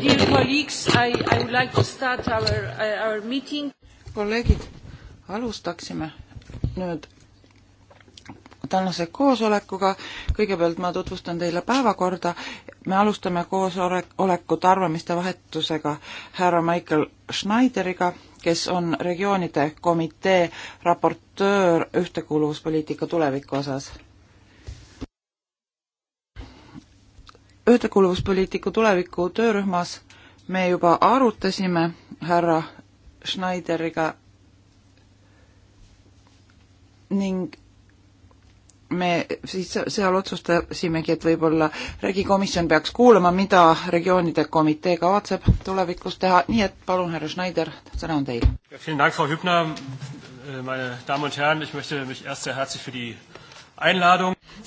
Dear colleagues, I, I would like to start our, uh, our meeting. kolleegid, alustaksime nüüd tänase koosolekuga. kõigepealt ma tutvustan teile päevakorda. me alustame koosolekut arvamuste vahetusega härra Michael Schneideriga, kes on regioonide komitee raportöör ühtekuuluvuspoliitika tuleviku osas ühtekuuluvuspoliitika tuleviku töörühmas me juba arutasime härra Schneideriga ning me siis seal otsustasimegi, et võib-olla regikomisjon peaks kuulama, mida regioonide komitee kavatseb tulevikus teha, nii et palun, härra Schneider, sõna on teil. Äh,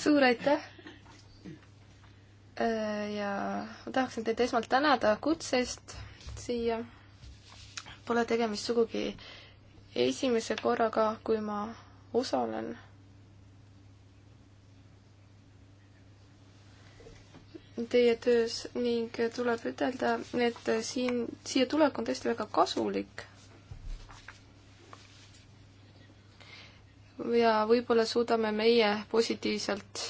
suur aitäh, Äh, ja ma tahaksin teid esmalt tänada kutse eest siia. Pole tegemist sugugi esimese korraga, kui ma osalen. Teie töös ning tuleb ütelda, et siin, siia tulek on tõesti väga kasulik. ja võib-olla suudame meie positiivselt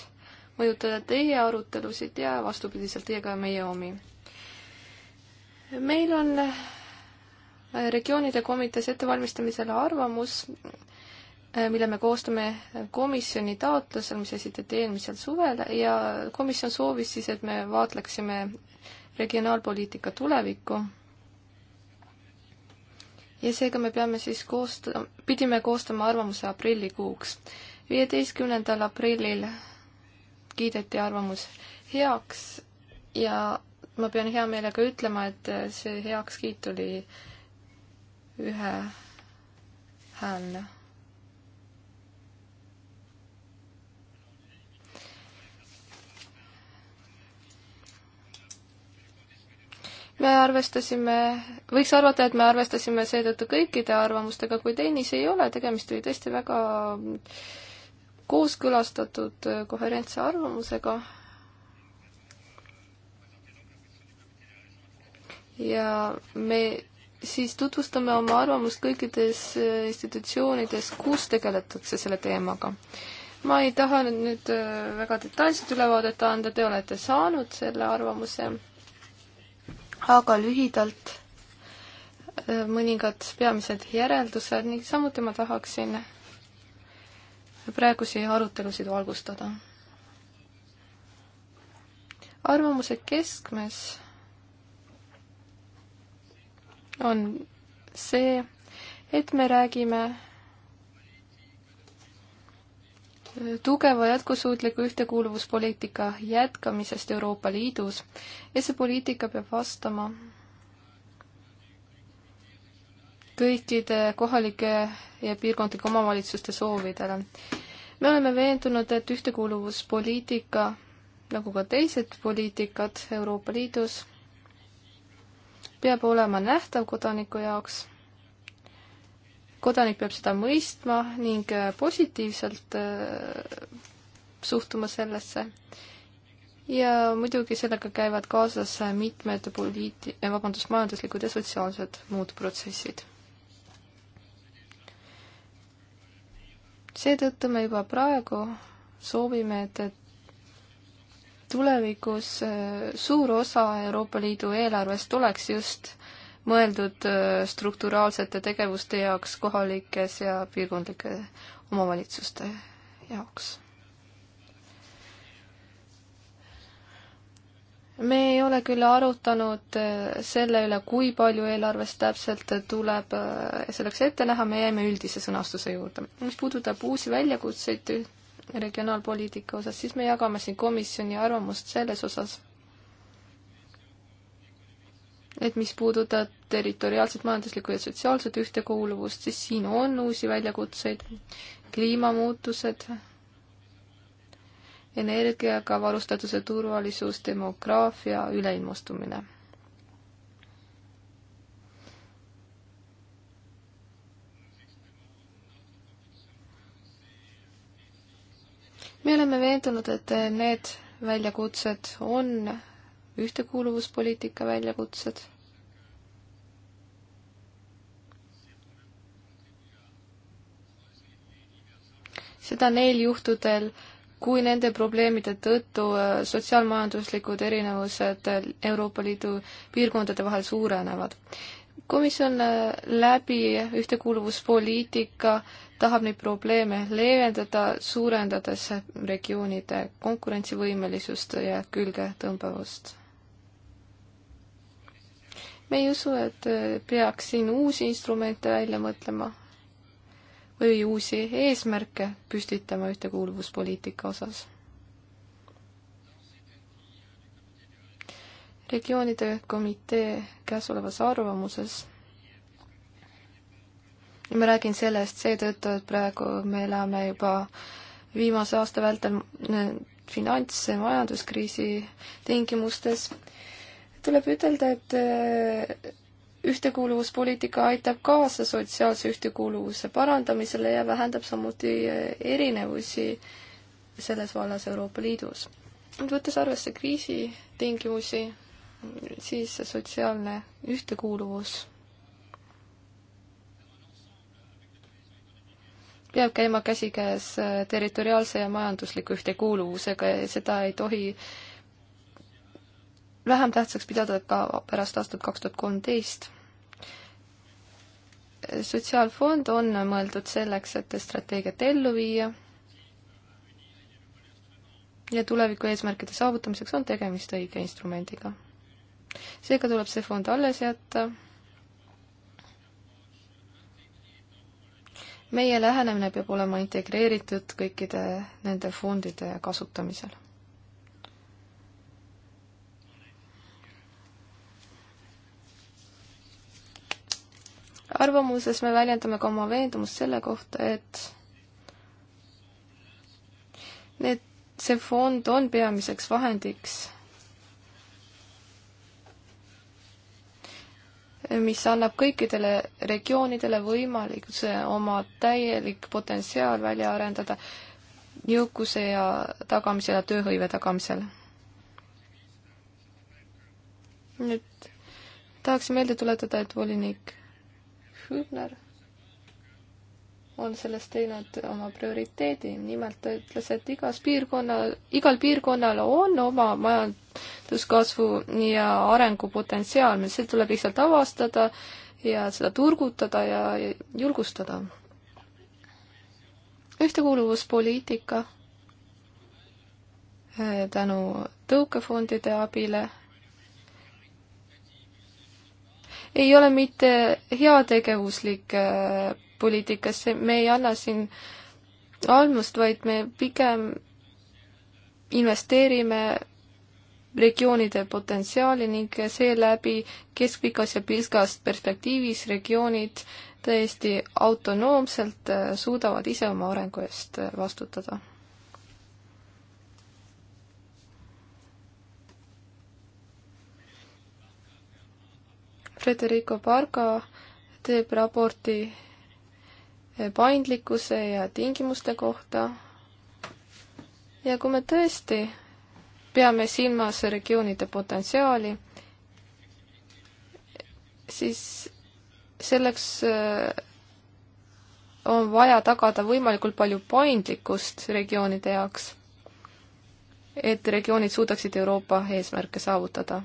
mõjutada teie arutelusid ja vastupidiselt teiega meie omi. meil on regioonide komitees ettevalmistamisele arvamus, mille me koostame komisjoni taotlusel, mis esitati eelmisel suvel ja komisjon soovis siis, et me vaatleksime regionaalpoliitika tulevikku ja seega me peame siis koosta-, pidime koostama arvamuse aprillikuuks. viieteistkümnendal aprillil kiideti arvamus heaks ja ma pean hea meelega ütlema, et see heakskiit oli ühehäälne. me arvestasime, võiks arvata, et me arvestasime seetõttu kõikide arvamustega, kuid ei, nii see ei ole, tegemist oli tõesti väga äh, kooskõlastatud äh, koherentse arvamusega ja me siis tutvustame oma arvamust kõikides äh, institutsioonides, kus tegeletakse selle teemaga. ma ei taha nüüd äh, väga detailset ülevaadet anda, te olete saanud selle arvamuse, aga lühidalt mõningad peamised järeldused ning samuti ma tahaksin praegusi arutelusid valgustada. arvamuse keskmes on see, et me räägime tugeva jätkusuutliku ühtekuuluvuspoliitika jätkamisest Euroopa Liidus ja see poliitika peab vastama kõikide kohalike ja piirkondlike omavalitsuste soovidele. me oleme veendunud, et ühtekuuluvuspoliitika, nagu ka teised poliitikad Euroopa Liidus, peab olema nähtav kodaniku jaoks. kodanik peab seda mõistma ning äh, positiivselt äh, suhtuma sellesse. ja muidugi sellega käivad kaasas mitmed poliit-, äh, vabandust, majanduslikud ja sotsiaalsed muud protsessid seetõttu me juba praegu soovime, et, et tulevikus äh, suur osa Euroopa Liidu eelarvest oleks just mõeldud äh, strukturaalsete tegevuste jaoks kohalikes ja piirkondlike omavalitsuste jaoks. me ei ole küll arutanud äh, selle üle, kui palju eelarvest täpselt tuleb äh, selleks ette näha, me jäime üldise sõnastuse juurde. mis puudutab uusi väljakutseid regionaalpoliitika osas, siis me jagame siin komisjoni arvamust selles osas, et mis puudutab territoriaalset, majanduslikku ja sotsiaalset ühtekuuluvust, siis siin on uusi väljakutseid, kliimamuutused energiaga varustatuse turvalisus, demograafia, üleilmastumine. me oleme veendunud, et need väljakutsed on ühtekuuluvuspoliitika väljakutsed seda neil juhtudel, kui nende probleemide tõttu äh, sotsiaalmajanduslikud erinevused äh, Euroopa Liidu piirkondade vahel suurenevad. komisjon äh, läbi ühtekuuluvuspoliitika tahab neid probleeme leevendada, suurendades regioonide konkurentsivõimelisust ja külgetõmbavust me ei usu, et peaks siin uusi instrumente välja mõtlema või uusi eesmärke püstitama ühtekuuluvuspoliitika osas. regioonide komitee käesolevas arvamuses ja ma räägin sellest seetõttu, et praegu me elame juba viimase aasta vältel finants- ja majanduskriisi tingimustes, tuleb ütelda, et ühtekuuluvuspoliitika aitab kaasa sotsiaalse ühtekuuluvuse parandamisele ja vähendab samuti erinevusi selles vallas Euroopa Liidus. nüüd võttes arvesse kriisi tingimusi, siis sotsiaalne ühtekuuluvus peab käima käsikäes territoriaalse ja majandusliku ühtekuuluvusega ja seda ei tohi äh, vähem tähtsaks pidada ka pärast aastat kaks tuhat kolmteist. sotsiaalfond on mõeldud selleks, et strateegiat ellu viia ja tuleviku eesmärkide saavutamiseks on tegemist õige instrumendiga. seega tuleb see fond alles jätta. meie lähenemine peab olema integreeritud kõikide nende fondide kasutamisel. arvamuses me väljendame ka oma veendumust selle kohta, et need, see fond on peamiseks vahendiks, mis annab kõikidele regioonidele võimaluse oma täielik potentsiaal välja arendada jõukuse ja tagamisel ja tööhõive tagamisel. nüüd tahaksin meelde tuletada, et volinik Hübner on sellest teinud oma prioriteedi, nimelt ta ütles, et igas piirkonna, igal piirkonnal on oma majanduskasvu ja arengupotentsiaal, see tuleb lihtsalt avastada ja seda turgutada ja julgustada. ühtekuuluvuspoliitika eh, tänu tõukefondide abile ei ole mitte heategevuslik äh, poliitika, see, me ei anna siin almust, vaid me pigem investeerime regioonide potentsiaali ning seeläbi keskpikas ja pikas perspektiivis regioonid täiesti autonoomselt äh, suudavad ise oma arengu eest äh, vastutada. Federico Barga teeb raporti eh, paindlikkuse ja tingimuste kohta. ja kui me tõesti peame silmas regioonide potentsiaali, siis selleks eh, on vaja tagada võimalikult palju paindlikkust regioonide jaoks, et regioonid suudaksid Euroopa eesmärke saavutada.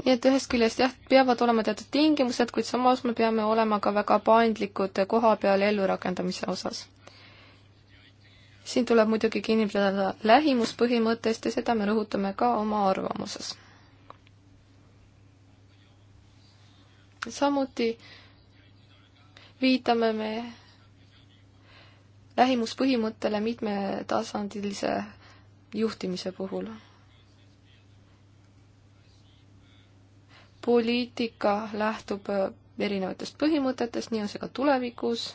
nii et ühest küljest jah, peavad olema teatud tingimused, kuid samas me peame olema ka väga paindlikud koha peal ellurakendamise osas. siin tuleb muidugi kinni pidada lähimuspõhimõttest ja seda me rõhutame ka oma arvamuses. samuti viitame me lähimuspõhimõttele mitmetasandilise juhtimise puhul poliitika lähtub äh, erinevatest põhimõtetest, nii on see ka tulevikus.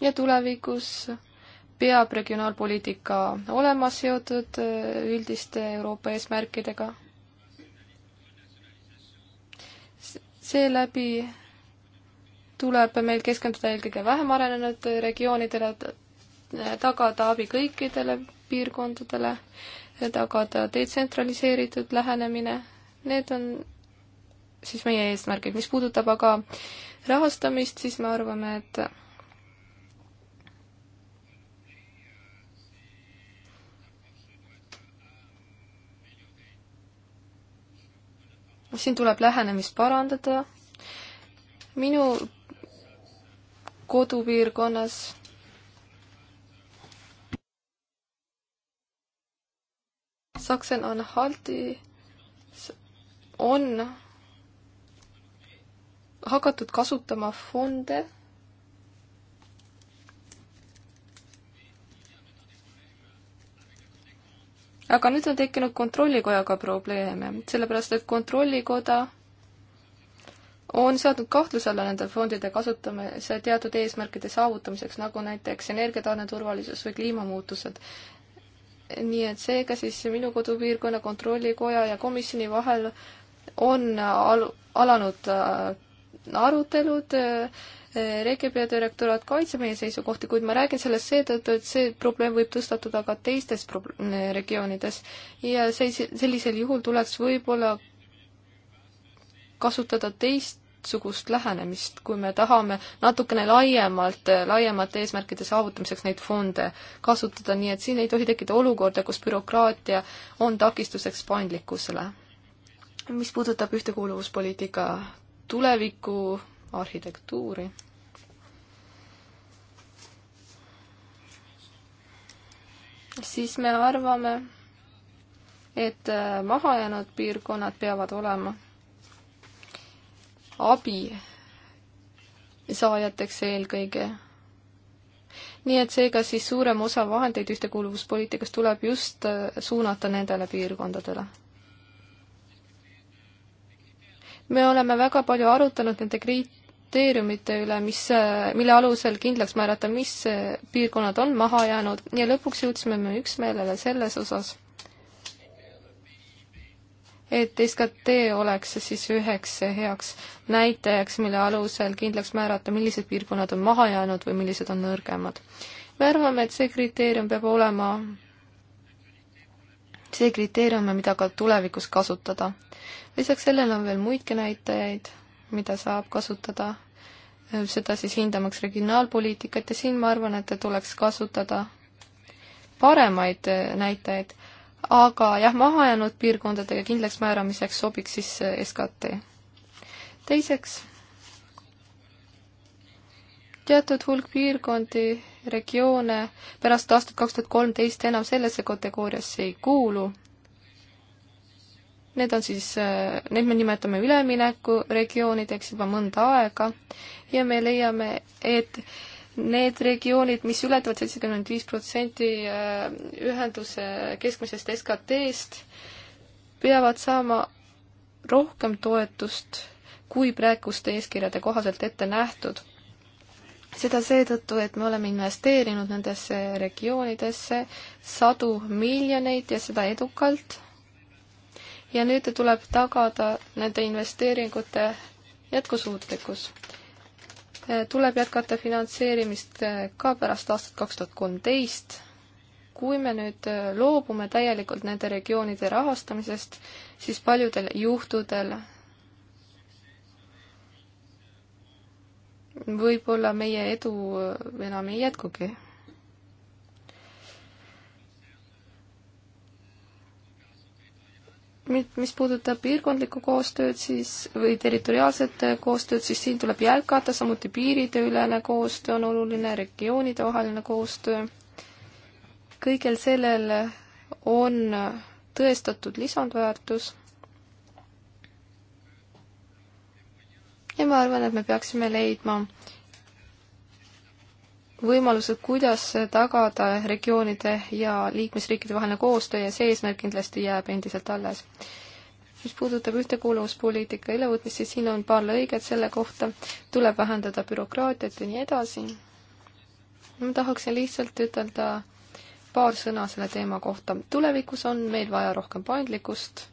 ja tulevikus peab regionaalpoliitika olema seotud äh, üldiste Euroopa eesmärkidega. seeläbi tuleb meil keskenduda eelkõige vähem arenenud äh, regioonidele, tagada abi kõikidele piirkondadele, tagada detsentraliseeritud lähenemine, need on siis meie eesmärgid. mis puudutab aga rahastamist, siis me arvame, et siin tuleb lähenemist parandada. minu kodupiirkonnas Saksenanhaltis on hakatud kasutama fonde, aga nüüd on tekkinud Kontrollikojaga probleeme, sellepärast et Kontrollikoda on seadnud kahtluse alla nende fondide kasutamise teatud eesmärkide saavutamiseks, nagu näiteks energiatarne turvalisus või kliimamuutused nii et seega siis minu kodupiirkonna kontrollikoja ja komisjoni vahel on al alanud äh, arutelud äh, Rege peadirektorat kaitseb meie seisukohti, kuid ma räägin sellest seetõttu, et see probleem võib tõstatuda ka teistes äh, regioonides ja see, sellisel juhul tuleks võib-olla kasutada teist sugust lähenemist, kui me tahame natukene laiemalt, laiemate eesmärkide saavutamiseks neid fonde kasutada, nii et siin ei tohi tekkida olukorda, kus bürokraatia on takistuseks paindlikkusele. mis puudutab ühtekuuluvuspoliitika tuleviku arhitektuuri, siis me arvame, et äh, mahajäänud piirkonnad peavad olema abi saajateks eelkõige. nii et seega siis suurem osa vahendeid ühtekuuluvuspoliitikast tuleb just äh, suunata nendele piirkondadele. me oleme väga palju arutanud nende kriteeriumite üle, mis, äh, mille alusel kindlaks määrata, mis äh, piirkonnad on maha jäänud ja lõpuks jõudsime me üksmeelele selles osas et SKT oleks siis üheks heaks näitajaks, mille alusel kindlaks määrata, millised piirkonnad on maha jäänud või millised on nõrgemad. me arvame, et see kriteerium peab olema see kriteerium, mida ka tulevikus kasutada. lisaks sellele on veel muidki näitajaid, mida saab kasutada, seda siis hindamaks regionaalpoliitikat ja siin ma arvan, et tuleks kasutada paremaid näitajaid aga jah, mahajäänud piirkondadega kindlaksmääramiseks sobiks siis SKT. teiseks, teatud hulk piirkondi, regioone pärast aastat kaks tuhat kolmteist enam sellesse kategooriasse ei kuulu. Need on siis, neid me nimetame üleminekuregioonideks juba mõnda aega ja me leiame, et Need regioonid, mis ületavad seitsekümmend viis protsenti äh, ühenduse keskmisest SKT-st, peavad saama rohkem toetust kui praeguste eeskirjade kohaselt ette nähtud. seda seetõttu, et me oleme investeerinud nendesse regioonidesse sadu miljoneid ja seda edukalt. ja nüüd tuleb tagada nende investeeringute jätkusuutlikkus tuleb jätkata finantseerimist äh, ka pärast aastat kaks tuhat kolmteist. kui me nüüd äh, loobume täielikult nende regioonide rahastamisest, siis paljudel juhtudel võib-olla meie edu äh, enam ei jätkugi mis puudutab piirkondlikku koostööd, siis, või territoriaalset koostööd, siis siin tuleb jätkata, samuti piirideülene koostöö on oluline, regioonidevaheline koostöö. kõigel sellel on tõestatud lisandväärtus. ja ma arvan, et me peaksime leidma võimalused, kuidas tagada regioonide ja liikmesriikide vaheline koostöö ja see eesmärk kindlasti jääb endiselt alles. mis puudutab ühtekuuluvuspoliitika ülevõtmist, siis siin on paar lõiget selle kohta, tuleb vähendada bürokraatiat ja nii edasi. ma tahaksin lihtsalt ütelda paar sõna selle teema kohta. tulevikus on meil vaja rohkem paindlikkust,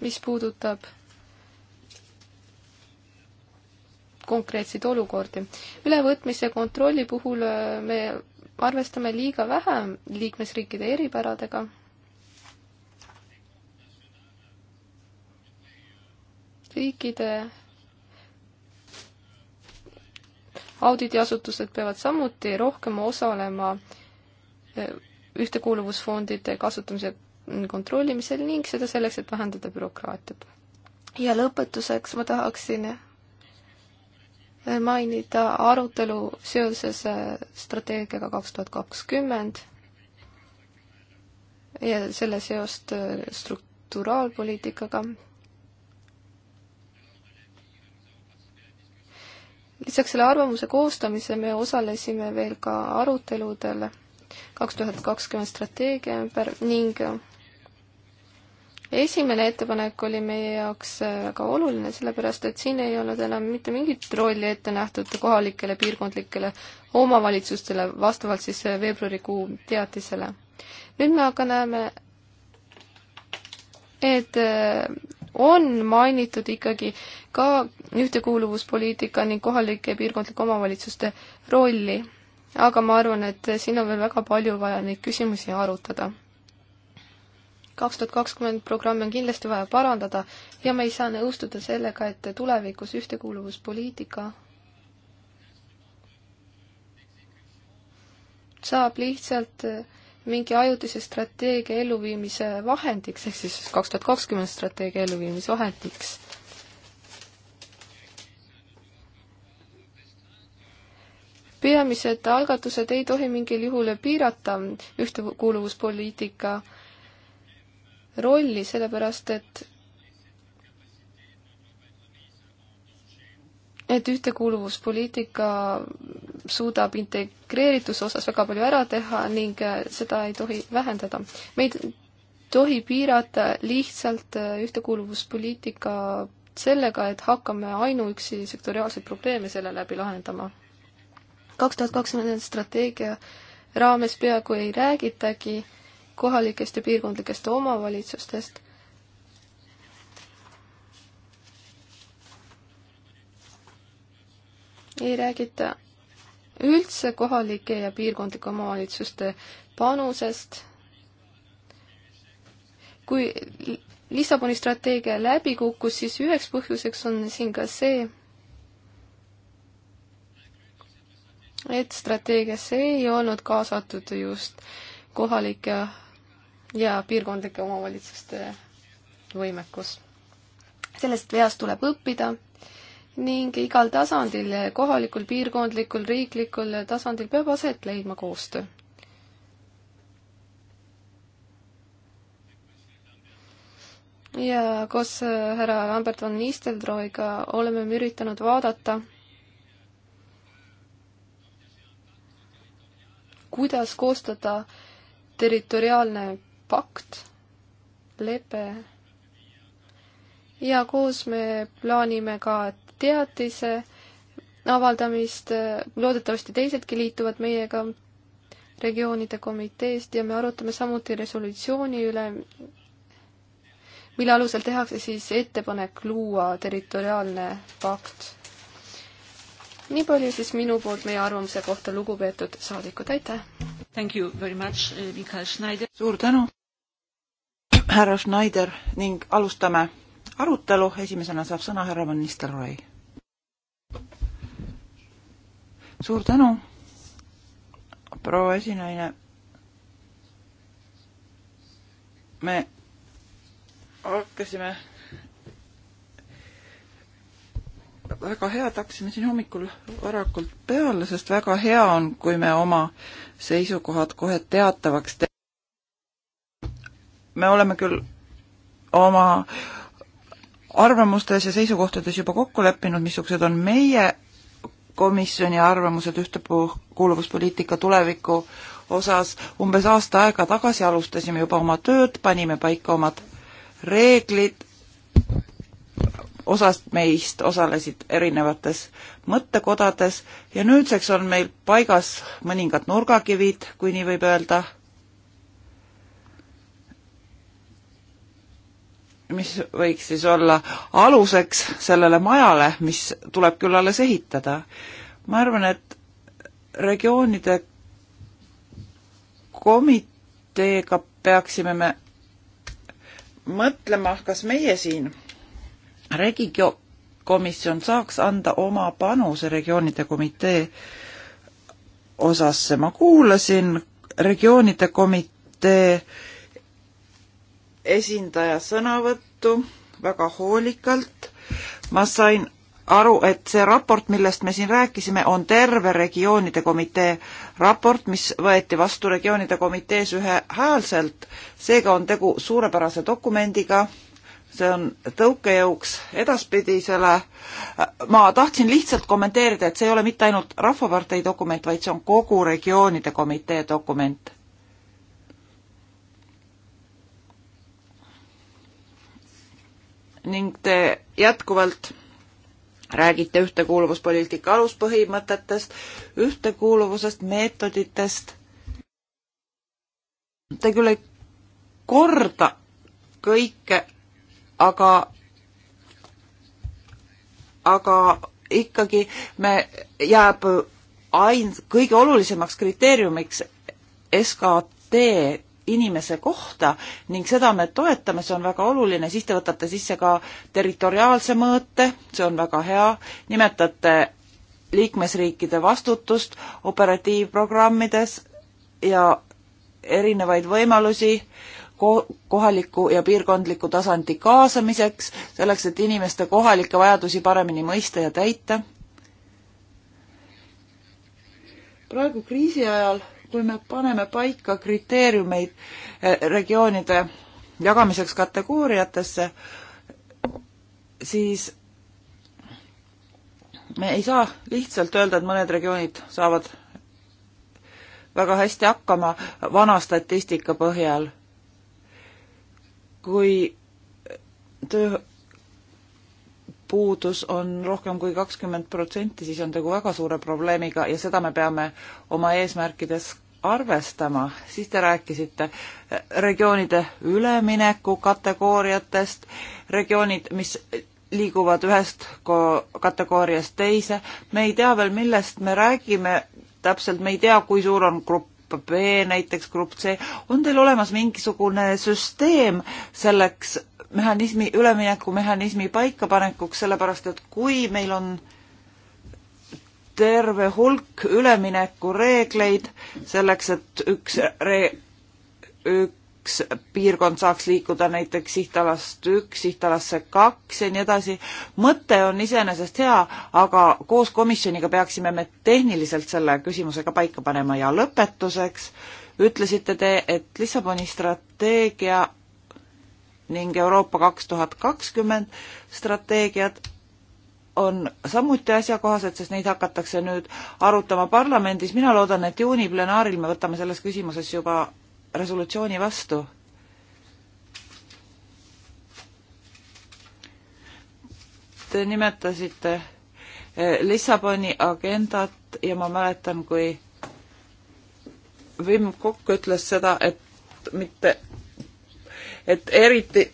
mis puudutab konkreetseid olukordi. ülevõtmise kontrolli puhul äh, me arvestame liiga vähe liikmesriikide eripäradega. riikide auditiasutused peavad samuti rohkem osalema äh, ühtekuuluvusfondide kasutamise kontrollimisel ning seda selleks, et vähendada bürokraatiat. ja lõpetuseks ma tahaksin mainida arutelu seoses äh, strateegiaga kaks tuhat kakskümmend ja selle seost äh, strukturaalpoliitikaga. lisaks selle arvamuse koostamise me osalesime veel ka aruteludel kaks tuhat kakskümmend strateegia ümber ning esimene ettepanek oli meie jaoks äh, väga oluline, sellepärast et siin ei olnud enam mitte mingit rolli ette nähtud kohalikele piirkondlikele omavalitsustele vastavalt siis äh, veebruarikuu teatisele. nüüd me aga näeme, et äh, on mainitud ikkagi ka ühtekuuluvuspoliitika ning kohalike piirkondlike omavalitsuste rolli. aga ma arvan, et siin on veel väga palju vaja neid küsimusi arutada kaks tuhat kakskümmend programmi on kindlasti vaja parandada ja me ei saa nõustuda sellega, et tulevikus ühtekuuluvuspoliitika saab lihtsalt äh, mingi ajutise strateegia elluviimise vahendiks, ehk siis kaks tuhat kakskümmend strateegia elluviimise vahendiks. peamised algatused ei tohi mingil juhul piirata ühtekuuluvuspoliitika äh, rolli, sellepärast et et ühtekuuluvuspoliitika suudab integreerituse osas väga palju ära teha ning äh, seda ei tohi vähendada. me ei tohi piirata lihtsalt äh, ühtekuuluvuspoliitika sellega, et hakkame ainuüksi sektoriaalseid probleeme selle läbi lahendama. kaks tuhat kakskümmend strateegia raames peaaegu ei räägitagi äh, kohalikest ja piirkondlikest omavalitsustest. ei räägita üldse kohalike ja piirkondlike omavalitsuste panusest. kui Lissaboni strateegia läbi kukkus, siis üheks põhjuseks on siin ka see, et strateegiasse ei olnud kaasatud just kohalikke ja piirkondlike omavalitsuste võimekus. sellest veast tuleb õppida ning igal tasandil, kohalikul, piirkondlikul, riiklikul tasandil peab aset leidma koostöö. ja koos äh, härra Lambert von Nistelrooiga oleme me üritanud vaadata, kuidas koostada territoriaalne pakt, lepe ja koos me plaanime ka teatise avaldamist, loodetavasti teisedki liituvad meiega regioonide komiteest ja me arutame samuti resolutsiooni üle, mille alusel tehakse siis ettepanek luua territoriaalne pakt. nii palju siis minu poolt meie arvamuse kohta, lugupeetud saadikud, aitäh! Eh, suur tänu! härra Schneider ning alustame arutelu. esimesena saab sõna härra Van Nistelrooy. suur tänu, proua esinaine. me hakkasime väga head, hakkasime siin hommikul varakult peale, sest väga hea on, kui me oma seisukohad kohe teatavaks teeme me oleme küll oma arvamustes ja seisukohtades juba kokku leppinud, missugused on meie komisjoni arvamused ühtekuuluvuspoliitika tuleviku osas. umbes aasta aega tagasi alustasime juba oma tööd, panime paika omad reeglid, osast meist osalesid erinevates mõttekodades ja nüüdseks on meil paigas mõningad nurgakivid, kui nii võib öelda mis võiks siis olla aluseks sellele majale, mis tuleb küll alles ehitada. ma arvan, et regioonide komiteega peaksime me mõtlema, kas meie siin regio-, komisjon saaks anda oma panuse regioonide komitee osasse. ma kuulasin regioonide komitee esindaja sõnavõttu väga hoolikalt. ma sain aru, et see raport, millest me siin rääkisime, on terve regioonide komitee raport, mis võeti vastu regioonide komitees ühehäälselt. seega on tegu suurepärase dokumendiga, see on tõukejõuks edaspidisele. ma tahtsin lihtsalt kommenteerida, et see ei ole mitte ainult Rahvapartei dokument, vaid see on kogu regioonide komitee dokument ning te jätkuvalt räägite ühtekuuluvuspoliitika aluspõhimõtetest, ühtekuuluvusest, meetoditest. Te küll ei korda kõike, aga, aga ikkagi me, jääb ain-, kõige olulisemaks kriteeriumiks SKT inimese kohta ning seda me toetame, see on väga oluline, siis te võtate sisse ka territoriaalse mõõte, see on väga hea, nimetate liikmesriikide vastutust operatiivprogrammides ja erinevaid võimalusi ko-, kohaliku ja piirkondliku tasandi kaasamiseks, selleks, et inimeste kohalikke vajadusi paremini mõista ja täita. praegu kriisi ajal kui me paneme paika kriteeriumeid eh, regioonide jagamiseks kategooriatesse, siis me ei saa lihtsalt öelda, et mõned regioonid saavad väga hästi hakkama vana statistika põhjal. kui töö, puudus on rohkem kui kakskümmend protsenti, siis on tegu väga suure probleemiga ja seda me peame oma eesmärkides arvestama, siis te rääkisite eh, regioonide ülemineku kategooriatest, regioonid, mis liiguvad ühest kategooriast teise, me ei tea veel, millest me räägime täpselt, me ei tea, kui suur on grupp B näiteks, grupp C, on teil olemas mingisugune süsteem selleks, mehhanismi, üleminekumehhanismi paikapanekuks, sellepärast et kui meil on terve hulk üleminekureegleid selleks, et üks re-, üks piirkond saaks liikuda näiteks sihtalast üks sihtalasse kaks ja nii edasi. mõte on iseenesest hea, aga koos komisjoniga peaksime me tehniliselt selle küsimusega paika panema ja lõpetuseks ütlesite te, et Lissaboni strateegia ning Euroopa kaks tuhat kakskümmend strateegiad on samuti asjakohased, sest neid hakatakse nüüd arutama parlamendis. mina loodan, et juuni plenaaril me võtame selles küsimuses juba resolutsiooni vastu. Te nimetasite eh, Lissaboni agendat ja ma mäletan, kui Wim Kokk ütles seda, et mitte et eriti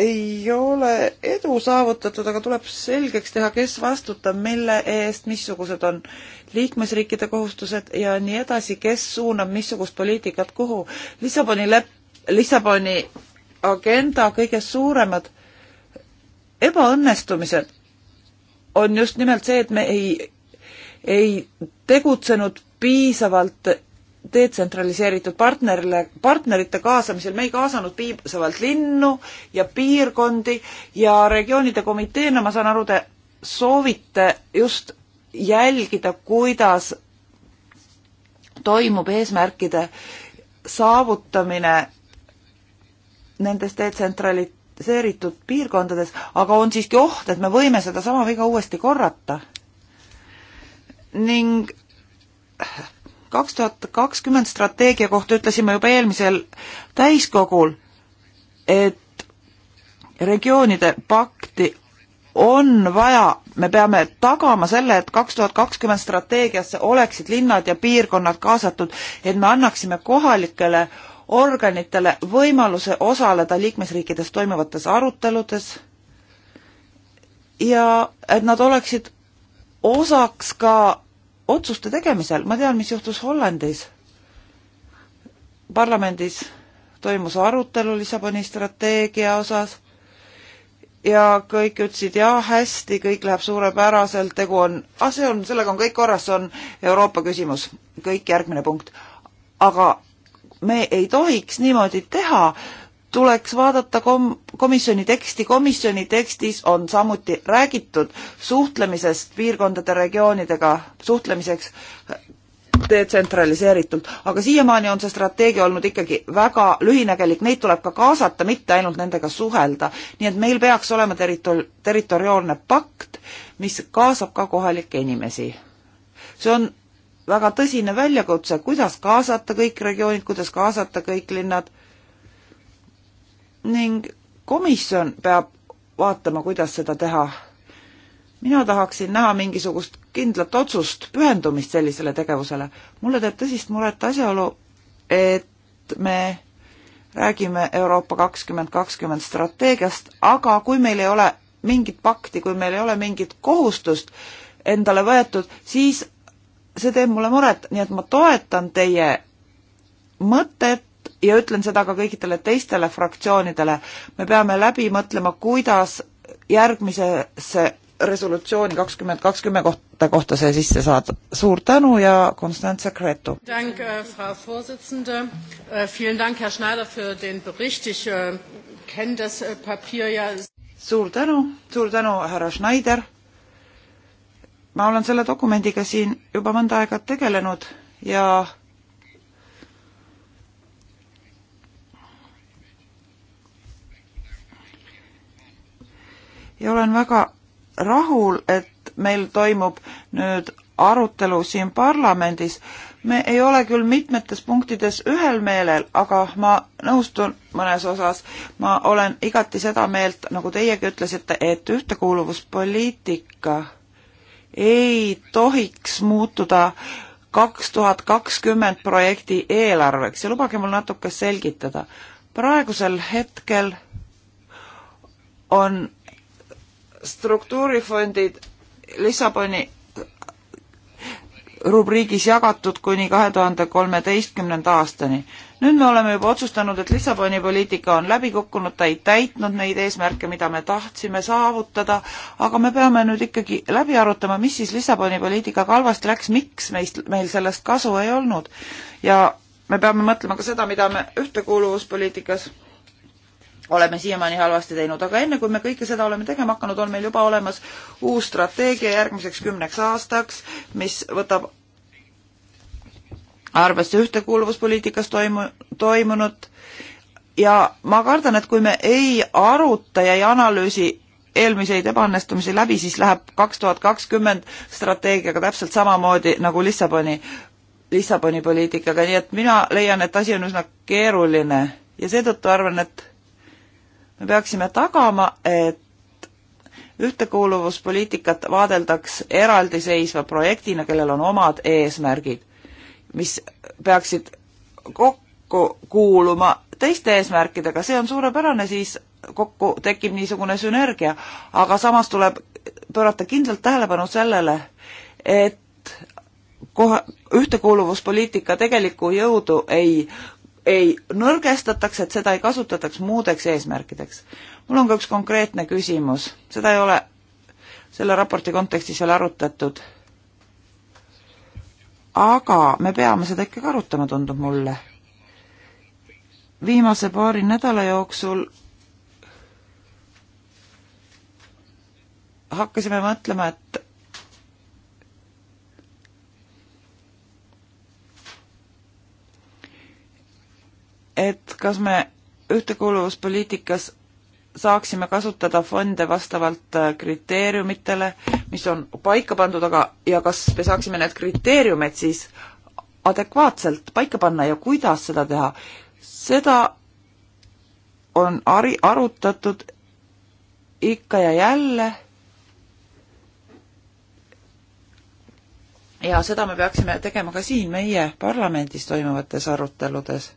ei ole edu saavutatud, aga tuleb selgeks teha, kes vastutab mille eest, missugused on liikmesriikide kohustused ja nii edasi, kes suunab missugust poliitikat kuhu. Lissaboni lep-, Lissaboni agenda kõige suuremad ebaõnnestumised on just nimelt see, et me ei, ei tegutsenud piisavalt detsentraliseeritud partnerile, partnerite kaasamisel me ei kaasanud piisavalt linnu ja piirkondi ja regioonide komiteena, ma saan aru, te soovite just jälgida, kuidas toimub eesmärkide saavutamine nendes detsentraliseeritud piirkondades, aga on siiski oht, et me võime sedasama viga uuesti korrata. ning kaks tuhat kakskümmend strateegia kohta ütlesime juba eelmisel täiskogul, et regioonide pakti on vaja, me peame tagama selle, et kaks tuhat kakskümmend strateegiasse oleksid linnad ja piirkonnad kaasatud, et me annaksime kohalikele organitele võimaluse osaleda liikmesriikides toimuvates aruteludes ja et nad oleksid osaks ka otsuste tegemisel, ma tean, mis juhtus Hollandis. parlamendis toimus arutelu Lissaboni strateegia osas ja kõik ütlesid jaa, hästi, kõik läheb suurepäraselt, tegu on, ah see on, sellega on kõik korras, see on Euroopa küsimus, kõik järgmine punkt. aga me ei tohiks niimoodi teha, tuleks vaadata kom-, komisjoni teksti, komisjoni tekstis on samuti räägitud suhtlemisest piirkondade, regioonidega suhtlemiseks detsentraliseeritult, aga siiamaani on see strateegia olnud ikkagi väga lühinägelik, neid tuleb ka kaasata, mitte ainult nendega suhelda. nii et meil peaks olema territor-, territoriaalne pakt, mis kaasab ka kohalikke inimesi. see on väga tõsine väljakutse, kuidas kaasata kõik regioonid, kuidas kaasata kõik linnad ning komisjon peab vaatama, kuidas seda teha. mina tahaksin näha mingisugust kindlat otsust, pühendumist sellisele tegevusele. mulle teeb tõsist muret asjaolu, et me räägime Euroopa kakskümmend kakskümmend strateegiast, aga kui meil ei ole mingit pakti, kui meil ei ole mingit kohustust endale võetud, siis see teeb mulle muret, nii et ma toetan teie mõtet ja ütlen seda ka kõikidele teistele fraktsioonidele, me peame läbi mõtlema, kuidas järgmisesse resolutsiooni kakskümmend kakskümmend kohta, kohta see sisse saada. suur tänu ja Konstantse Kretu. Äh, äh, äh, suur tänu, suur tänu, härra Schneider. ma olen selle dokumendiga siin juba mõnda aega tegelenud ja ja olen väga rahul, et meil toimub nüüd arutelu siin parlamendis. me ei ole küll mitmetes punktides ühel meelel, aga ma nõustun mõnes osas. ma olen igati seda meelt, nagu teiegi ütlesite, et ühtekuuluvuspoliitika ei tohiks muutuda kaks tuhat kakskümmend projekti eelarveks ja lubage mul natuke selgitada. praegusel hetkel on struktuurifondid Lissaboni rubriigis jagatud kuni kahe tuhande kolmeteistkümnenda aastani. nüüd me oleme juba otsustanud, et Lissaboni poliitika on läbi kukkunud, ta ei täitnud neid eesmärke, mida me tahtsime saavutada, aga me peame nüüd ikkagi läbi arutama, mis siis Lissaboni poliitikaga halvasti läks, miks meist, meil sellest kasu ei olnud. ja me peame mõtlema ka seda, mida me ühtekuuluvuspoliitikas oleme siiamaani halvasti teinud, aga enne kui me kõike seda oleme tegema hakanud, on meil juba olemas uus strateegia järgmiseks kümneks aastaks, mis võtab arvesse ühtekuuluvuspoliitikas toimu-, toimunut ja ma kardan, et kui me ei aruta ja ei analüüsi eelmiseid ebaõnnestumisi läbi, siis läheb kaks tuhat kakskümmend strateegiaga täpselt samamoodi nagu Lissaboni, Lissaboni poliitikaga, nii et mina leian, et asi on üsna keeruline ja seetõttu arvan, et me peaksime tagama, et ühtekuuluvuspoliitikat vaadeldaks eraldiseisva projektina, kellel on omad eesmärgid, mis peaksid kokku kuuluma teiste eesmärkidega, see on suurepärane, siis kokku tekib niisugune sünergia, aga samas tuleb pöörata kindlalt tähelepanu sellele, et kohe ühtekuuluvuspoliitika tegelikku jõudu ei ei nõrgestataks, et seda ei kasutataks muudeks eesmärkideks. mul on ka üks konkreetne küsimus, seda ei ole selle raporti kontekstis veel arutatud. aga me peame seda ikkagi arutama, tundub mulle. viimase paari nädala jooksul hakkasime mõtlema, et et kas me ühtekuuluvuspoliitikas saaksime kasutada fonde vastavalt äh, kriteeriumitele, mis on paika pandud, aga, ja kas me saaksime need kriteeriumid siis adekvaatselt paika panna ja kuidas seda teha, seda on ari-, arutatud ikka ja jälle. ja seda me peaksime tegema ka siin meie parlamendis toimuvates aruteludes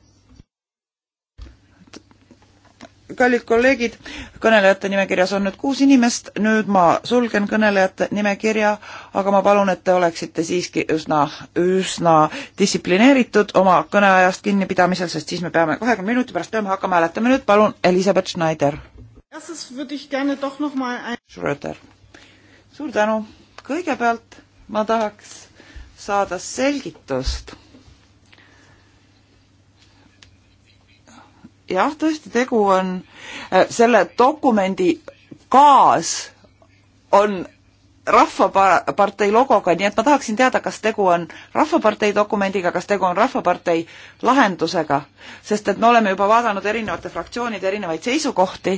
kallid kolleegid, kõnelejate nimekirjas on nüüd kuus inimest, nüüd ma sulgen kõnelejate nimekirja, aga ma palun, et te oleksite siiski üsna, üsna distsiplineeritud oma kõneajast kinnipidamisel, sest siis me peame kahekümne minuti pärast peame hakkama hääletama. nüüd palun, Elizabeth Schneider. Schröder. suur tänu. kõigepealt ma tahaks saada selgitust jah, tõesti, tegu on äh, selle dokumendi kaas on Rahvapartei logoga, nii et ma tahaksin teada, kas tegu on Rahvapartei dokumendiga, kas tegu on Rahvapartei lahendusega, sest et me oleme juba vaadanud erinevate fraktsioonide erinevaid seisukohti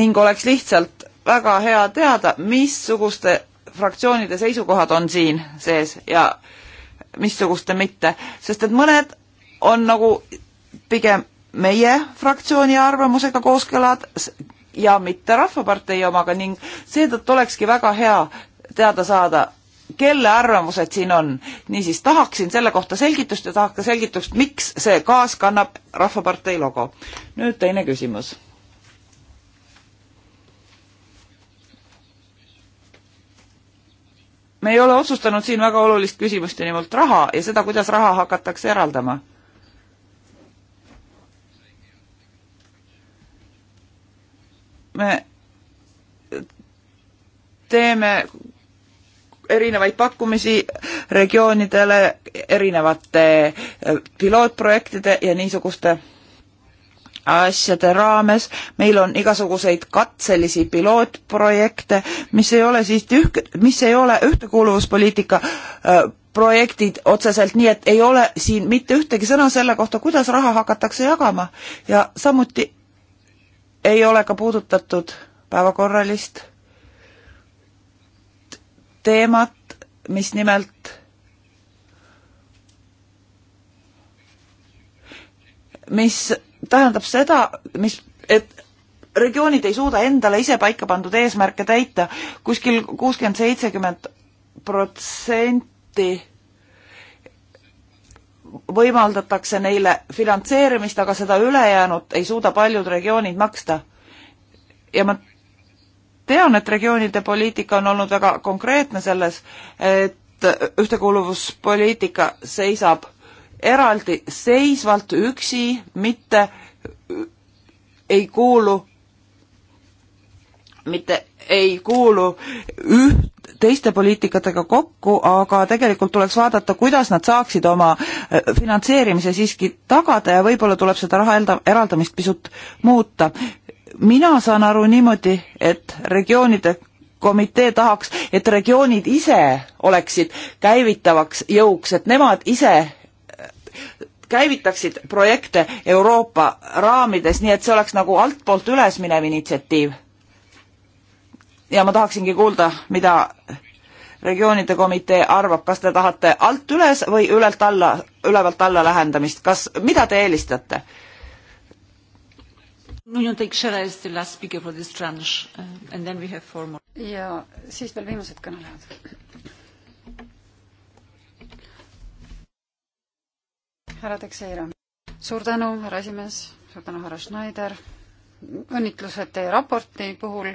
ning oleks lihtsalt väga hea teada, missuguste fraktsioonide seisukohad on siin sees ja missuguste mitte, sest et mõned on nagu pigem meie fraktsiooni arvamusega kooskõlas ja mitte Rahvapartei omaga ning seetõttu olekski väga hea teada saada, kelle arvamused siin on. niisiis tahaksin selle kohta selgitust ja tahaks ka selgitust, miks see kaas kannab Rahvapartei logo. nüüd teine küsimus. me ei ole otsustanud siin väga olulist küsimust ja nimelt raha ja seda, kuidas raha hakatakse eraldama me teeme erinevaid pakkumisi regioonidele erinevate eh, pilootprojektide ja niisuguste asjade raames. meil on igasuguseid katselisi pilootprojekte, mis ei ole siis üht, mis ei ole ühtekuuluvuspoliitika eh, projektid otseselt, nii et ei ole siin mitte ühtegi sõna selle kohta, kuidas raha hakatakse jagama ja samuti ei ole ka puudutatud päevakorralist teemat, mis nimelt mis tähendab seda, mis, et regioonid ei suuda endale ise paika pandud eesmärke täita kuskil kuuskümmend, seitsekümmend protsenti võimaldatakse neile finantseerimist, aga seda ülejäänut ei suuda paljud regioonid maksta. ja ma tean, et regioonide poliitika on olnud väga konkreetne selles, et ühtekuuluvuspoliitika seisab eraldi seisvalt üksi, mitte ei kuulu mitte ei kuulu üht teiste poliitikatega kokku, aga tegelikult tuleks vaadata, kuidas nad saaksid oma äh, finantseerimise siiski tagada ja võib-olla tuleb seda raha eraldamist pisut muuta. mina saan aru niimoodi, et regioonide komitee tahaks, et regioonid ise oleksid käivitavaks jõuks, et nemad ise äh, käivitaksid projekte Euroopa raamides, nii et see oleks nagu altpoolt üles minev initsiatiiv ja ma tahaksingi kuulda, mida regioonide komitee arvab, kas te tahate alt üles või ülelt alla, ülevalt alla lähendamist, kas, mida te eelistate? Uh, ja siis veel viimased kõnelejad. härra Teixeira, suur tänu, härra esimees, suur tänu, härra Schneider, õnnitlused teie raporti puhul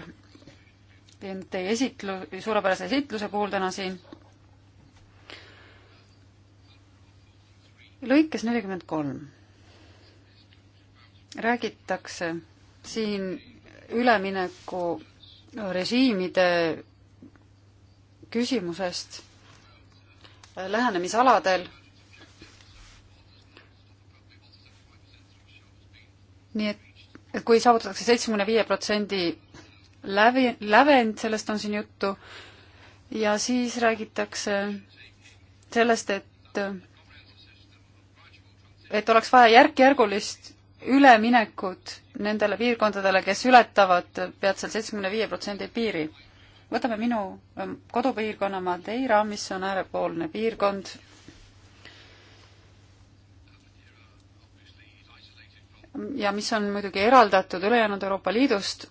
teie esitlu-, suurepärase esitluse puhul täna siin. lõikes nelikümmend kolm räägitakse siin ülemineku režiimide küsimusest lähenemisaladel. nii et, et kui saavutatakse seitsmekümne viie protsendi lävi, lävend, sellest on siin juttu, ja siis räägitakse sellest, et et oleks vaja järk-järgulist üleminekut nendele piirkondadele, kes ületavad peatselt seitsmekümne viie protsendi piiri. võtame minu ähm, kodupiirkonna Madeira, mis on äärepoolne piirkond. ja mis on muidugi eraldatud ülejäänud Euroopa Liidust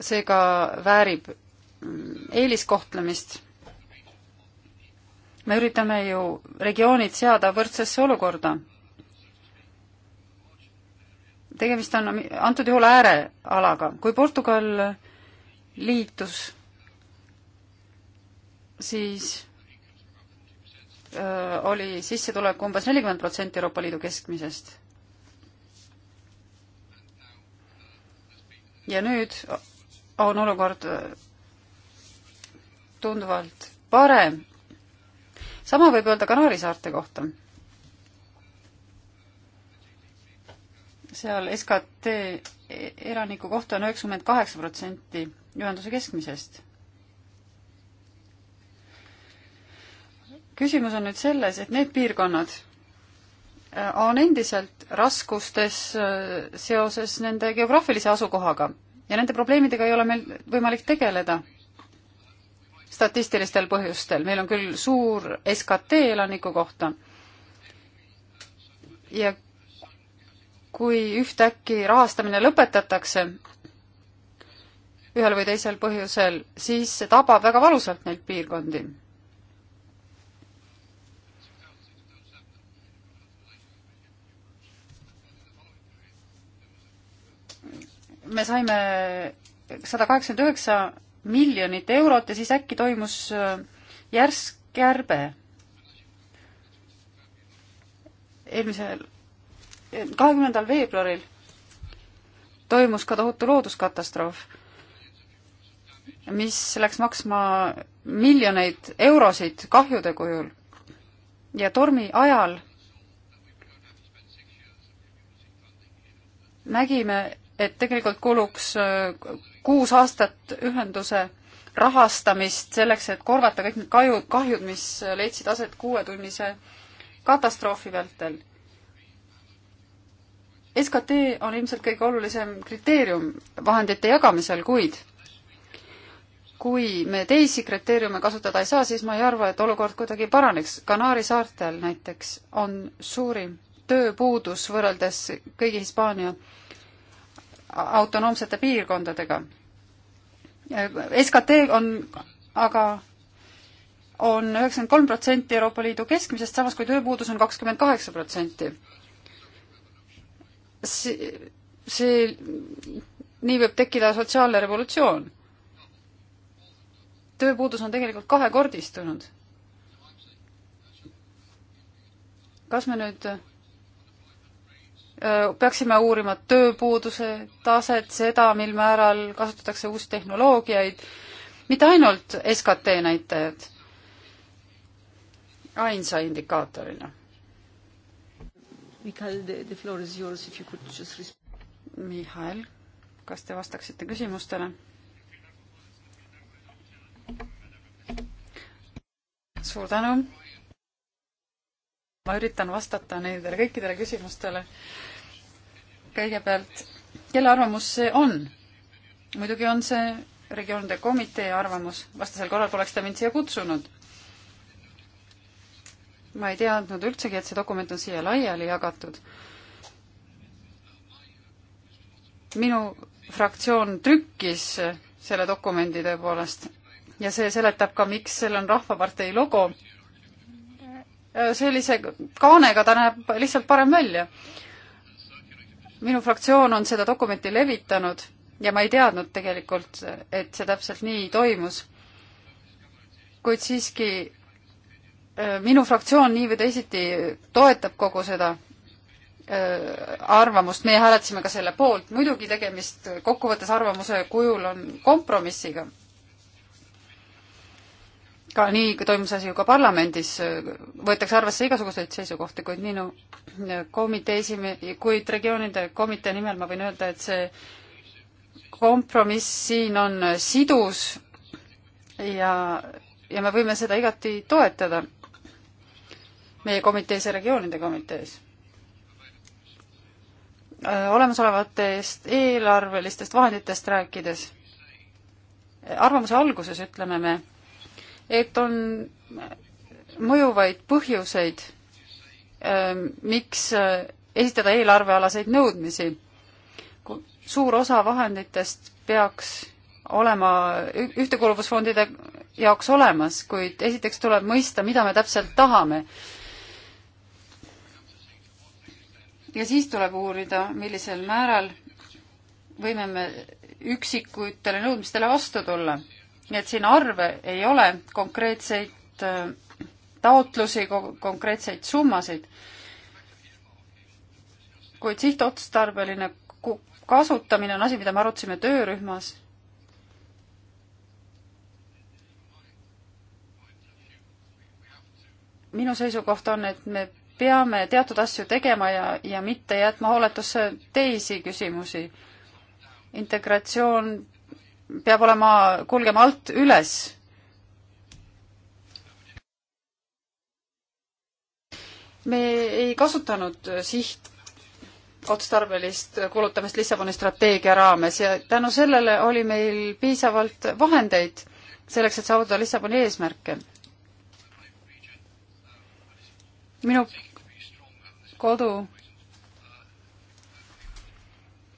seega väärib mm, eeliskohtlemist. me üritame ju regioonid seada võrdsesse olukorda. tegemist on antud juhul äärealaga. kui Portugal liitus, siis öö, oli sissetulek umbes nelikümmend protsenti Euroopa Liidu keskmisest. ja nüüd on olukord äh, tunduvalt parem. sama võib öelda Kanaari saarte kohta. seal SKT elaniku kohta on üheksakümmend kaheksa protsenti ühenduse keskmisest. küsimus on nüüd selles, et need piirkonnad äh, on endiselt raskustes äh, seoses nende geograafilise asukohaga ja nende probleemidega ei ole meil võimalik tegeleda statistilistel põhjustel. meil on küll suur SKT elaniku kohta ja kui ühtäkki rahastamine lõpetatakse ühel või teisel põhjusel, siis see tabab väga valusalt neid piirkondi me saime sada kaheksakümmend üheksa miljonit eurot ja siis äkki toimus äh, järsk kärbe. eelmisel, kahekümnendal veebruaril toimus ka tohutu looduskatastroof, mis läks maksma miljoneid eurosid kahjude kujul. ja tormi ajal nägime, et tegelikult kuluks äh, kuus aastat ühenduse rahastamist selleks, et korvata kõik need kaju, kahjud, mis leidsid aset kuuetunnise katastroofi vältel. SKT on ilmselt kõige olulisem kriteerium vahendite jagamisel, kuid kui me teisi kriteeriume kasutada ei saa, siis ma ei arva, et olukord kuidagi paraneks. Kanaari saartel näiteks on suurim tööpuudus võrreldes kõigi Hispaania autonoomsete piirkondadega. SKT on aga on üheksakümmend kolm protsenti Euroopa Liidu keskmisest, samas kui tööpuudus on kakskümmend kaheksa protsenti. see, see, nii võib tekkida sotsiaalne revolutsioon. tööpuudus on tegelikult kahekordistunud. kas me nüüd peaksime uurima tööpuuduse taset, seda, mil määral kasutatakse uusi tehnoloogiaid, mitte ainult SKT näitajad ainsa indikaatorina. Mihhail, kas te vastaksite küsimustele? suur tänu ma üritan vastata nendele kõikidele küsimustele. kõigepealt, kelle arvamus see on? muidugi on see regioonide komitee arvamus, vastasel korral poleks ta mind siia kutsunud. ma ei teadnud üldsegi, et see dokument on siia laiali jagatud. minu fraktsioon trükkis selle dokumendi tõepoolest ja see seletab ka, miks seal on Rahvapartei logo Äh, sellise kaanega ta näeb lihtsalt parem välja. minu fraktsioon on seda dokumenti levitanud ja ma ei teadnud tegelikult, et see täpselt nii toimus. kuid siiski äh, minu fraktsioon nii või teisiti toetab kogu seda äh, arvamust, meie hääletasime ka selle poolt, muidugi tegemist kokkuvõttes arvamuse kujul on kompromissiga ka nii toimus asi ju ka parlamendis, võetakse arvesse igasuguseid seisukohti, kuid minu komitee esime-, kuid regioonide komitee nimel ma võin öelda, et see kompromiss siin on sidus ja, ja me võime seda igati toetada meie komitees ja regioonide komitees. olemasolevatest eelarvelistest vahenditest rääkides, arvamuse alguses ütleme me, et on mõjuvaid põhjuseid, ähm, miks äh, esitada eelarvealaseid nõudmisi. suur osa vahenditest peaks olema ühtekuuluvusfondide jaoks olemas, kuid esiteks tuleb mõista, mida me täpselt tahame. ja siis tuleb uurida, millisel määral võime me üksikutele nõudmistele vastu tulla nii et siin arve ei ole konkreetseid äh, taotlusi, konkreetseid summasid. kuid sihtotstarbeline kasutamine on asi, mida me arutasime töörühmas. minu seisukoht on, et me peame teatud asju tegema ja, ja mitte jätma hooletusse teisi küsimusi. integratsioon peab olema, kulgema alt üles. me ei kasutanud siht otstarbelist kulutamist Lissaboni strateegia raames ja tänu sellele oli meil piisavalt vahendeid selleks, et saavutada Lissaboni eesmärke. minu kodu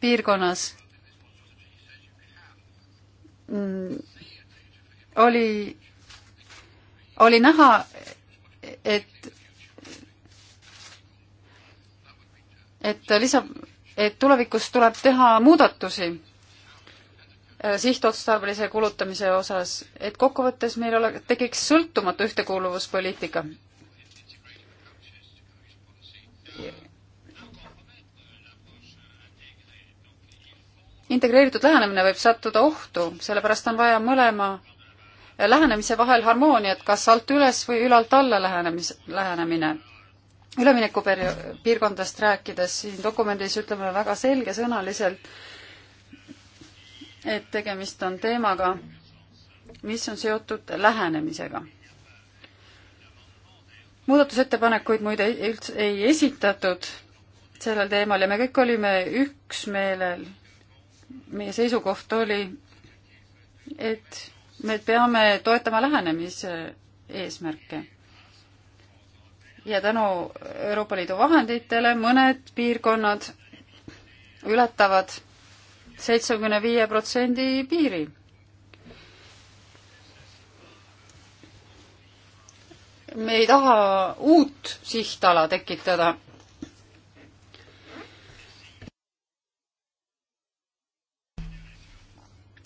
piirkonnas Mm, oli, oli näha, et, et lisab, et tulevikus tuleb teha muudatusi äh, sihtotstarbelise kulutamise osas, et kokkuvõttes meil ole, tekiks sõltumatu ühtekuuluvuspoliitika. integreeritud lähenemine võib sattuda ohtu, sellepärast on vaja mõlema lähenemise vahel harmooniat, kas alt üles või ülalt alla lähenemis, lähenemine. üleminekupiirkondadest rääkides siin dokumendis ütleme väga selgesõnaliselt, et tegemist on teemaga, mis on seotud lähenemisega. muudatusettepanekuid muide üldse ei esitatud sellel teemal ja me kõik olime üksmeelel meie seisukoht oli, et me peame toetama lähenemise eesmärke. ja tänu Euroopa Liidu vahenditele mõned piirkonnad ületavad seitsmekümne viie protsendi piiri. me ei taha uut sihtala tekitada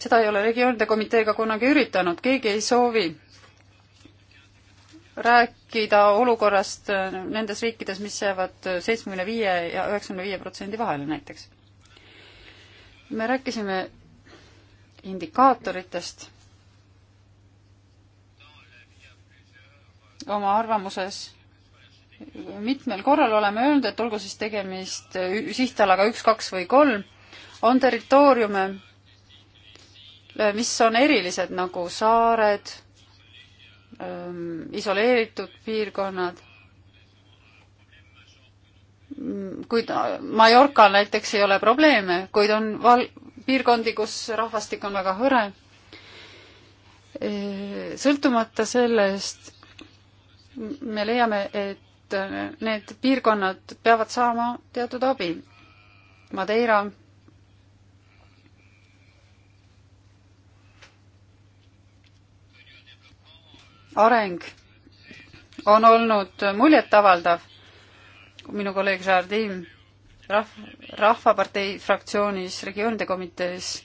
seda ei ole regioonide komiteega kunagi üritanud, keegi ei soovi rääkida olukorrast nendes riikides, mis jäävad seitsmekümne viie ja üheksakümne viie protsendi vahele näiteks. me rääkisime indikaatoritest oma arvamuses mitmel korral oleme öelnud, et olgu siis tegemist sihtalaga üks, kaks või kolm, on territooriume, Äh, mis on erilised, nagu saared, ähm, isoleeritud piirkonnad, mm, kuid äh, Mallorcal näiteks ei ole probleeme, kuid on val-, piirkondi, kus rahvastik on väga hõre. Äh, sõltumata sellest me leiame, et need piirkonnad peavad saama teatud abi. Madeira areng on olnud muljetavaldav. minu kolleeg Jardim rahv-, Rahvapartei fraktsioonis, regioonide komitees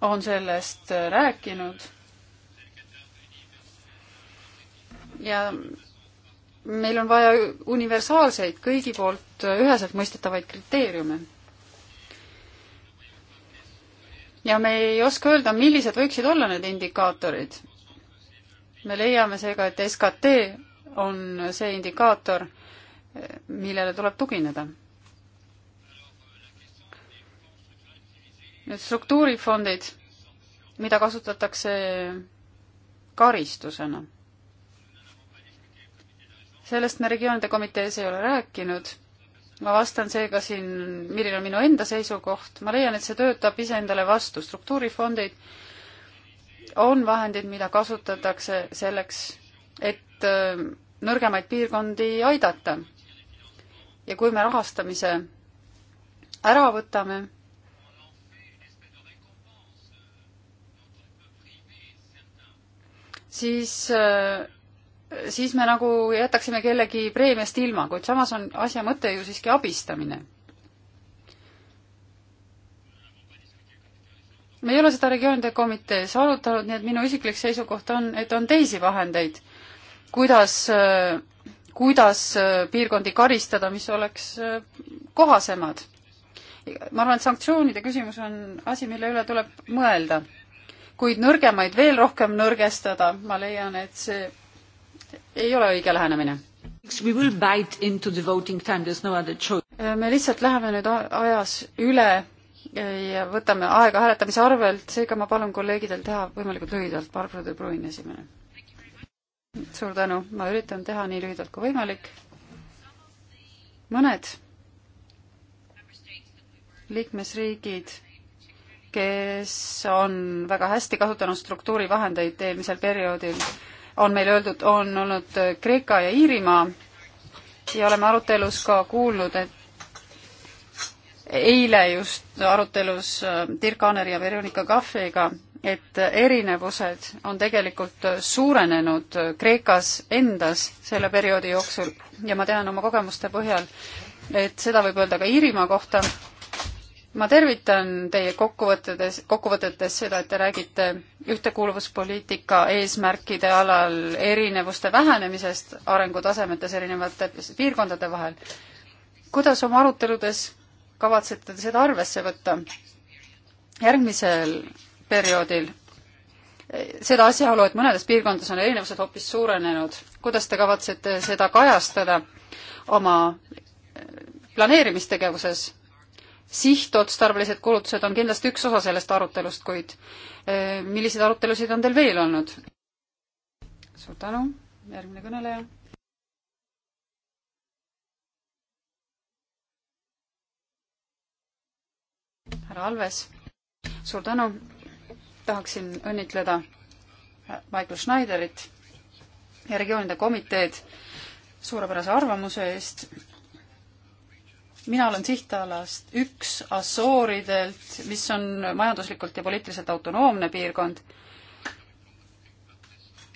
on sellest rääkinud. ja meil on vaja universaalseid, kõigi poolt üheselt mõistetavaid kriteeriume ja me ei oska öelda, millised võiksid olla need indikaatorid. me leiame seega, et SKT on see indikaator, millele tuleb tugineda. nüüd struktuurifondid, mida kasutatakse karistusena. sellest me regioonide komitees ei ole rääkinud ma vastan seega siin, milline on minu enda seisukoht, ma leian, et see töötab iseendale vastu, struktuurifondid on vahendid, mida kasutatakse selleks, et äh, nõrgemaid piirkondi aidata. ja kui me rahastamise ära võtame, siis äh, siis me nagu jätaksime kellegi preemiast ilma, kuid samas on asja mõte ju siiski abistamine. me ei ole seda regioonide komitees arutanud, nii et minu isiklik seisukoht on, et on teisi vahendeid, kuidas, kuidas äh, piirkondi karistada, mis oleks äh, kohasemad. ma arvan, et sanktsioonide küsimus on asi, mille üle tuleb mõelda. kuid nõrgemaid veel rohkem nõrgestada, ma leian, et see ei ole õige lähenemine. No äh, me lihtsalt läheme nüüd ajas üle äh, ja võtame aega hääletamise arvelt, seega ma palun kolleegidel teha võimalikult lühidalt. Barbara de Bruin esimene. suur tänu, ma üritan teha nii lühidalt kui võimalik. mõned liikmesriigid, kes on väga hästi kasutanud struktuurivahendeid eelmisel perioodil, on meil öeldud, on olnud Kreeka ja Iirimaa ja oleme arutelus ka kuulnud, et eile just arutelus äh, Dirk Anneri ja Veronika Kahvliga, et erinevused on tegelikult suurenenud Kreekas endas selle perioodi jooksul ja ma tean oma kogemuste põhjal, et seda võib öelda ka Iirimaa kohta ma tervitan teie kokkuvõtetes, kokkuvõtetes seda, et te räägite ühtekuuluvuspoliitika eesmärkide alal erinevuste vähenemisest arengutasemetes erinevate piirkondade vahel. kuidas oma aruteludes kavatsete te seda arvesse võtta järgmisel perioodil? Eh, seda asjaolu, et mõnedes piirkondades on erinevused hoopis suurenenud, kuidas te kavatsete seda kajastada oma eh, planeerimistegevuses sihtotstarbelised kulutused on kindlasti üks osa sellest arutelust, kuid eh, milliseid arutelusid on teil veel olnud? suur tänu, järgmine kõneleja. härra Alves, suur tänu. tahaksin õnnitleda Michael Schneiderit ja regioonide komiteed suurepärase arvamuse eest mina olen sihtalast üks Asooridelt, mis on majanduslikult ja poliitiliselt autonoomne piirkond.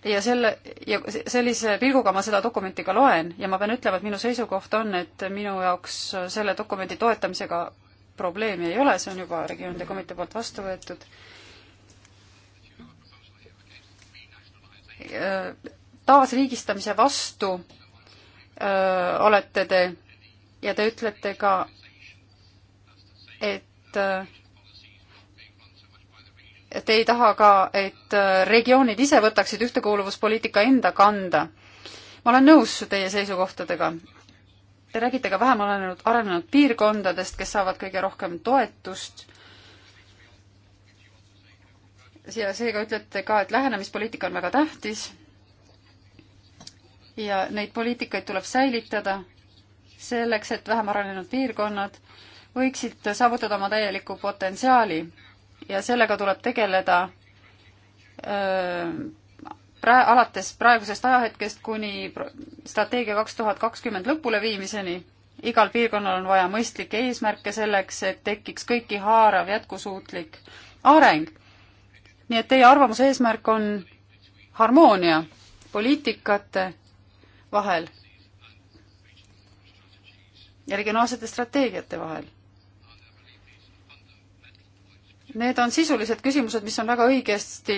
ja selle ja sellise pilguga ma seda dokumenti ka loen ja ma pean ütlema, et minu seisukoht on, et minu jaoks selle dokumendi toetamisega probleemi ei ole, see on juba regioonide komitee poolt vastu võetud. taasriigistamise vastu öö, olete te ja te ütlete ka, äh, et te ei taha ka, et äh, regioonid ise võtaksid ühtekuuluvuspoliitika enda kanda. ma olen nõus teie seisukohtadega. Te räägite ka vähem arenenud, arenenud piirkondadest, kes saavad kõige rohkem toetust. ja seega ütlete ka, et lähenemispoliitika on väga tähtis. ja neid poliitikaid tuleb säilitada selleks, et vähem arenenud piirkonnad võiksid saavutada oma täieliku potentsiaali ja sellega tuleb tegeleda äh, pra-, alates praegusest ajahetkest kuni strateegia kaks tuhat kakskümmend lõpuleviimiseni. igal piirkonnal on vaja mõistlikke eesmärke selleks, et tekiks kõiki haarav jätkusuutlik areng. nii et teie arvamuse eesmärk on harmoonia poliitikate vahel ja regionaalsete strateegiate vahel. Need on sisulised küsimused, mis on väga õigesti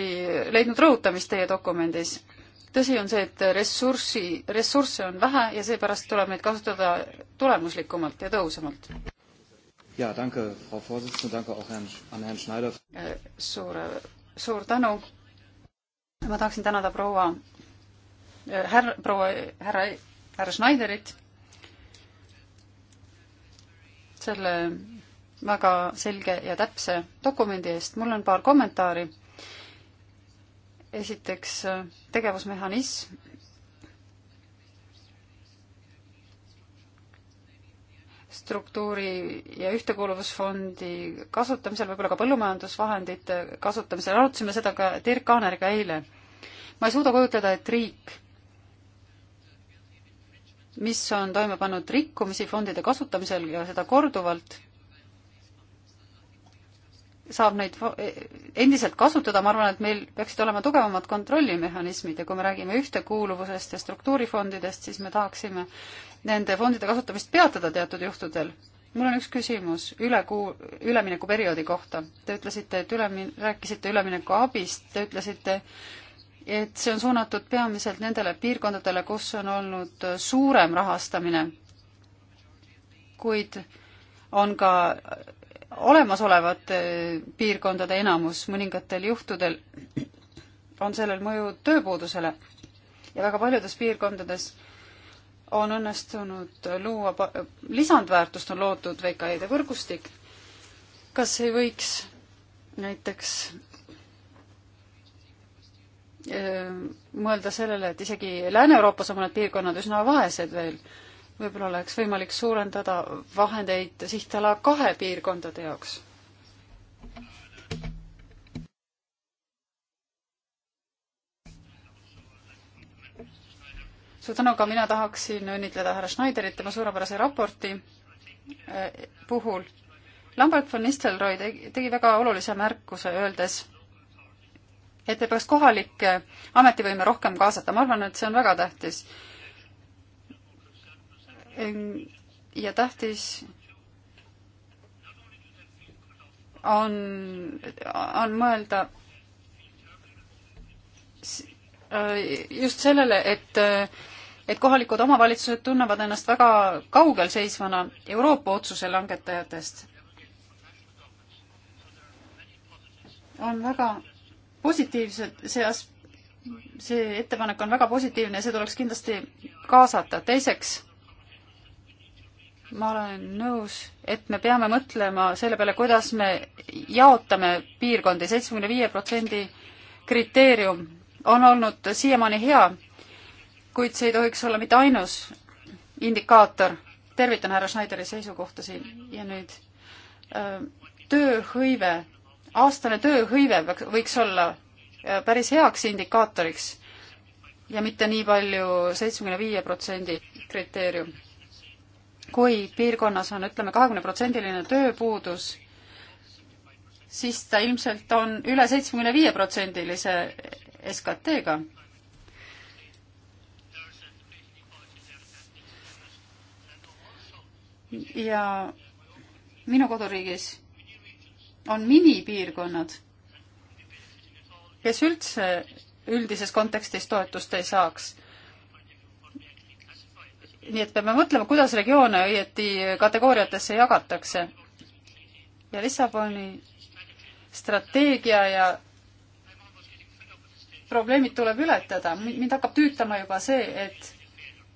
leidnud rõhutamist teie dokumendis. tõsi on see, et ressurssi, ressursse on vähe ja seepärast tuleb neid kasutada tulemuslikumalt ja tõhusamalt. jaa, tänke, Frau Vorsitzende, tänke auch Herrn, an Herrn Schneider. Äh, suur, suur tänu. ma tahaksin tänada proua, äh, härra, proua, härra, härra Schneiderit selle väga selge ja täpse dokumendi eest. mul on paar kommentaari. esiteks tegevusmehhanism. struktuuri ja ühtekuuluvusfondi kasutamisel, võib-olla ka põllumajandusvahendite kasutamisel, arutasime seda ka Dirk Kaaneriga eile. ma ei suuda kujutleda, et riik mis on toime pannud rikkumisi fondide kasutamisel ja seda korduvalt, saab neid e-, endiselt kasutada, ma arvan, et meil peaksid olema tugevamad kontrollimehhanismid ja kui me räägime ühtekuuluvusest ja struktuurifondidest, siis me tahaksime nende fondide kasutamist peatada teatud juhtudel. mul on üks küsimus ülekuu, üleminekuperioodi kohta. Te ütlesite, et ülemin-, rääkisite üleminekuabist, te ütlesite, et see on suunatud peamiselt nendele piirkondadele, kus on olnud suurem rahastamine, kuid on ka olemasolevate piirkondade enamus mõningatel juhtudel on sellel mõju tööpuudusele ja väga paljudes piirkondades on õnnestunud luua, lisandväärtust on loodud VKE-de võrgustik. kas ei võiks näiteks Äh, mõelda sellele, et isegi Lääne-Euroopas on mõned piirkonnad üsna vaesed veel. võib-olla oleks võimalik suurendada vahendeid sihtala kahe piirkondade jaoks. suur tänu ka, mina tahaksin õnnitleda härra Schneiderit tema suurepärase raporti äh, puhul. Lambert von Nistelrooy tegi väga olulise märkuse, öeldes et peaks kohalikke ametivõime rohkem kaasata, ma arvan, et see on väga tähtis. ja tähtis on, on mõelda äh, just sellele, et et kohalikud omavalitsused tunnevad ennast väga kaugel seisvana Euroopa otsuse langetajatest. on väga positiivsed, see as-, see ettepanek on väga positiivne ja see tuleks kindlasti kaasata. teiseks, ma olen nõus, et me peame mõtlema selle peale, kuidas me jaotame piirkondi, seitsmekümne viie protsendi kriteerium on olnud siiamaani hea, kuid see ei tohiks olla mitte ainus indikaator. tervitan härra Schneideri seisukohta siin ja nüüd tööhõive aastane tööhõive võiks olla äh, päris heaks indikaatoriks ja mitte nii palju seitsmekümne viie protsendi kriteerium. kui piirkonnas on ütleme, kahekümneprotsendiline tööpuudus, siis ta ilmselt on üle seitsmekümne viie protsendilise SKT-ga. ja minu koduriigis on minipiirkonnad, kes üldse üldises kontekstis toetust ei saaks. nii et peame mõtlema, kuidas regioone õieti kategooriatesse jagatakse. ja Lissaboni strateegia ja probleemid tuleb ületada, mind hakkab tüütama juba see, et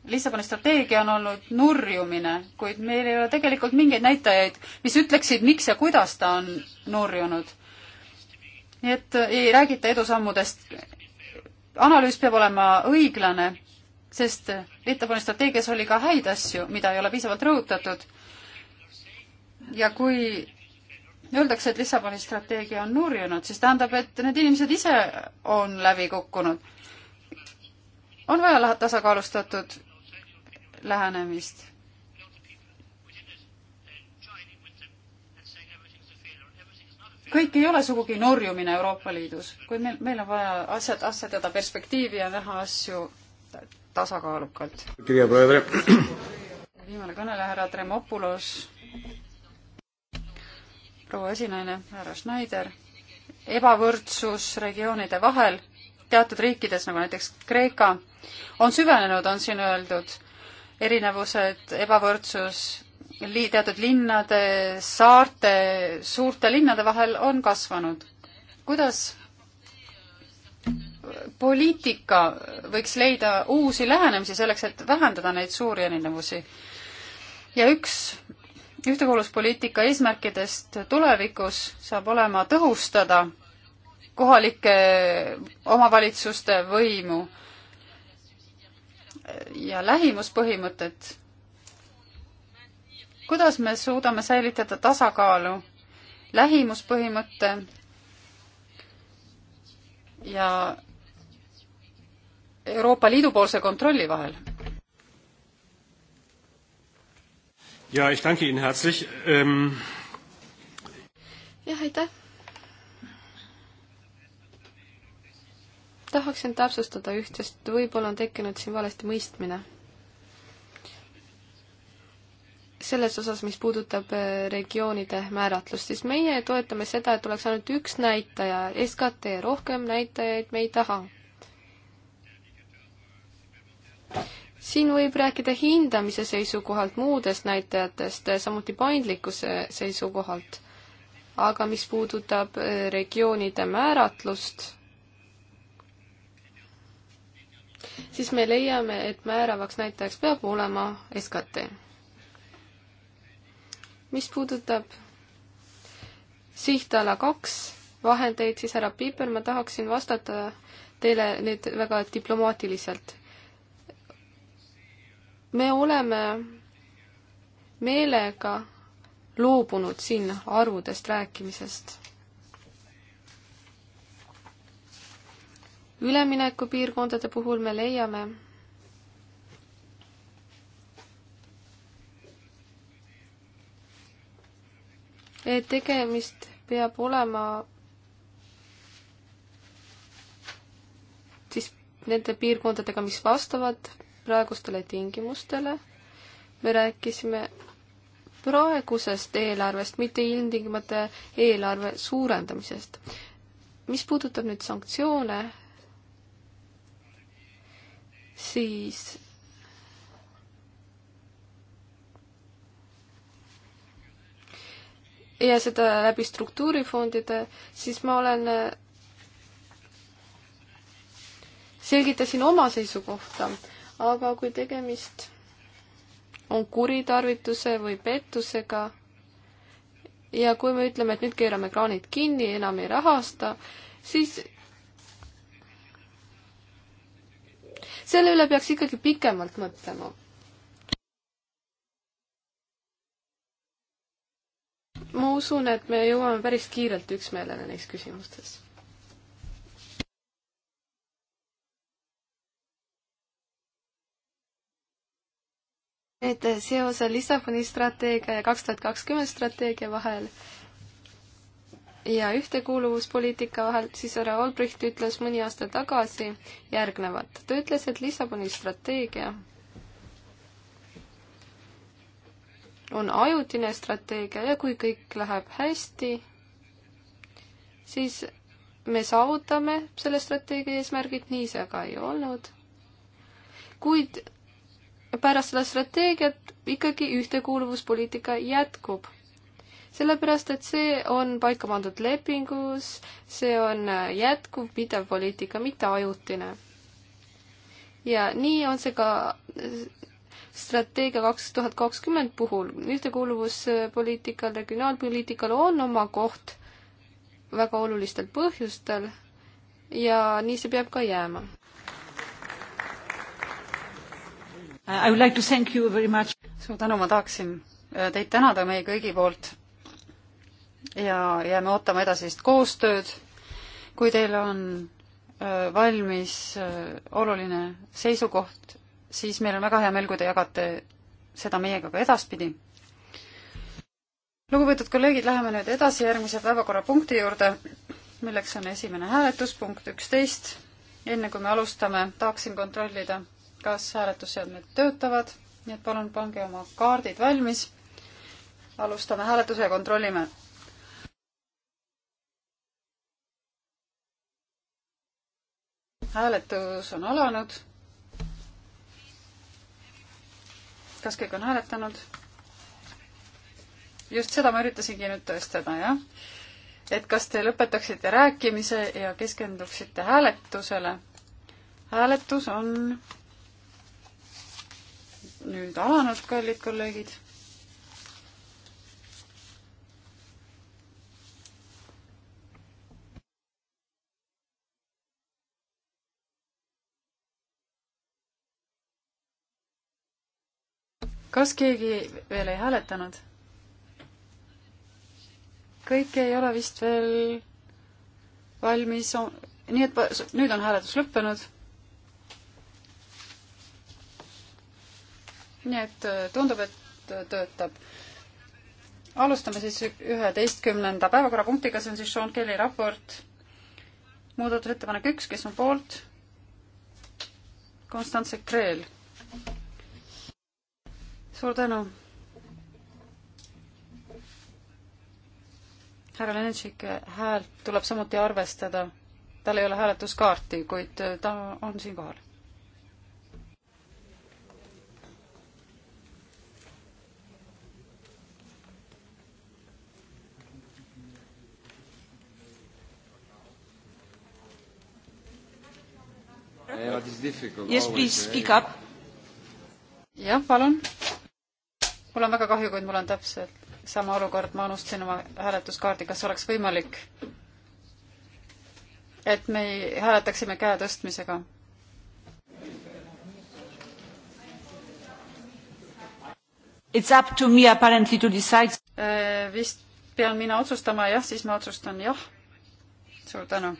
Lissaboni strateegia on olnud nurjumine, kuid meil ei ole tegelikult mingeid näitajaid, mis ütleksid, miks ja kuidas ta on nurjunud. nii et ei räägita edusammudest. analüüs peab olema õiglane, sest Lissaboni strateegias oli ka häid asju, mida ei ole piisavalt rõhutatud. ja kui öeldakse, et Lissaboni strateegia on nurjunud, siis tähendab, et need inimesed ise on läbi kukkunud on vaja tasakaalustatud lähenemist. kõik ei ole sugugi norjumine Euroopa Liidus, kuid meil, meil on vaja asjad, asjadada perspektiivi ja näha asju tasakaalukalt. viimane kõneleja, härra Tremopulos. proua esinaine, härra Schneider. ebavõrdsus regioonide vahel teatud riikides, nagu näiteks Kreeka, on süvenenud, on siin öeldud erinevused, ebavõrdsus li-, teatud linnade, saarte, suurte linnade vahel on kasvanud. kuidas poliitika võiks leida uusi lähenemisi selleks, et vähendada neid suuri erinevusi? ja üks ühtekuuluvuspoliitika eesmärkidest tulevikus saab olema tõhustada kohalike omavalitsuste võimu ja lähimuspõhimõtet. kuidas me suudame säilitada tasakaalu lähimuspõhimõtte ja Euroopa Liidu poolse kontrolli vahel? ja, ich danke Ihnen herzlich ähm.... jah, aitäh tahaksin täpsustada üht, sest võib-olla on tekkinud siin valesti mõistmine. selles osas, mis puudutab äh, regioonide määratlust, siis meie toetame seda, et oleks ainult üks näitaja, SKT, rohkem näitajaid me ei taha. siin võib rääkida hindamise seisukohalt, muudest näitajatest, äh, samuti paindlikkuse seisukohalt, aga mis puudutab äh, regioonide määratlust siis me leiame, et määravaks näitajaks peab olema SKT. mis puudutab sihtala kaks vahendeid, siis härra Piiper, ma tahaksin vastata teile nüüd väga diplomaatiliselt. me oleme meelega loobunud siin arvudest rääkimisest üleminekupiirkondade puhul me leiame, et tegemist peab olema siis nende piirkondadega, mis vastavad praegustele tingimustele. me rääkisime praegusest eelarvest, mitte ilmtingimata eelarve suurendamisest. mis puudutab nüüd sanktsioone, siis ja seda läbi struktuurifondide, siis ma olen, selgitasin oma seisukohta, aga kui tegemist on kuritarvituse või pettusega ja kui me ütleme, et nüüd keerame kraanid kinni, enam ei rahasta, siis selle üle peaks ikkagi pikemalt mõtlema. ma usun, et me jõuame päris kiirelt üksmeelele neis küsimustes. et seos Lissaboni strateegia ja kaks tuhat kakskümmend strateegia vahel ja ühtekuuluvuspoliitika vahel, siis härra Albrecht ütles mõni aasta tagasi järgnevat. ta ütles, et Lissaboni strateegia on ajutine strateegia ja kui kõik läheb hästi, siis me saavutame selle strateegia eesmärgid, nii see aga ei olnud. kuid pärast seda strateegiat ikkagi ühtekuuluvuspoliitika jätkub sellepärast et see on paika pandud lepingus, see on jätkuv pidev poliitika, mitte ajutine. ja nii on see ka strateegia kaks tuhat kakskümmend puhul, ühtekuuluvuspoliitikal, regionaalpoliitikal on oma koht väga olulistel põhjustel ja nii see peab ka jääma. I would like to thank you very much. suur tänu, ma tahaksin äh, teid tänada meie kõigi poolt ja jääme ootama edasist koostööd. kui teil on valmis oluline seisukoht, siis meil on väga hea meel, kui te jagate seda meiega ka edaspidi. lugupeetud kolleegid, läheme nüüd edasi järgmise päevakorrapunkti juurde, milleks on esimene hääletus, punkt üksteist. enne kui me alustame, tahaksin kontrollida, kas hääletusseadmed töötavad, nii et palun pange oma kaardid valmis. alustame hääletuse ja kontrollime hääletus on alanud. kas kõik on hääletanud? just seda ma üritasingi nüüd tõestada, jah. et kas te lõpetaksite rääkimise ja keskenduksite hääletusele. hääletus on nüüd alanud, kallid kolleegid kas keegi veel ei hääletanud? kõik ei ole vist veel valmis, nii et nüüd on hääletus lõppenud. nii et äh, tundub, et äh, töötab. alustame siis üheteistkümnenda päevakorrapunktiga, see on siis Sean Kelly raport. muudatusettepanek üks, kes on poolt? Konstantse Kreel suur tänu. härra Lenetšiki häält tuleb samuti arvestada. tal ei ole hääletuskaarti, kuid ta on siin kohal eh? jah, palun mul on väga kahju, kuid mul on täpselt sama olukord, ma unustasin oma hääletuskaardi, kas oleks võimalik, et me hääletaksime käe tõstmisega? It's up to me apparently to decide. Äh, vist pean mina otsustama, jah, siis ma otsustan jah. suur tänu.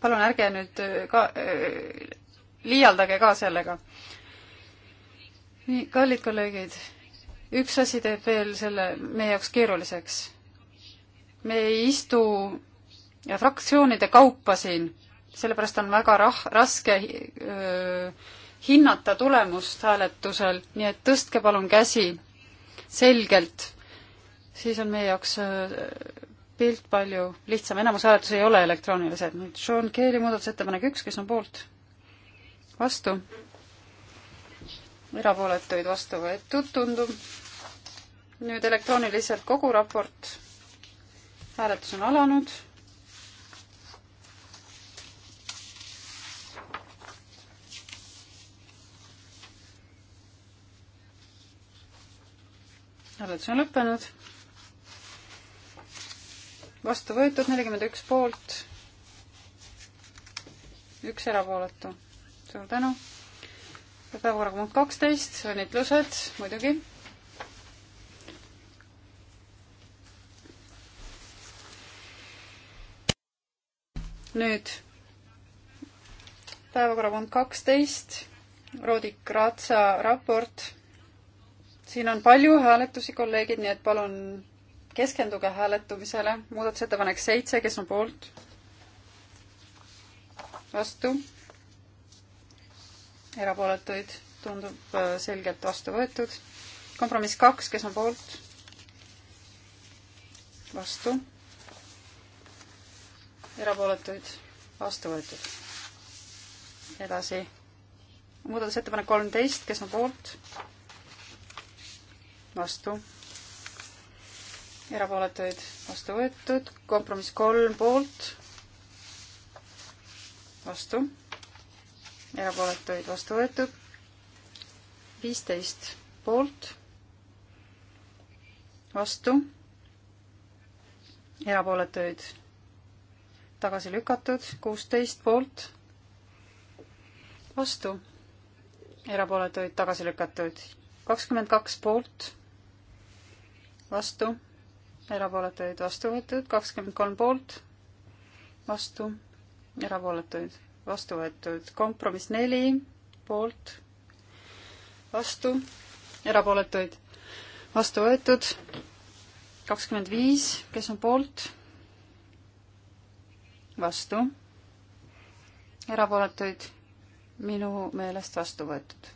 palun ärge nüüd äh, ka äh, liialdage ka sellega. nii, kallid kolleegid üks asi teeb veel selle meie jaoks keeruliseks. me ei istu fraktsioonide kaupa siin, sellepärast on väga rah-, raske öö, hinnata tulemust hääletusel, nii et tõstke palun käsi selgelt, siis on meie jaoks öö, pilt palju lihtsam, enamus hääletusi ei ole elektroonilised. nüüd Sean Keeli muudatusettepanek üks, kes on poolt? vastu? erapooletuid vastu võetud, tundub. nüüd elektrooniliselt kogu raport. hääletus on alanud. hääletus on lõppenud. vastu võetud nelikümmend üks poolt, üks erapooletu. suur tänu päevakorrapunkt kaksteist, õnnitlused muidugi. nüüd päevakorrapunkt kaksteist, Roodik Raatsa raport. siin on palju hääletusi, kolleegid, nii et palun keskenduge hääletamisele. muudatusettepanek seitse, kes on poolt? vastu erapooletuid, tundub äh, selgelt vastu võetud. kompromiss kaks, kes on poolt? vastu. erapooletuid, vastu võetud. edasi, muudatusettepanek kolmteist, kes on poolt? vastu. erapooletuid, vastu võetud. kompromiss kolm poolt. vastu erapooletuid vastu võetud, viisteist poolt, vastu, erapooletuid tagasi lükatud, kuusteist poolt, vastu, erapooletuid tagasi lükatud, kakskümmend kaks poolt, vastu, erapooletuid vastu võetud, kakskümmend kolm poolt, vastu, erapooletuid vastu võetud. kompromiss neli poolt, vastu, erapooletuid vastu võetud. kakskümmend viis, kes on poolt, vastu, erapooletuid minu meelest vastu võetud.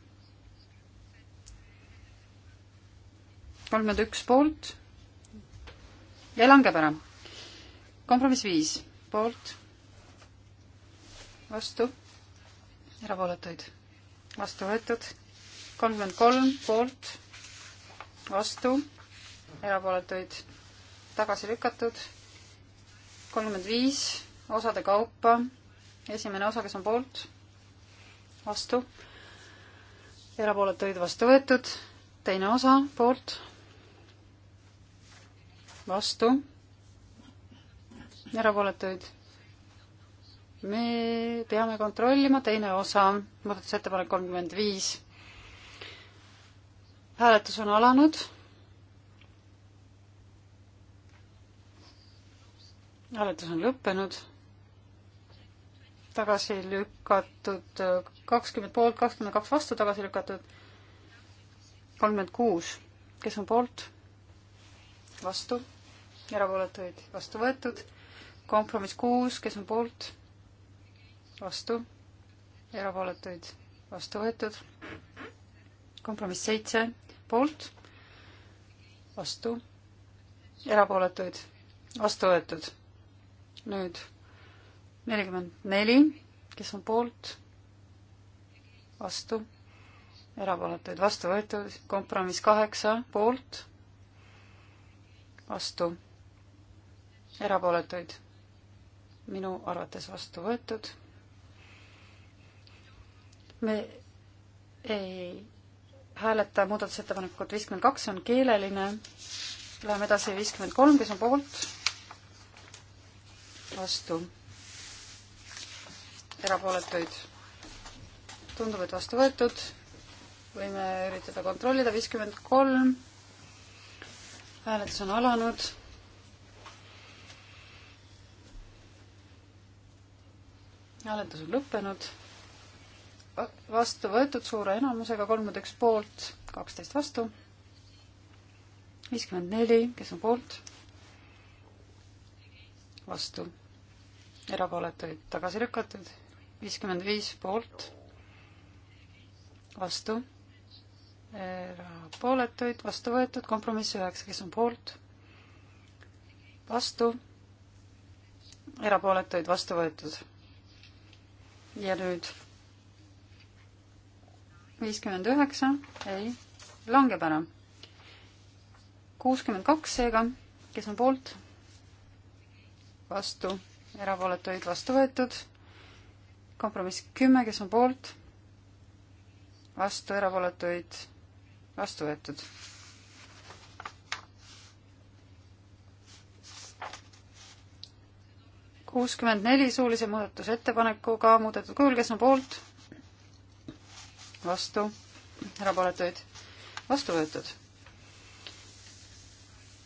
kolmkümmend üks poolt ja langeb ära. kompromiss viis poolt vastu, erapooletuid vastu võetud, kolmkümmend kolm poolt, vastu, erapooletuid tagasi lükatud, kolmkümmend viis osade kaupa, esimene osa, kes on poolt, vastu, erapooletuid vastu võetud, teine osa poolt, vastu, erapooletuid me peame kontrollima teine osa, muudatusettepanek kolmkümmend viis. hääletus on alanud. hääletus on lõppenud. tagasi lükatud kakskümmend poolt, kakskümmend kaks vastu tagasi lükatud. kolmkümmend kuus, kes on poolt? vastu, erapooletuid vastu võetud. kompromiss kuus, kes on poolt? vastu, erapooletuid vastu võetud. kompromiss seitse poolt, vastu, erapooletuid vastu võetud. nüüd nelikümmend neli, kes on poolt, vastu, erapooletuid vastu võetud, kompromiss kaheksa poolt, vastu, erapooletuid minu arvates vastu võetud me ei hääleta muudatusettepanekut viiskümmend kaks, on keeleline. Läheme edasi viiskümmend kolm, kes on poolt? vastu. erapooletuid? tundub, et vastu võetud. võime üritada kontrollida, viiskümmend kolm. hääletus on alanud. hääletus on lõppenud vastu võetud suure enamusega, kolmkümmend üks poolt, kaksteist vastu, viiskümmend neli, kes on poolt, vastu, erapooletuid tagasi lükatud, viiskümmend viis poolt, vastu, erapooletuid vastu võetud, kompromiss üheksa, kes on poolt, vastu, erapooletuid vastu võetud. ja nüüd viiskümmend üheksa, ei, langeb ära. kuuskümmend kaks seega, kes on poolt? vastu, erapooletuid vastu võetud. kompromiss kümme, kes on poolt? vastu, erapooletuid vastu võetud. kuuskümmend neli suulise muudatusettepanekuga muudetud kujul, kes on poolt? vastu, erapooletuid vastu võetud.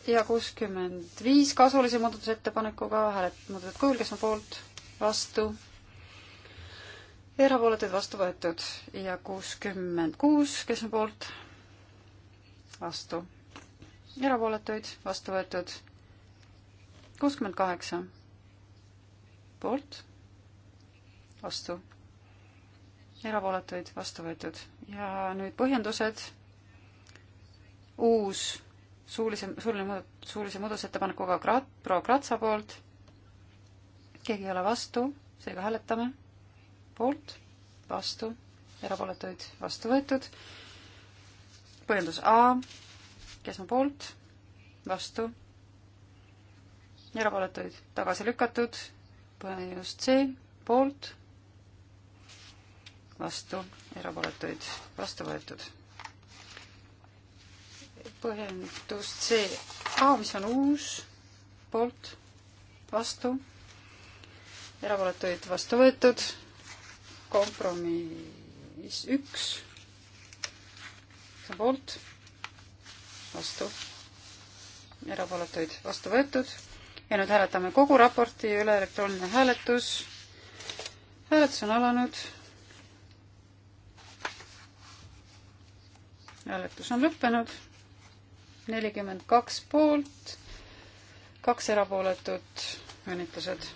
ja kuuskümmend viis kasulise muudatusettepanekuga hääletatud kujul, kes on poolt, vastu, erapooletuid vastu võetud ja kuuskümmend kuus, kes on poolt, vastu, erapooletuid vastu võetud, kuuskümmend kaheksa, poolt, vastu erapooletuid vastu võetud. ja nüüd põhjendused, uus suulise, suuline muudat-, suulise muudatusettepanekuga Krat-, proua Kratsa poolt, keegi ei ole vastu, seega hääletame, poolt, vastu, erapooletuid vastu võetud, põhjendus A, kes on poolt, vastu, erapooletuid tagasi lükatud, põhjendus C, poolt vastu, erapooletuid vastu võetud. põhjendus C A, mis on uus, poolt, vastu, erapooletuid vastu võetud, kompromiss üks, see on poolt, vastu, erapooletuid vastu võetud ja nüüd hääletame kogu raporti üle, elektrooniline hääletus. hääletus on alanud hääletus on lõppenud. nelikümmend kaks poolt, kaks erapooletut, õnnitlused.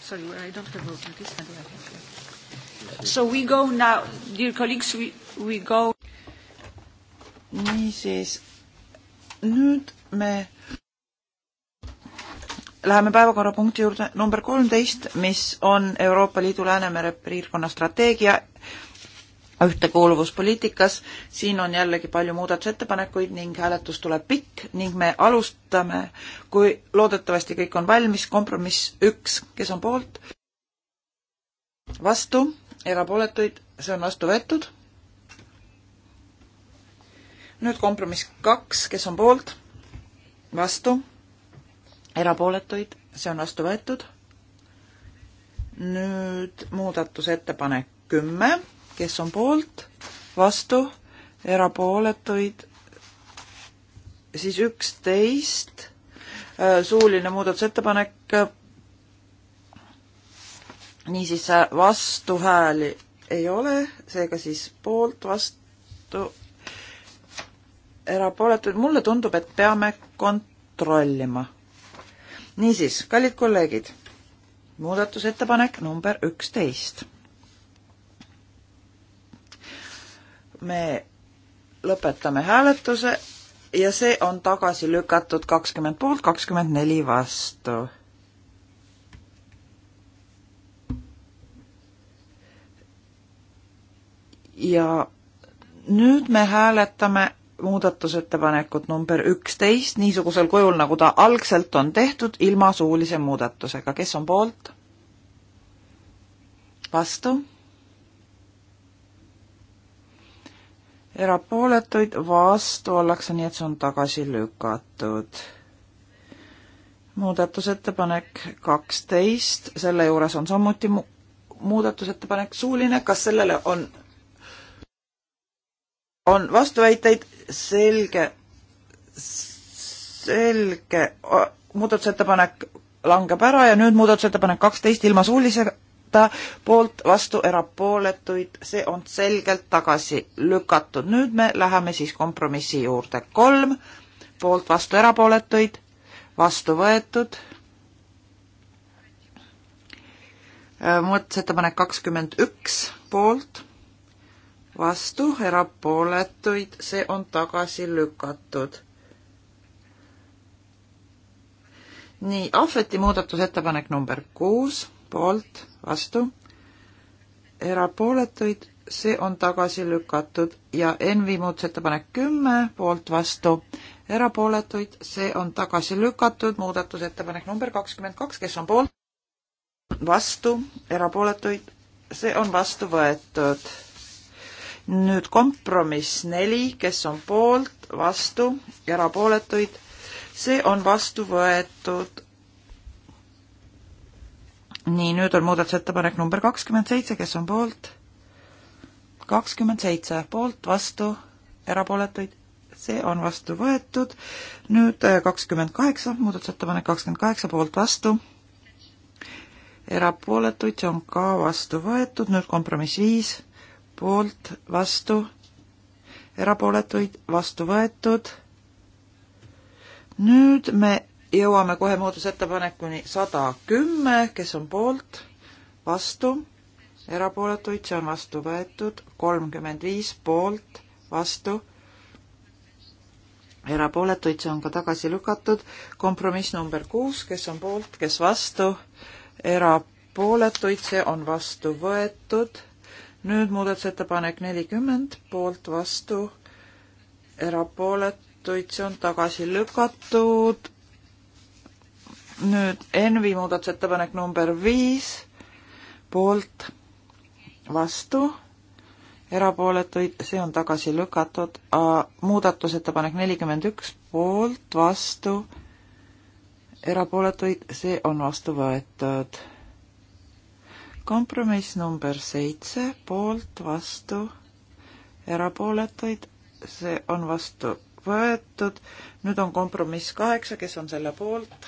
Sorry, I don't have a list, but I have. So we go now, dear colleagues, we, we go. niisiis, nüüd me Läheme päevakorrapunkti juurde number kolmteist, mis on Euroopa Liidu Läänemere piirkonna strateegia ühtekuuluvuspoliitikas. siin on jällegi palju muudatusettepanekuid ning hääletus tuleb pikk ning me alustame, kui loodetavasti kõik on valmis, kompromiss üks, kes on poolt? vastu, erapooletuid, see on vastu võetud. nüüd kompromiss kaks, kes on poolt? vastu erapooletuid, see on vastu võetud. nüüd muudatusettepanek kümme, kes on poolt, vastu, erapooletuid, siis üksteist, äh, suuline muudatusettepanek, niisiis äh, vastuhääli ei ole, seega siis poolt, vastu, erapooletuid, mulle tundub, et peame kontrollima niisiis, kallid kolleegid, muudatusettepanek number üksteist. me lõpetame hääletuse ja see on tagasi lükatud kakskümmend poolt, kakskümmend neli vastu. ja nüüd me hääletame muudatusettepanekut number üksteist niisugusel kujul, nagu ta algselt on tehtud, ilma suulise muudatusega. kes on poolt? vastu? erapooletuid vastu ollakse, nii et see on tagasi lükatud. muudatusettepanek kaksteist, selle juures on samuti mu muudatusettepanek suuline, kas sellele on on vastuväiteid, selge, selge muudatusettepanek langeb ära ja nüüd muudatusettepanek kaksteist ilma suuliseta poolt vastu erapooletuid, see on selgelt tagasi lükatud. nüüd me läheme siis kompromissi juurde. kolm poolt vastu erapooletuid, vastu võetud. muudatusettepanek kakskümmend üks poolt vastu, erapooletuid, see on tagasi lükatud. nii, ahveti muudatusettepanek number kuus, poolt, vastu, erapooletuid, see on tagasi lükatud ja Envi muudatusettepanek kümme, poolt, vastu, erapooletuid, see on tagasi lükatud, muudatusettepanek number kakskümmend kaks, kes on poolt, vastu, erapooletuid, see on vastu võetud nüüd kompromiss neli, kes on poolt, vastu, erapooletuid, see on vastu võetud. nii, nüüd on muudatusettepanek number kakskümmend seitse, kes on poolt? kakskümmend seitse poolt, vastu, erapooletuid, see on vastu võetud. nüüd äh, kakskümmend kaheksa, muudatusettepanek kakskümmend kaheksa, poolt, vastu erapooletuid, see on ka vastu võetud, nüüd kompromiss viis poolt, vastu, erapooletuid, vastu võetud. nüüd me jõuame kohe muudusettepanekuni sada kümme, kes on poolt, vastu, erapooletuid, see on vastu võetud, kolmkümmend viis poolt, vastu, erapooletuid, see on ka tagasi lükatud, kompromiss number kuus, kes on poolt, kes vastu, erapooletuid, see on vastu võetud nüüd muudatusettepanek nelikümmend, poolt, vastu, erapooletuid, see on tagasi lükatud. nüüd Envi muudatusettepanek number viis, poolt, vastu, erapooletuid, see on tagasi lükatud. muudatusettepanek nelikümmend üks, poolt, vastu, erapooletuid, see on vastu võetud kompromiss number seitse, poolt, vastu, erapooletuid, see on vastu võetud. nüüd on kompromiss kaheksa, kes on selle poolt,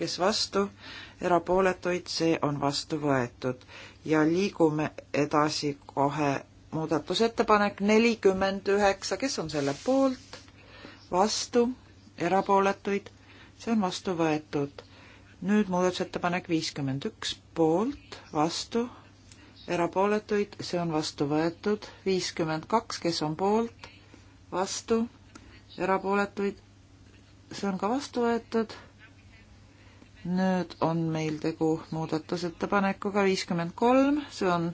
kes vastu, erapooletuid, see on vastu võetud. ja liigume edasi kohe muudatusettepanek nelikümmend üheksa, kes on selle poolt, vastu, erapooletuid, see on vastu võetud nüüd muudatusettepanek viiskümmend üks, poolt, vastu, erapooletuid, see on vastu võetud, viiskümmend kaks, kes on poolt, vastu, erapooletuid, see on ka vastu võetud. nüüd on meil tegu muudatusettepanekuga viiskümmend kolm, see on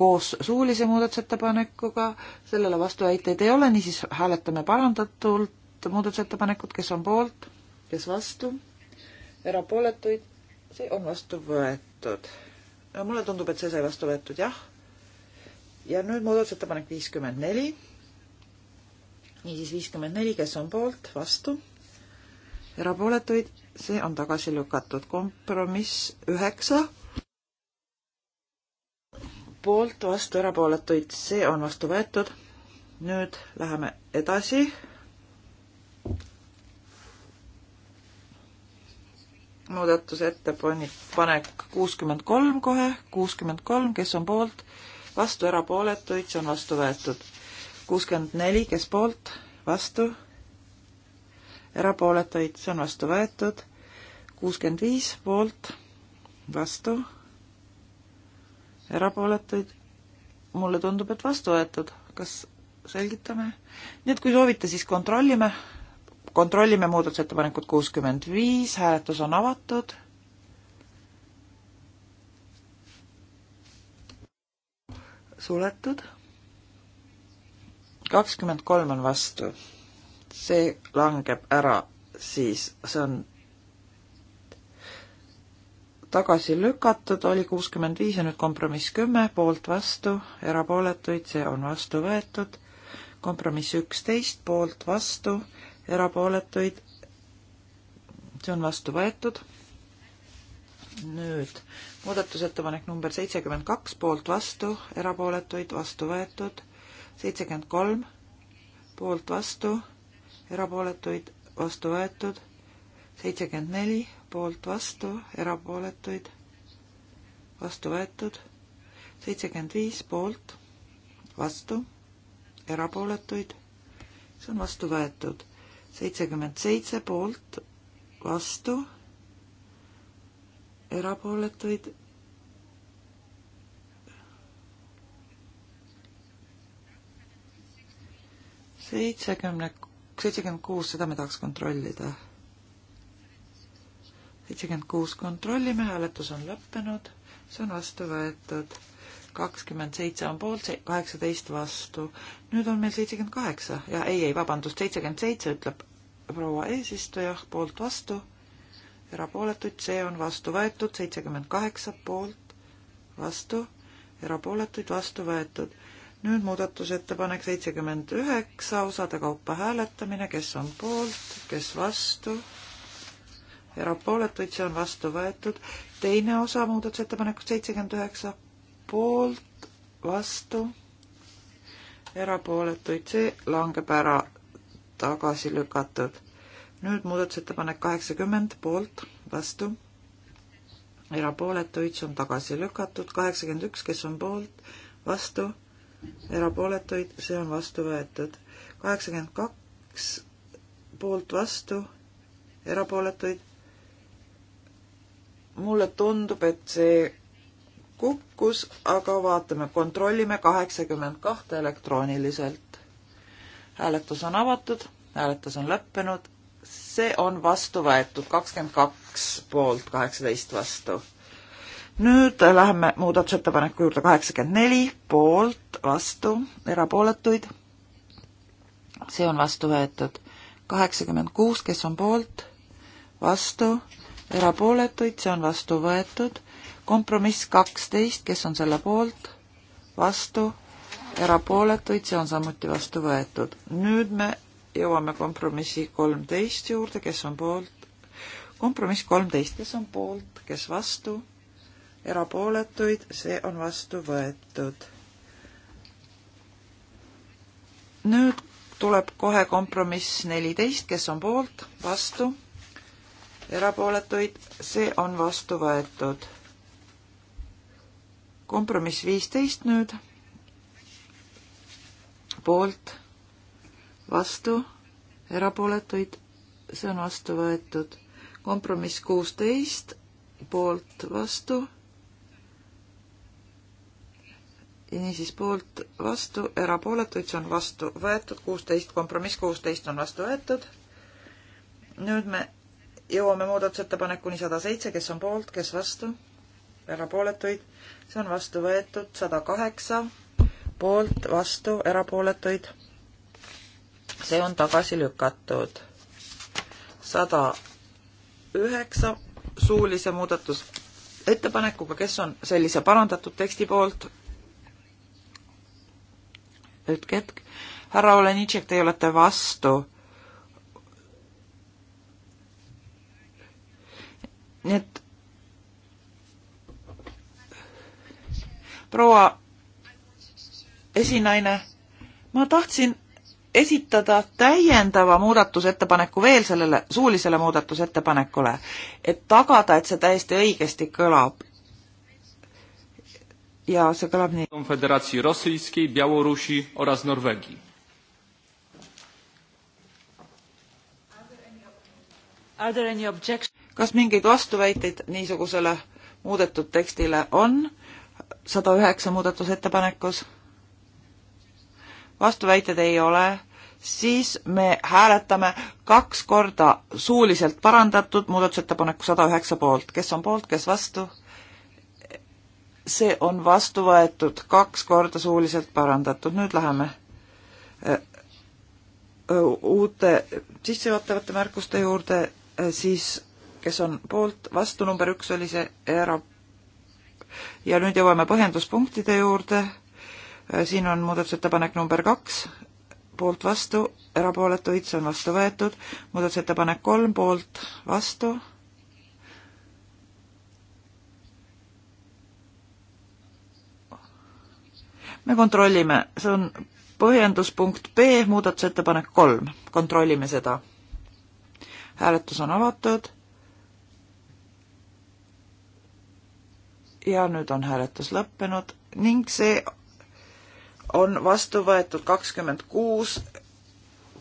koos suulise muudatusettepanekuga, sellele vastuväiteid ei ole, niisiis hääletame parandatult muudatusettepanekut, kes on poolt, kes vastu erapooletuid, see on vastu võetud. no mulle tundub, et see sai vastu võetud, jah. ja nüüd muudatusettepanek viiskümmend neli. niisiis viiskümmend neli, kes on poolt, vastu, erapooletuid, see on tagasi lükatud. kompromiss üheksa poolt, vastu, erapooletuid, see on vastu võetud. nüüd läheme edasi muudatusettepanek kuuskümmend kolm kohe, kuuskümmend kolm, kes on poolt, vastu, erapooletuid, see on vastu võetud. kuuskümmend neli, kes poolt, vastu, erapooletuid, see on vastu võetud. kuuskümmend viis poolt, vastu, erapooletuid, mulle tundub, et vastu võetud, kas selgitame? nii et kui soovite, siis kontrollime kontrollime muudatusettepanekut kuuskümmend viis, hääletus on avatud. suletud. kakskümmend kolm on vastu. see langeb ära, siis see on tagasi lükatud, oli kuuskümmend viis ja nüüd kompromiss kümme, poolt vastu, erapooletuid, see on vastu võetud. kompromiss üksteist, poolt vastu, erapooletuid. see on vastu võetud. nüüd muudatusettepanek number seitsekümmend kaks, poolt vastu, erapooletuid vastu võetud. seitsekümmend kolm, poolt vastu, erapooletuid vastu võetud. seitsekümmend neli, poolt vastu, erapooletuid vastu võetud. seitsekümmend viis, poolt vastu, erapooletuid see on vastu võetud seitsekümmend seitse poolt, vastu, erapooletuid. seitsekümne, seitsekümmend kuus, seda me tahaks kontrollida. seitsekümmend kuus kontrollime, hääletus on lõppenud, see on vastu võetud kakskümmend seitse on poolt, kaheksateist vastu. nüüd on meil seitsekümmend kaheksa ja ei, ei, vabandust, seitsekümmend seitse ütleb proua eesistuja, poolt vastu, erapooletuid, see on vastu võetud, seitsekümmend kaheksa poolt vastu, erapooletuid vastu võetud. nüüd muudatusettepanek seitsekümmend üheksa, osade kaupa hääletamine, kes on poolt, kes vastu, erapooletuid, see on vastu võetud. teine osa muudatusettepanekust seitsekümmend üheksa, poolt, vastu, erapooletuid, see langeb ära tagasi lükatud. nüüd muudatusettepanek kaheksakümmend poolt, vastu, erapooletuid, see on tagasi lükatud, kaheksakümmend üks, kes on poolt, vastu, erapooletuid, see on vastu võetud. kaheksakümmend kaks poolt, vastu, erapooletuid. mulle tundub, et see kukkus, aga vaatame, kontrollime kaheksakümmend kahte elektrooniliselt hääletus on avatud, hääletus on lõppenud, see on vastu võetud, kakskümmend kaks poolt, kaheksateist vastu. nüüd läheme muudatusettepaneku juurde, kaheksakümmend neli poolt, vastu, erapooletuid. see on vastu võetud, kaheksakümmend kuus, kes on poolt, vastu, erapooletuid, see on vastu võetud kompromiss kaksteist, kes on selle poolt, vastu, erapooletuid, see on samuti vastu võetud. nüüd me jõuame kompromissi kolmteist juurde, kes on poolt, kompromiss kolmteist, kes on poolt, kes vastu, erapooletuid, see on vastu võetud. nüüd tuleb kohe kompromiss neliteist, kes on poolt, vastu, erapooletuid, see on vastu võetud. kompromiss viisteist nüüd poolt, vastu, erapooletuid, see on vastu võetud. kompromiss kuusteist, poolt, vastu. niisiis poolt, vastu, erapooletuid, see on vastu võetud, kuusteist, kompromiss kuusteist on vastu võetud. nüüd me jõuame muudatusettepanekuni sada seitse, kes on poolt, kes vastu, erapooletuid, see on vastu võetud, sada kaheksa poolt, vastu, erapooletuid. see on tagasi lükatud. sada üheksa suulise muudatusettepanekuga, kes on sellise parandatud teksti poolt? hetk, hetk. härra Olenitšek, teie olete vastu. nii et proua esinaine, ma tahtsin esitada täiendava muudatusettepaneku veel sellele suulisele muudatusettepanekule, et tagada, et see täiesti õigesti kõlab. ja see kõlab nii. Konföderatsioon Rossijski, Bielorusi oraz Norvegi. kas mingeid vastuväiteid niisugusele muudetud tekstile on sada üheksa muudatusettepanekus? vastuväiteid ei ole, siis me hääletame kaks korda suuliselt parandatud muudatusettepaneku sada üheksa poolt, kes on poolt, kes vastu. see on vastu võetud kaks korda suuliselt parandatud, nüüd läheme äh, äh, uute sissejuhatavate märkuste juurde, äh, siis kes on poolt, vastu number üks oli see era- ja nüüd jõuame põhjenduspunktide juurde Äh, siin on muudatusettepanek number kaks, poolt vastu, erapooletuid, see on vastu võetud, muudatusettepanek kolm, poolt vastu, me kontrollime, see on põhjenduspunkt B, muudatusettepanek kolm, kontrollime seda. hääletus on avatud. ja nüüd on hääletus lõppenud ning see on vastu võetud kakskümmend kuus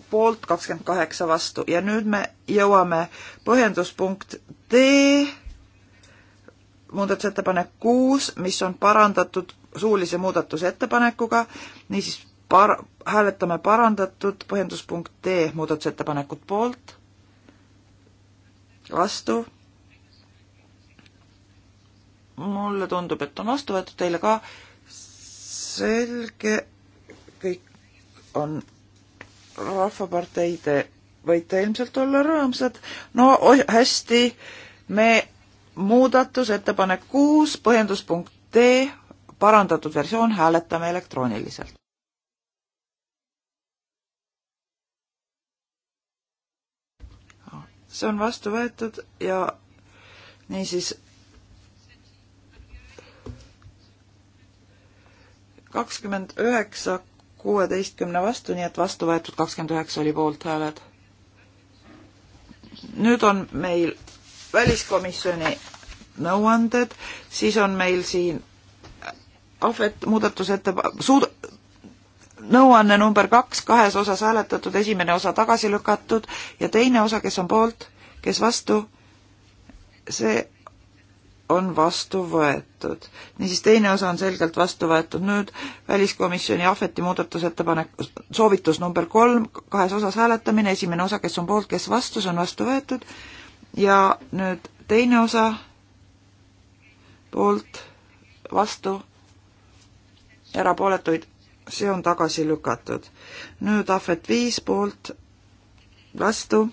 poolt, kakskümmend kaheksa vastu ja nüüd me jõuame põhjenduspunkt D, muudatusettepanek kuus, mis on parandatud suulise muudatusettepanekuga, niisiis par-, hääletame parandatud põhjenduspunkt D muudatusettepanekut poolt, vastu, mulle tundub, et on vastu võetud, teile ka, selge, kõik on rahvaparteide, võite ilmselt olla rõõmsad. no hästi, me muudatusettepanek kuus, põhjenduspunkt D, parandatud versioon, hääletame elektrooniliselt. see on vastu võetud ja niisiis kakskümmend üheksa kuueteistkümne vastu, nii et vastu võetud kakskümmend üheksa oli poolthääled. nüüd on meil väliskomisjoni nõuanded, siis on meil siin ahvet muudatusettepanek, suud-, nõuanne number kaks, kahes osas hääletatud, esimene osa tagasi lükatud ja teine osa, kes on poolt, kes vastu, see on vastu võetud. niisiis, teine osa on selgelt vastu võetud. nüüd väliskomisjoni ahveti muudatusettepanek, soovitus number kolm, kahes osas hääletamine, esimene osa, kes on poolt, kes vastu, see on vastu võetud. ja nüüd teine osa, poolt, vastu, erapooletuid, see on tagasi lükatud. nüüd ahvet viis poolt, vastu,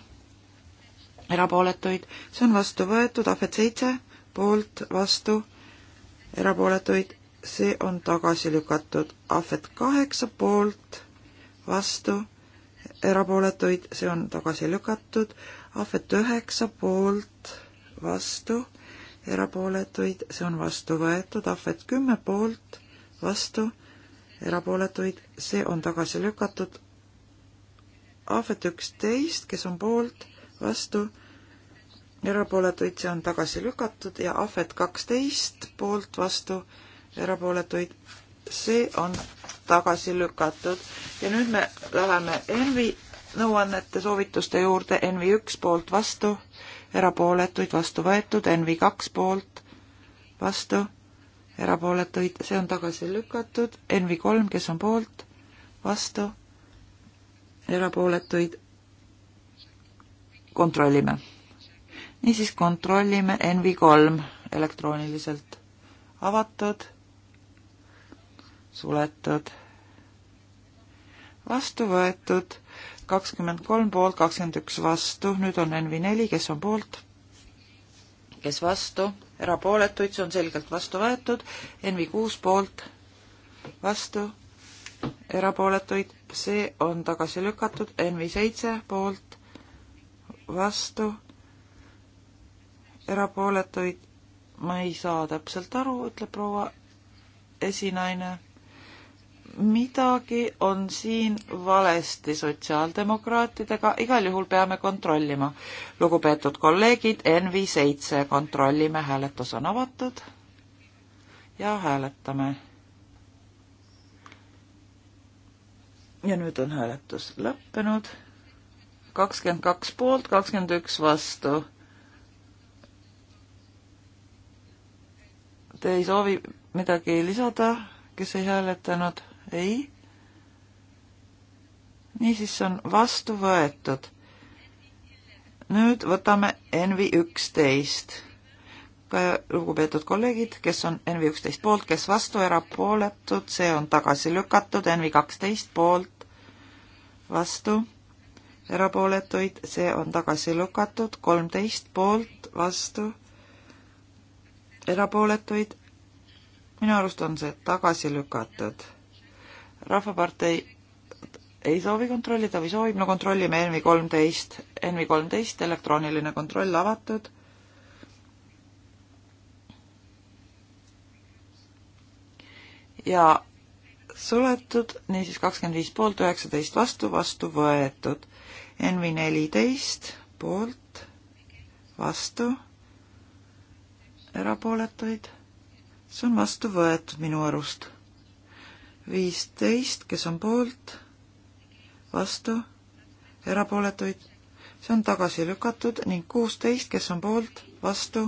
erapooletuid, see on vastu võetud, ahvet seitse poolt, vastu, erapooletuid, see on tagasi lükatud. ahvet kaheksa poolt, vastu, erapooletuid, see on tagasi lükatud. ahvet üheksa poolt, vastu, erapooletuid, see on vastu võetud. ahvet kümme poolt, vastu, erapooletuid, see on tagasi lükatud. ahvet üksteist, kes on poolt, vastu erapooletuid, see on tagasi lükatud ja ahvet kaksteist poolt vastu erapooletuid, see on tagasi lükatud. ja nüüd me läheme Envi nõuannete soovituste juurde, Envi üks poolt vastu, erapooletuid vastu võetud, Envi kaks poolt vastu, erapooletuid, see on tagasi lükatud, Envi kolm, kes on poolt, vastu, erapooletuid kontrollime niisiis kontrollime NV3 elektrooniliselt. avatud, suletud, vastu võetud, kakskümmend kolm poolt, kakskümmend üks vastu, nüüd on NV4, kes on poolt, kes vastu, erapooletuid, see on selgelt vastu võetud, NV6 poolt, vastu, erapooletuid, see on tagasi lükatud, NV7 poolt, vastu erapooletuid ma ei saa täpselt aru, ütleb proua esinaine. midagi on siin valesti sotsiaaldemokraatidega, igal juhul peame kontrollima. lugupeetud kolleegid, NV seitse, kontrollime, hääletus on avatud ja hääletame. ja nüüd on hääletus lõppenud. kakskümmend kaks poolt, kakskümmend üks vastu Te ei soovi midagi lisada, kes ei hääletanud? ei. niisiis on vastu võetud. nüüd võtame NV üksteist. ka lugupeetud kolleegid, kes on NV üksteist poolt, kes vastu, erapooletud, see on tagasi lükatud, NV kaksteist poolt, vastu, erapooletuid, see on tagasi lükatud, kolmteist poolt, vastu erapooletuid. minu arust on see tagasi lükatud. rahvapartei ei soovi kontrollida või soovib, no kontrollime ENVI kolmteist, ENVI kolmteist, elektrooniline kontroll avatud. ja suletud, niisiis kakskümmend viis poolt, üheksateist vastu, vastu võetud. ENVI neliteist poolt, vastu erapooletuid. see on vastu võetud minu arust. viisteist, kes on poolt, vastu, erapooletuid. see on tagasi lükatud ning kuusteist, kes on poolt, vastu,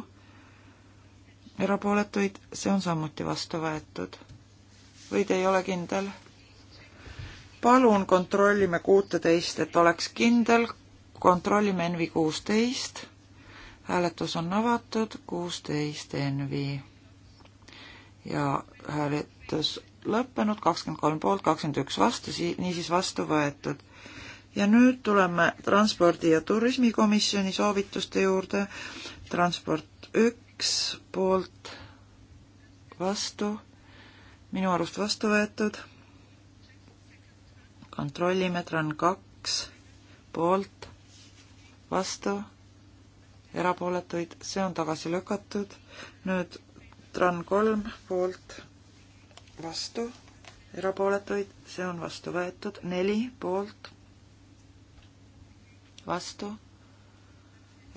erapooletuid, see on samuti vastu võetud. või te ei ole kindel? palun kontrollime kuuteteist, et oleks kindel, kontrollime NV kuusteist hääletus on avatud, kuusteist NV ja hääletus lõppenud, kakskümmend kolm poolt, kakskümmend üks vastu, niisiis vastu võetud. ja nüüd tuleme Transpordi- ja Turismikomisjoni soovituste juurde. transport üks poolt vastu, minu arust vastu võetud. kontrollime, Tran kaks poolt vastu erapooletuid, see on tagasi lükatud. nüüd TRAN kolm poolt vastu, erapooletuid, see on vastu võetud, neli poolt vastu,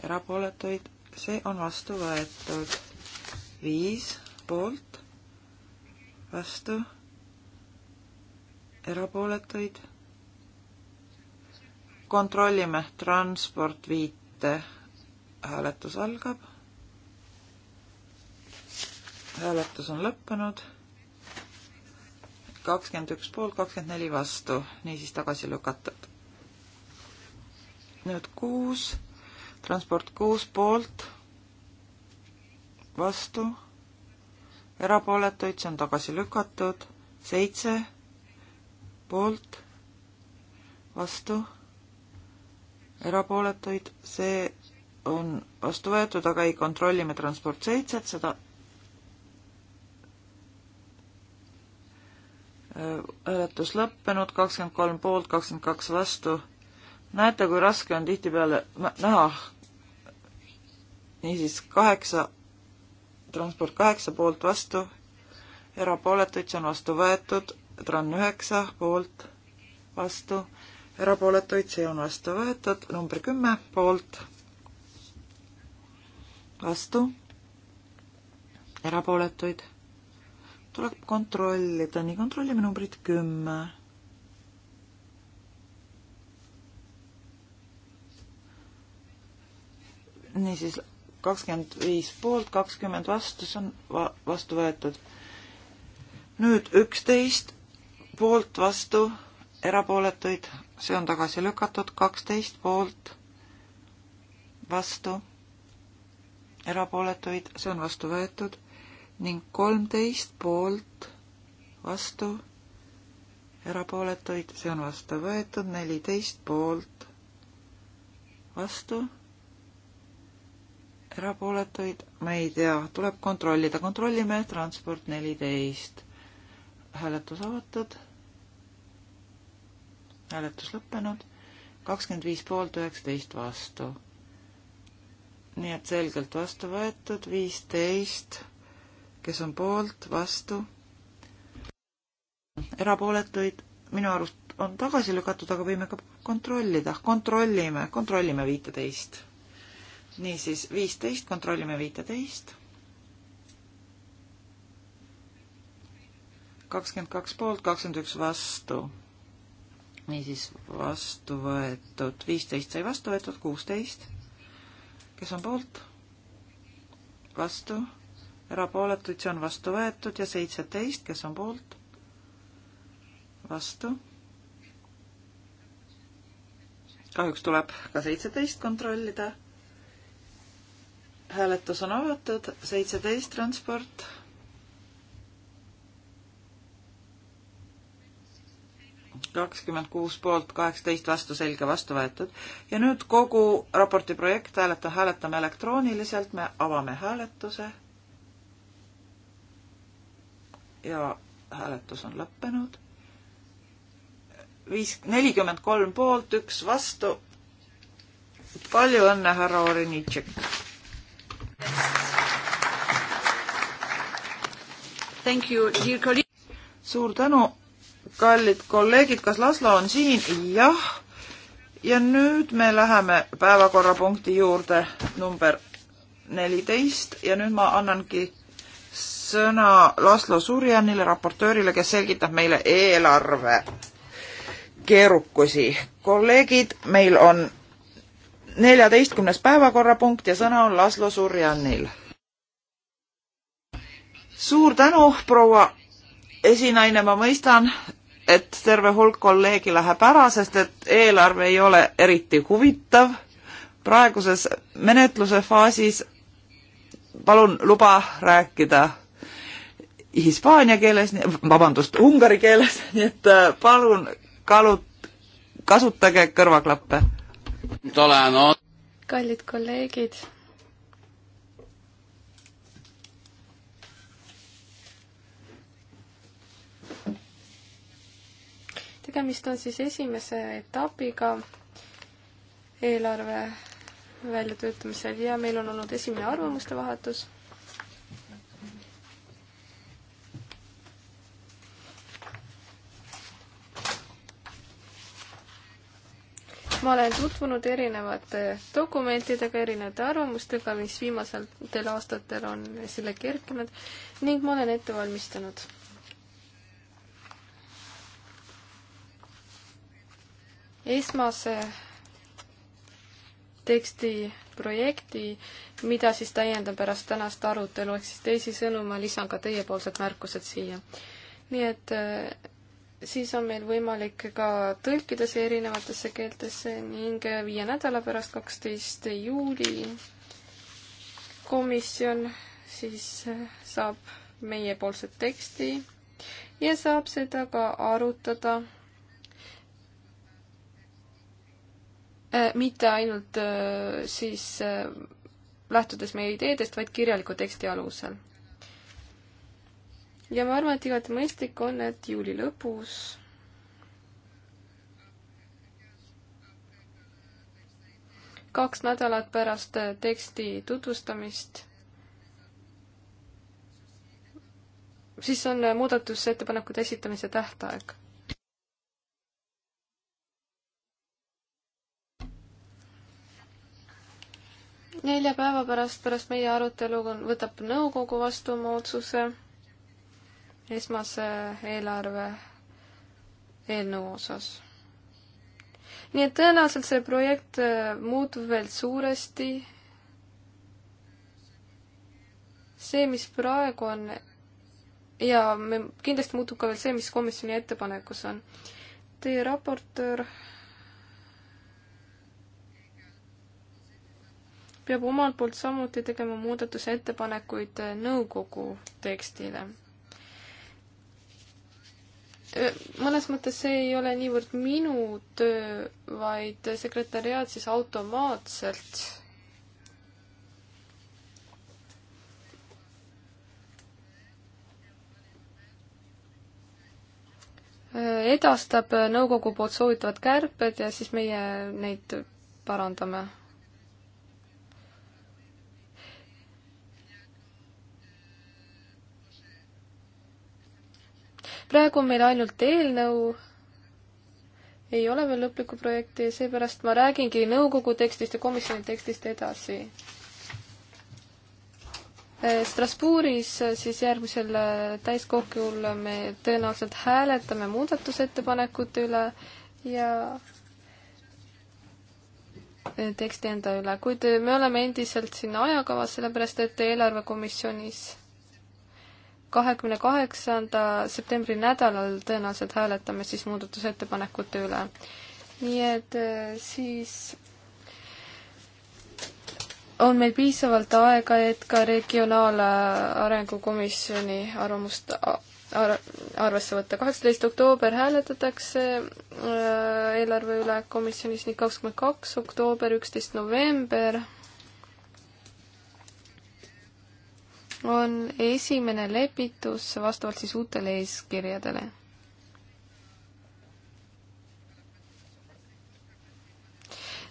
erapooletuid, see on vastu võetud, viis poolt vastu, erapooletuid. kontrollime transport viite hääletus algab. hääletus on lõppenud. kakskümmend üks poolt, kakskümmend neli vastu, niisiis tagasi lükatud. nüüd kuus, transport kuus poolt, vastu, erapooletuid, see on tagasi lükatud, seitse poolt, vastu, erapooletuid, see on vastu võetud, aga ei kontrolli me transport seitset, seda hääletus lõppenud, kakskümmend kolm poolt, kakskümmend kaks vastu. näete, kui raske on tihtipeale näha. niisiis kaheksa, transport kaheksa poolt vastu, erapooletuid, see on vastu võetud, tran üheksa poolt vastu, erapooletuid, see on vastu võetud, number kümme poolt vastu, erapooletuid. tuleb kontrollida, nii kontrollime numbrit kümme. niisiis kakskümmend viis poolt, kakskümmend vastu, see on va-, vastu võetud. nüüd üksteist poolt, vastu, erapooletuid, see on tagasi lükatud, kaksteist poolt, vastu erapooletuid, see on vastu võetud ning kolmteist poolt vastu, erapooletuid, see on vastu võetud, neliteist poolt vastu, erapooletuid, ma ei tea, tuleb kontrollida, kontrollime transport neliteist. hääletus avatud, hääletus lõppenud, kakskümmend viis poolt, üheksateist vastu nii et selgelt vastu võetud, viisteist, kes on poolt, vastu, erapooletuid minu arust on tagasi lükatud, aga võime ka kontrollida, kontrollime, kontrollime viiteist. niisiis, viisteist, kontrollime viiteist. kakskümmend kaks poolt, kakskümmend üks vastu. niisiis, vastu võetud, viisteist sai vastu võetud, kuusteist kes on poolt, vastu, erapooletuid, see on vastu võetud ja seitseteist, kes on poolt, vastu. kahjuks tuleb ka seitseteist kontrollida. hääletus on avatud, seitseteist transport kakskümmend kuus poolt, kaheksateist vastu, selge vastu võetud. ja nüüd kogu raporti projekt hääleta, hääletame elektrooniliselt, me avame hääletuse. ja hääletus on lõppenud. viis, nelikümmend kolm poolt, üks vastu. palju õnne, härra Orenitšek! Thank you, dear colleague. suur tänu kallid kolleegid, kas Laslo on siin? jah. ja nüüd me läheme päevakorrapunkti juurde number neliteist ja nüüd ma annangi sõna Laslo Surjanile, raportöörile, kes selgitab meile eelarve keerukusi. kolleegid, meil on neljateistkümnes päevakorrapunkt ja sõna on Laslo Surjanil. suur tänu, proua esinaine, ma mõistan, et terve hulk kolleegi läheb ära, sest et eelarve ei ole eriti huvitav. praeguses menetluse faasis palun luba rääkida hispaania keeles, vabandust, ungari keeles, nii et äh, palun kaalut-, kasutage kõrvaklappe. kallid kolleegid tegemist on siis esimese etapiga eelarve väljatöötamisel ja meil on olnud esimene arvamuste vahetus. ma olen tutvunud erinevate dokumentidega, erinevate arvamustega, mis viimastel aastatel on esile kerkinud ning ma olen ette valmistanud esmase teksti projekti, mida siis täiendan pärast tänast arutelu, ehk siis teisisõnu ma lisan ka teiepoolsed märkused siia. nii et äh, siis on meil võimalik ka tõlkida see erinevatesse keeltesse ning äh, viie nädala pärast, kaksteist juuli, komisjon siis äh, saab meiepoolset teksti ja saab seda ka arutada Äh, mitte ainult äh, siis äh, lähtudes meie ideedest, vaid kirjaliku teksti alusel. ja ma arvan, et igati mõistlik on, et juuli lõpus kaks nädalat pärast teksti tutvustamist siis on muudatusettepanekute esitamise tähtaeg nelja päeva pärast, pärast meie arutelu võtab nõukogu vastu oma otsuse esmase äh, eelarve eelnõu osas. nii et tõenäoliselt see projekt äh, muutub veel suuresti. see, mis praegu on ja me, kindlasti muutub ka veel see, mis komisjoni ettepanekus on. Teie raportöör peab omalt poolt samuti tegema muudatusettepanekuid äh, nõukogu tekstile. mõnes mõttes see ei ole niivõrd minu töö, vaid sekretäriaat siis automaatselt edastab nõukogu poolt soovitavad kärped ja siis meie neid parandame praegu on meil ainult eelnõu, ei ole veel lõplikku projekti ja seepärast ma räägingi nõukogu tekstist ja komisjoni tekstist edasi. Äh, Strasbourgis äh, siis järgmisel äh, täiskogul me tõenäoliselt hääletame muudatusettepanekute üle ja teksti enda üle, kuid me oleme endiselt siin ajakavas, sellepärast et eelarvekomisjonis kahekümne kaheksanda septembri nädalal tõenäoliselt hääletame siis muudatusettepanekute üle. nii et äh, siis on meil piisavalt aega, et ka Regionaalarengu Komisjoni arvamust ar arvesse võtta. kaheksateist oktoober hääletatakse äh, eelarve üle komisjonis ning kakskümmend kaks oktoober, üksteist november on esimene lepitus vastavalt siis uutele eeskirjadele.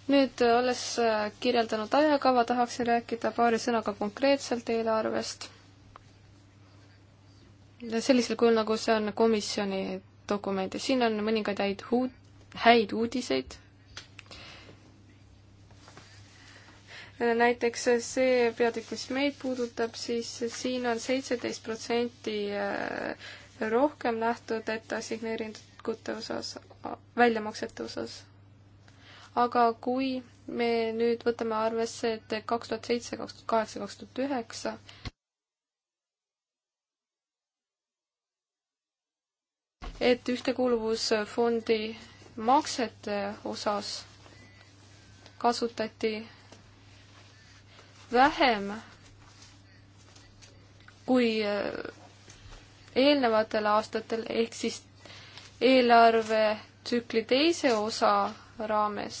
nüüd, olles kirjeldanud ajakava, tahaksin rääkida paari sõnaga konkreetselt eelarvest. sellisel kujul, nagu see on komisjoni dokumendis, siin on mõningaid häid uud-, häid uudiseid näiteks see peatükk, mis meid puudutab, siis siin on seitseteist protsenti äh, rohkem nähtud ette assigneeringute osas, väljamaksete osas. aga kui me nüüd võtame arvesse, et kaks tuhat seitse, kaks tuhat kaheksa, kaks tuhat üheksa et ühtekuuluvusfondi maksete osas kasutati vähem kui äh, eelnevatel aastatel, ehk siis eelarvetsükli teise osa raames.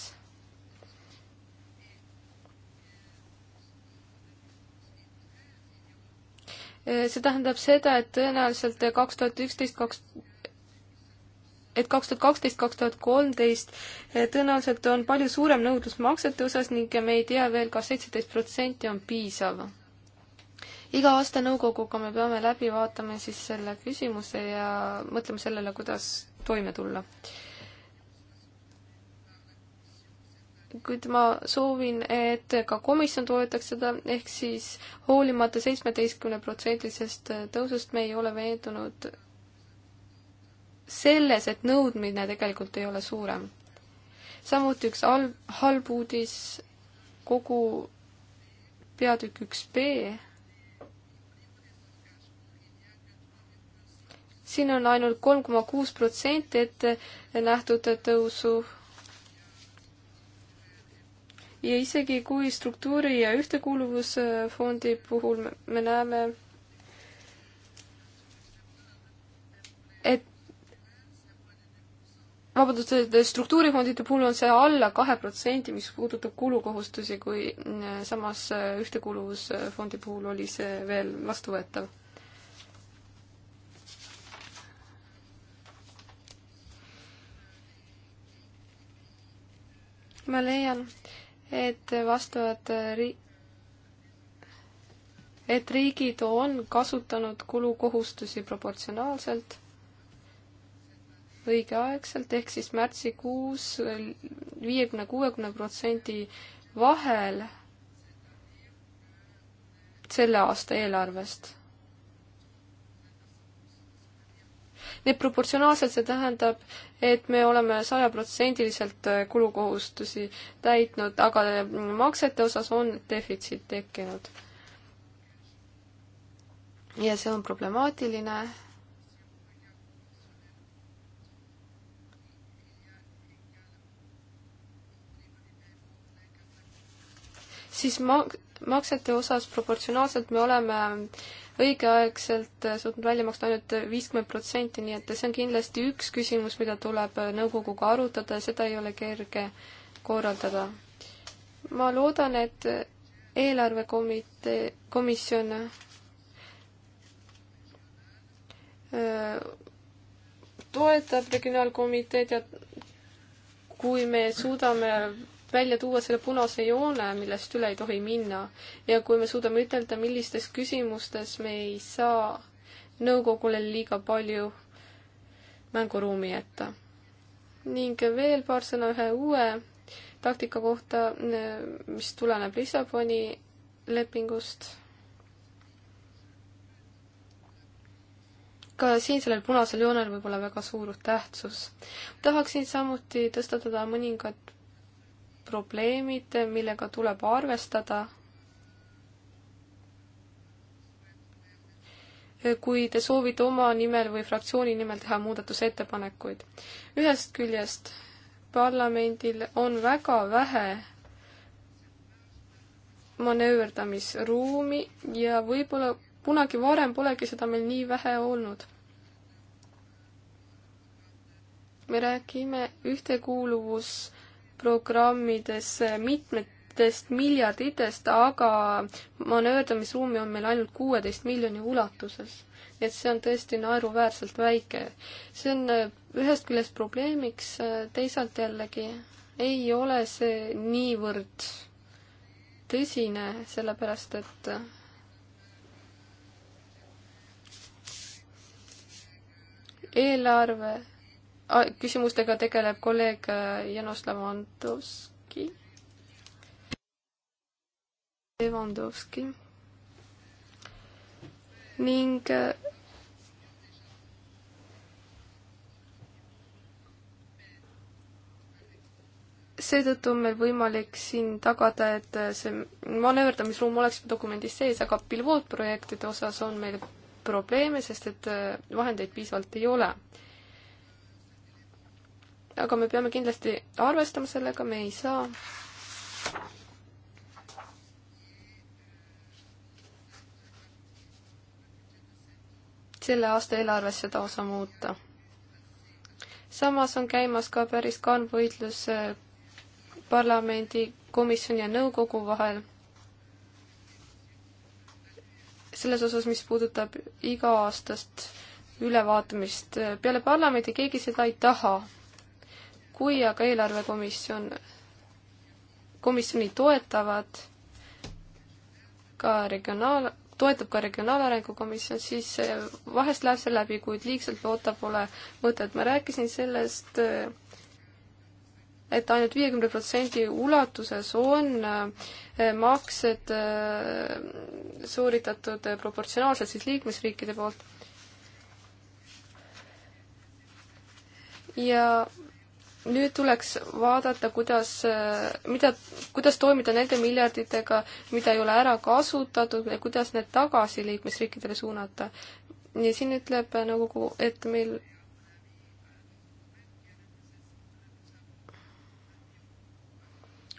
Äh, see tähendab seda, et tõenäoliselt kaks tuhat üksteist, kaks et kaks tuhat kaksteist, kaks tuhat kolmteist eh, tõenäoliselt on palju suurem nõudlus maksete osas ning me ei tea veel kas, kas seitseteist protsenti on piisav. iga aasta nõukoguga me peame läbi vaatama siis selle küsimuse ja mõtlema sellele, kuidas toime tulla. kuid ma soovin, et ka komisjon toetaks seda, ehk siis hoolimata seitsmeteistkümne protsendilisest tõusust me ei ole veendunud selles, et nõudmine tegelikult ei ole suurem. samuti üks halb, halb uudis kogu peatükk üks B. siin on ainult kolm koma kuus protsenti ette nähtud tõusu. ja isegi kui struktuuri ja ühtekuuluvusfondi puhul me näeme vabandust, struktuurifondide puhul on see alla kahe protsendi, mis puudutab kulukohustusi, kui mm, samas äh, ühtekuuluvusfondi puhul oli see veel vastuvõetav. ma leian, et vastavad ri-, et riigid on kasutanud kulukohustusi proportsionaalselt õigeaegselt, ehk siis märtsikuus viiekümne, kuuekümne protsendi vahel selle aasta eelarvest. nii et proportsionaalselt see tähendab, et me oleme sajaprotsendiliselt kulukohustusi täitnud, aga maksete osas on defitsiit tekkinud. ja see on problemaatiline siis mak-, maksete osas proportsionaalselt me oleme õigeaegselt suutnud välja maksta ainult viiskümmend protsenti, nii et see on kindlasti üks küsimus, mida tuleb nõukoguga arutada ja seda ei ole kerge korraldada. ma loodan, et eelarvekomitee, komisjon toetab regionaalkomiteed ja kui me suudame välja tuua selle punase joone, millest üle ei tohi minna. ja kui me suudame ütelda, millistes küsimustes me ei saa nõukogule liiga palju mänguruumi jätta. ning veel paar sõna ühe uue taktika kohta, mis tuleneb Lissaboni lepingust. ka siin sellel punasel joonel võib olla väga suur tähtsus. tahaksin samuti tõstatada mõningad probleemid, millega tuleb arvestada. kui te soovite oma nimel või fraktsiooni nimel teha muudatusettepanekuid. ühest küljest parlamendil on väga vähe manööverdamisruumi ja võib-olla kunagi varem polegi seda meil nii vähe olnud. me räägime ühtekuuluvus programmidesse eh, mitmetest miljarditest, aga manööverdamisruumi on meil ainult kuueteist miljoni ulatuses. nii et see on tõesti naeruväärselt väike. see on eh, ühest küljest probleemiks, eh, teisalt jällegi ei ole see niivõrd tõsine, sellepärast et eelarve küsimustega tegeleb kolleeg äh, Janos Levandovski. Levandovski. ning äh, seetõttu on meil võimalik siin tagada, et äh, see manööverdamisruum oleks dokumendis sees, aga pilootprojektide osas on meil probleeme, sest et vahendeid piisavalt ei ole aga me peame kindlasti arvestama sellega, me ei saa selle aasta eelarves seda osa muuta. samas on käimas ka päris karm võitlus eh, parlamendi, komisjoni ja nõukogu vahel. selles osas, mis puudutab iga-aastast ülevaatamist, eh, peale parlamendi keegi seda ei taha kui aga eelarvekomisjon, komisjoni toetavad ka regionaal, toetab ka Regionaalarengu Komisjon, siis vahest läheb see läbi, kuid liigselt loota pole mõtet. ma rääkisin sellest, et ainult viiekümne protsendi ulatuses on eh, maksed eh, sooritatud eh, proportsionaalselt siis liikmesriikide poolt. ja nüüd tuleks vaadata, kuidas, mida, kuidas toimida nende miljarditega, mida ei ole ära kasutatud ja kuidas need tagasi liikmesriikidele suunata. ja siin ütleb nõukogu, et meil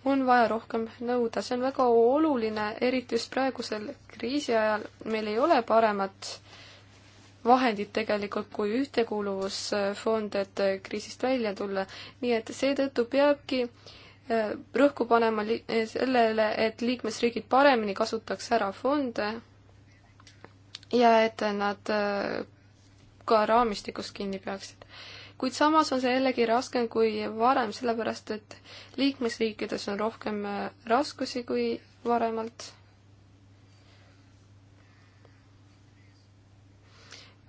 on vaja rohkem nõuda, see on väga oluline, eriti just praegusel kriisi ajal, meil ei ole paremat vahendid tegelikult kui ühtekuuluvusfond, et kriisist välja tulla. nii et seetõttu peabki äh, rõhku panema sellele, et liikmesriigid paremini kasutaks ära fonde ja et nad äh, ka raamistikust kinni peaksid. kuid samas on see jällegi raskem kui varem, sellepärast et liikmesriikides on rohkem äh, raskusi kui varemalt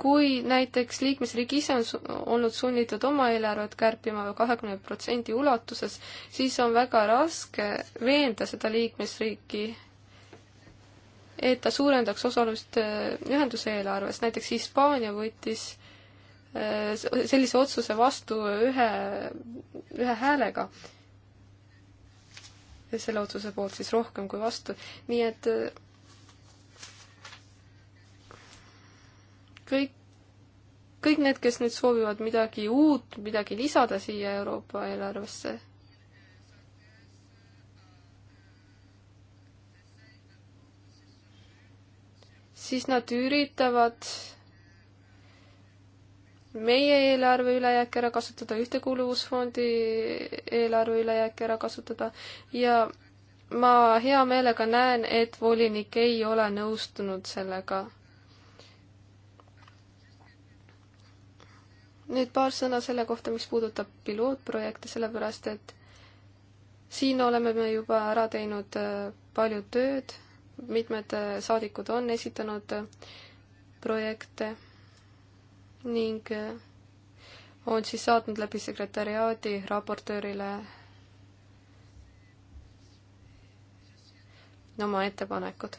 kui näiteks liikmesriik ise on olnud sunnitud oma eelarvet kärpima kahekümne protsendi ulatuses, siis on väga raske veenda seda liikmesriiki, et ta suurendaks osalust äh, ühenduse eelarves, näiteks Hispaania võttis äh, sellise otsuse vastu ühe, ühe häälega. selle otsuse poolt siis rohkem kui vastu, nii et äh, kõik, kõik need, kes nüüd soovivad midagi uut, midagi lisada siia Euroopa eelarvesse, siis nad üritavad meie eelarve ülejääki ära kasutada, Ühtekuuluvusfondi eelarve ülejääki ära kasutada ja ma hea meelega näen, et volinik ei ole nõustunud sellega. nüüd paar sõna selle kohta, mis puudutab pilootprojekte, sellepärast et siin oleme me juba ära teinud äh, palju tööd, mitmed äh, saadikud on esitanud äh, projekte ning on siis saatnud läbi sekretäriaadi raportöörile oma ettepanekud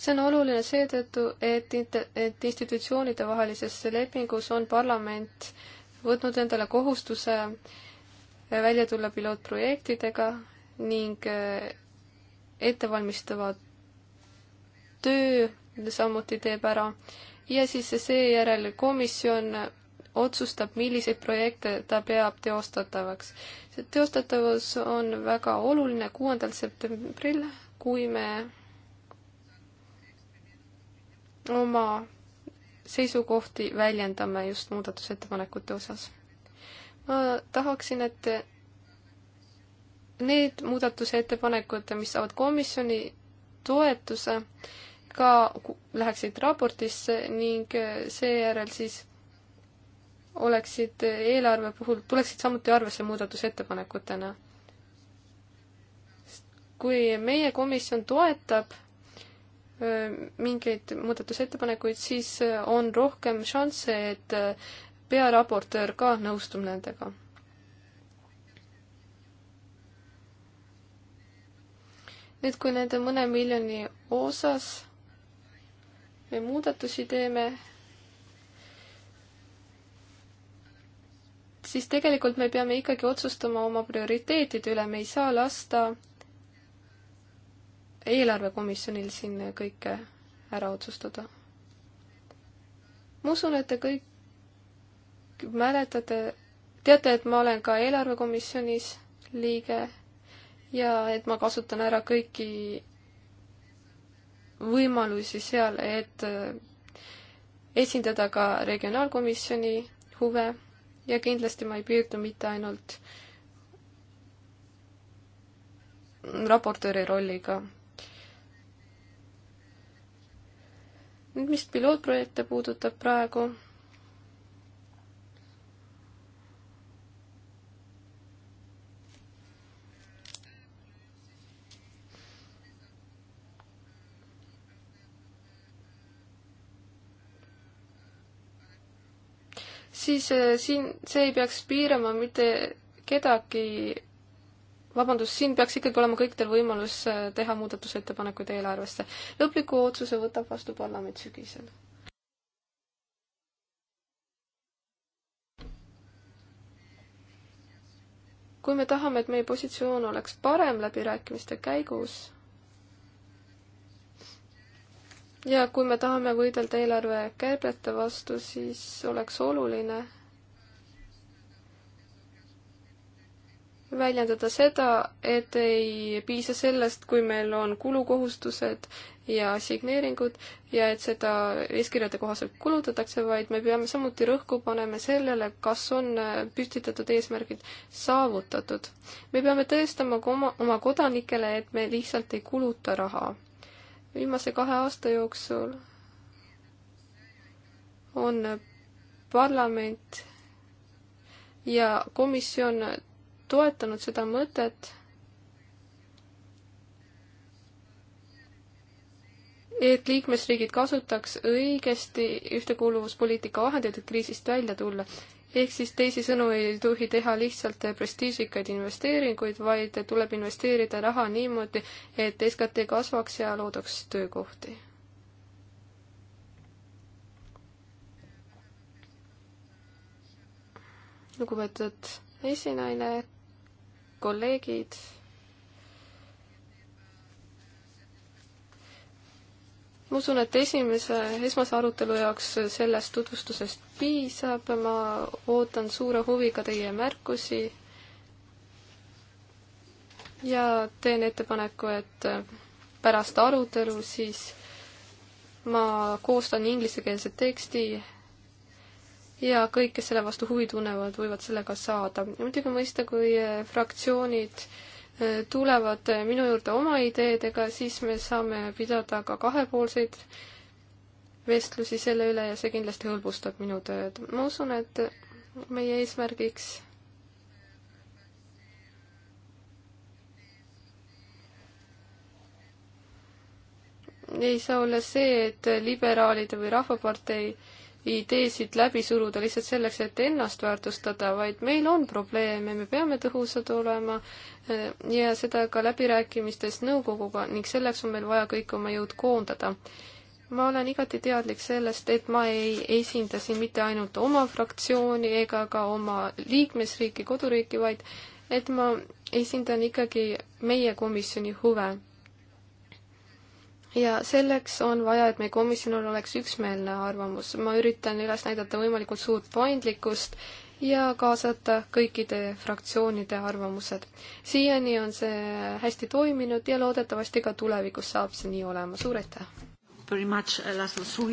see on oluline seetõttu, et, et institutsioonide vahelises lepingus on parlament võtnud endale kohustuse välja tulla pilootprojektidega ning äh, ettevalmistava töö samuti teeb ära ja siis seejärel komisjon otsustab, milliseid projekte ta peab teostatavaks. see teostatavus on väga oluline kuuendal septembril, kui me oma seisukohti väljendame just muudatusettepanekute osas. ma tahaksin, et need muudatusettepanekud, mis saavad komisjoni toetuse, ka läheksid raportisse ning seejärel siis oleksid eelarve puhul, tuleksid samuti arvesse muudatusettepanekutena. kui meie komisjon toetab mingeid muudatusettepanekuid, siis äh, on rohkem šansse, et äh, pearaportöör ka nõustub nendega. nüüd, kui nende mõne miljoni osas me muudatusi teeme, siis tegelikult me peame ikkagi otsustama oma prioriteetide üle, me ei saa lasta eelarvekomisjonil siin kõike ära otsustada. ma usun, et te kõik mäletate, teate, et ma olen ka eelarvekomisjonis liige ja et ma kasutan ära kõiki võimalusi seal, et esindada ka regionaalkomisjoni huve ja kindlasti ma ei piirdu mitte ainult raportööri rolliga nüüd, mis pilootprojekte puudutab praegu, siis eh, siin, see ei peaks piirama mitte kedagi vabandust, siin peaks ikkagi olema kõikidel võimalus äh, teha muudatusettepanekuid eelarvesse. lõpliku otsuse võtab vastu parlament sügisel. kui me tahame, et meie positsioon oleks parem läbirääkimiste käigus ja kui me tahame võidelda eelarve kärbete vastu, siis oleks oluline, väljendada seda, et ei piisa sellest, kui meil on kulukohustused ja signeeringud ja et seda eeskirjade kohaselt kulutatakse, vaid me peame samuti rõhku panema sellele, kas on äh, püstitatud eesmärgid saavutatud. me peame tõestama ka oma, oma kodanikele, et me lihtsalt ei kuluta raha. viimase kahe aasta jooksul on äh, parlament ja komisjon toetanud seda mõtet, et liikmesriigid kasutaks õigesti ühtekuuluvuspoliitika vahendeid, et kriisist välja tulla. ehk siis teisisõnu ei tohi teha lihtsalt prestiižikaid investeeringuid, vaid tuleb investeerida raha niimoodi, et SKT kasvaks ja loodaks töökohti. lugupeetud esinaine kolleegid. ma usun, et esimese, esmase arutelu jaoks sellest tutvustusest piisab, ma ootan suure huviga teie märkusi. ja teen ettepaneku, et pärast arutelu siis ma koostan inglisekeelse teksti ja kõik, kes selle vastu huvi tunnevad, võivad sellega saada. muidugi mõista, kui eh, fraktsioonid eh, tulevad eh, minu juurde oma ideedega, siis me saame pidada ka kahepoolseid vestlusi selle üle ja see kindlasti hõlbustab minu tööd. ma usun, et meie eesmärgiks ei saa olla see, et liberaalide või Rahvapartei ideesid läbi suruda lihtsalt selleks, et ennast väärtustada, vaid meil on probleeme, me peame tõhusad olema eh, ja seda ka läbirääkimistes nõukoguga ning selleks on meil vaja kõik oma jõud koondada. ma olen igati teadlik sellest, et ma ei esinda siin mitte ainult oma fraktsiooni ega ka oma liikmesriiki, koduriiki, vaid et ma esindan ikkagi meie komisjoni huve ja selleks on vaja, et meie komisjonil oleks üksmeelne arvamus. ma üritan üles näidata võimalikult suurt paindlikkust ja kaasata kõikide fraktsioonide arvamused. siiani on see hästi toiminud ja loodetavasti ka tulevikus saab see nii olema. suur aitäh! Uh, suur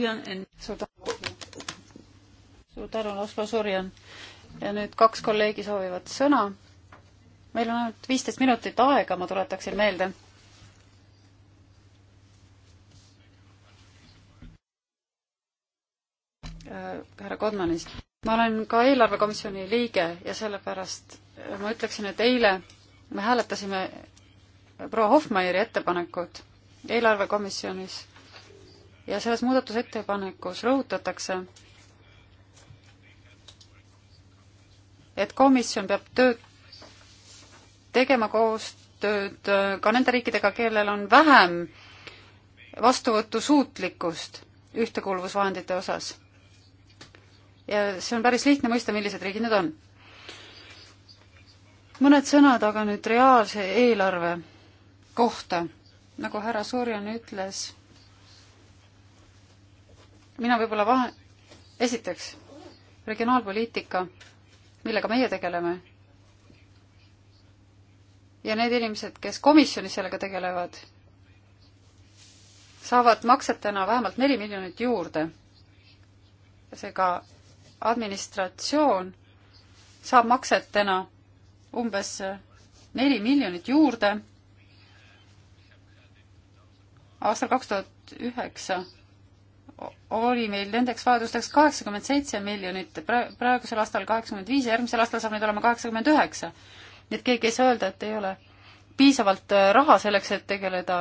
tänu, Laslo Surjan! ja nüüd kaks kolleegi soovivad sõna. meil on ainult viisteist minutit aega, ma tuletaksin meelde Äh, härra Kodmanis. ma olen ka eelarvekomisjoni liige ja sellepärast äh, ma ütleksin, et eile me hääletasime proua Hoffmeieri ettepanekut eelarvekomisjonis ja selles muudatusettepanekus rõhutatakse, et komisjon peab tööd tegema koostööd äh, ka nende riikidega, kellel on vähem vastuvõtusuutlikkust ühtekuuluvusvahendite osas ja see on päris lihtne mõista, millised riigid need on. mõned sõnad aga nüüd reaalse eelarve kohta. nagu härra Surjan ütles, mina võib-olla vahe, esiteks, regionaalpoliitika, millega meie tegeleme, ja need inimesed, kes komisjonis sellega tegelevad, saavad maksetena vähemalt neli miljonit juurde. seega administratsioon saab maksetena umbes neli miljonit juurde. aastal kaks tuhat üheksa oli meil nendeks vajadusteks kaheksakümmend seitse miljonit, praegusel aastal kaheksakümmend viis ja järgmisel aastal saab neid olema kaheksakümmend üheksa. nii et keegi ei saa öelda, et ei ole piisavalt äh, raha selleks, et tegeleda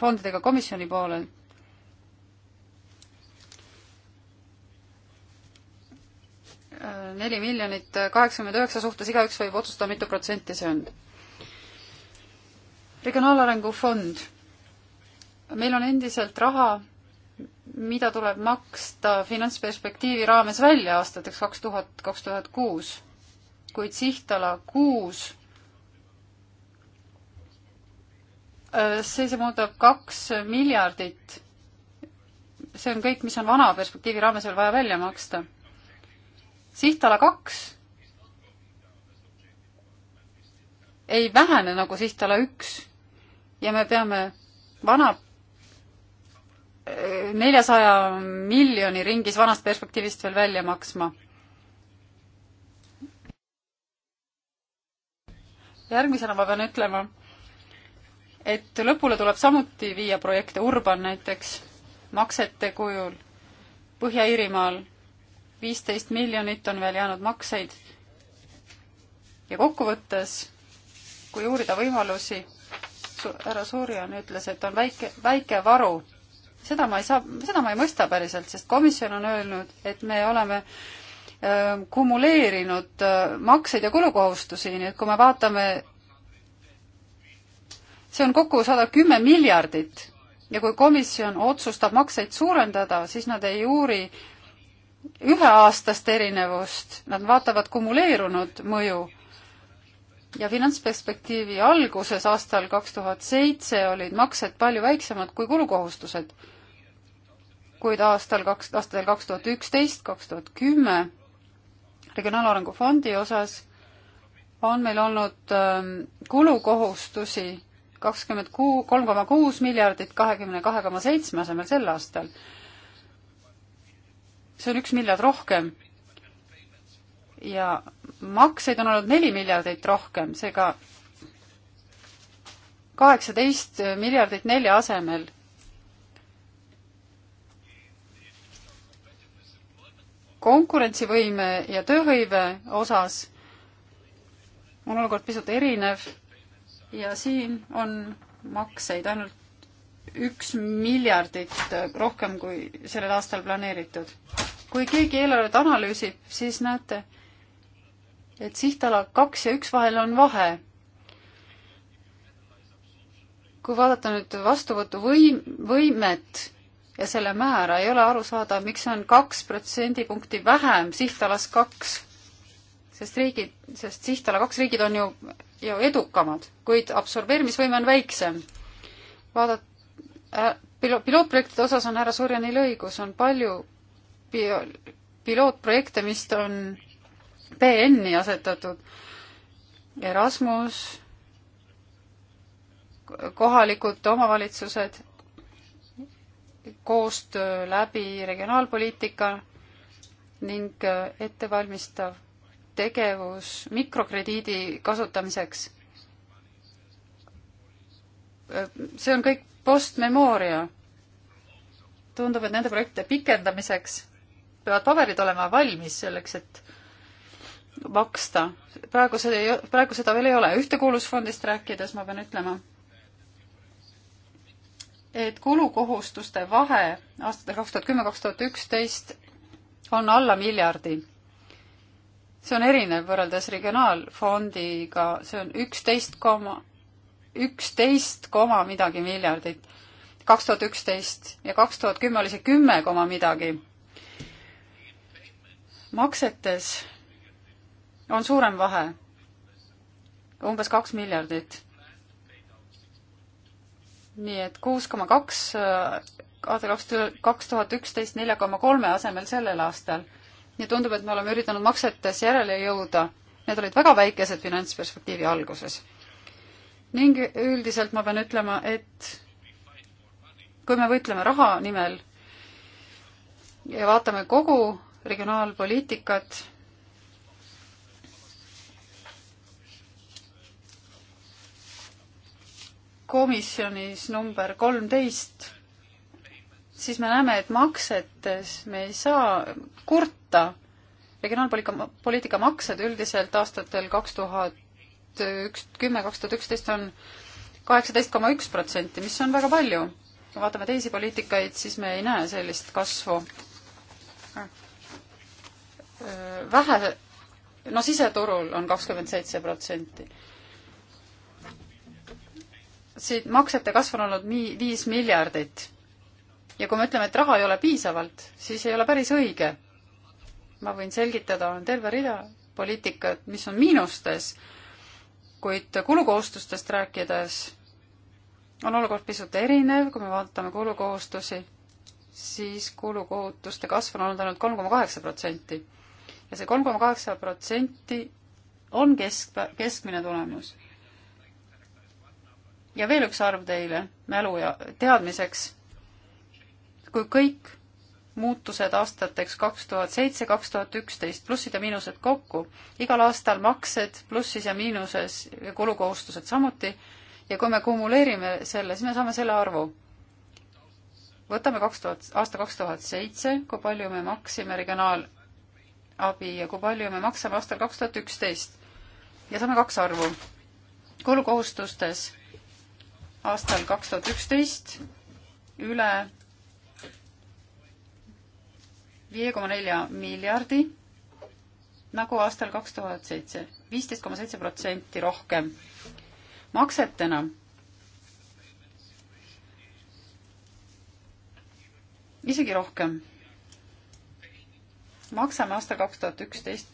fondidega komisjoni poolel neli miljonit kaheksakümmend üheksa suhtes, igaüks võib otsustada, mitu protsenti see on. regionaalarengu fond. meil on endiselt raha, mida tuleb maksta finantsperspektiivi raames välja aastateks kaks tuhat, kaks tuhat kuus, kuid sihtala kuus äh, see, see muudab kaks miljardit. see on kõik, mis on vana perspektiivi raames veel vaja välja maksta sihtala kaks ei vähene nagu sihtala üks ja me peame vana neljasaja miljoni ringis vanast perspektiivist veel välja maksma. järgmisena ma pean ütlema, et lõpule tuleb samuti viia projekte Urban näiteks maksete kujul Põhja-Iirimaal viisteist miljonit on veel jäänud makseid. ja kokkuvõttes, kui uurida võimalusi, härra Suurjan ütles, et on väike, väike varu. seda ma ei saa, seda ma ei mõista päriselt, sest komisjon on öelnud, et me oleme äh, kumuleerinud äh, makseid ja kulukohustusi, nii et kui me vaatame, see on kokku sada kümme miljardit ja kui komisjon otsustab makseid suurendada, siis nad ei uuri äh, üheaastast erinevust, nad vaatavad kumuleerunud mõju. ja finantsperspektiivi alguses aastal kaks tuhat seitse olid maksed palju väiksemad kui kulukohustused. kuid aastal kaks, aastatel kaks tuhat üksteist, kaks tuhat kümme Regionaalarengu Fondi osas on meil olnud ähm, kulukohustusi kakskümmend kuu, kolm koma kuus miljardit kahekümne kahe koma seitsme asemel sel aastal see on üks miljard rohkem. ja makseid on olnud neli miljardit rohkem, seega kaheksateist miljardit nelja asemel. konkurentsivõime ja tööhõive osas on olukord pisut erinev ja siin on makseid ainult üks miljardit rohkem kui sellel aastal planeeritud kui keegi eelarvet analüüsib, siis näete, et sihtala kaks ja üks vahel on vahe. kui vaadata nüüd vastuvõtuvõim, võimet ja selle määra, ei ole aru saada, miks on kaks protsendipunkti vähem sihtalas kaks, sest riigid, sest sihtala kaks riigid on ju, ju edukamad, kuid absorbeerimisvõime on väiksem. vaadat- äh,, pilo-, pilootprojektide osas on härra Surjanil õigus, on palju bio, pilootprojekte, mis on BN-i asetatud. Erasmus, kohalikud omavalitsused, koostöö läbi regionaalpoliitika ning ettevalmistav tegevus mikrokrediidi kasutamiseks. see on kõik post memoria. tundub, et nende projektide pikendamiseks peavad paberid olema valmis selleks, et maksta. praegu see, praegu seda veel ei ole. ühtekuuluvusfondist rääkides ma pean ütlema, et kulukohustuste vahe aastatel kaks tuhat kümme, kaks tuhat üksteist on alla miljardi. see on erinev võrreldes regionaalfondiga, see on üksteist koma, üksteist koma midagi miljardit. kaks tuhat üksteist ja kaks tuhat kümme oli see kümme koma midagi maksetes on suurem vahe, umbes kaks miljardit. nii et kuus koma kaks äh, aasta kaks tuhat, kaks tuhat üksteist nelja koma kolme asemel sellel aastal. nii tundub, et me oleme üritanud maksetes järele jõuda. Need olid väga väikesed finantsperspektiivi alguses. ning üldiselt ma pean ütlema, et kui me võitleme raha nimel ja vaatame kogu regionaalpoliitikat. komisjonis number kolmteist, siis me näeme, et maksetes me ei saa kurta regionaalpoliitika maksed üldiselt aastatel kaks tuhat üks, kümme, kaks tuhat üksteist on kaheksateist koma üks protsenti, mis on väga palju. kui vaatame teisi poliitikaid, siis me ei näe sellist kasvu vähe, no siseturul on kakskümmend seitse protsenti. siit maksete kasv on olnud mi-, viis miljardit. ja kui me ütleme, et raha ei ole piisavalt, siis ei ole päris õige. ma võin selgitada, on terve rida poliitikat, mis on miinustes, kuid kulukohustustest rääkides on olukord pisut erinev, kui me vaatame kulukohustusi, siis kulukohutuste kasv on olnud ainult kolm koma kaheksa protsenti ja see kolm koma kaheksa protsenti on kesk, keskmine tulemus. ja veel üks arv teile mälu ja teadmiseks. kui kõik muutused aastateks kaks tuhat seitse, kaks tuhat üksteist, plussid ja miinused kokku, igal aastal maksed plussis ja miinuses ja kulukohustused samuti, ja kui me kumuleerime selle, siis me saame selle arvu. võtame kaks tuhat, aasta kaks tuhat seitse, kui palju me maksime regionaal- abi ja kui palju me maksame aastal kaks tuhat üksteist. ja saame kaks arvu. kulukohustustes aastal kaks tuhat üksteist üle viie koma nelja miljardi nagu aastal kaks tuhat seitse, viisteist koma seitse protsenti rohkem. maksetena isegi rohkem maksame aastal kaks tuhat üksteist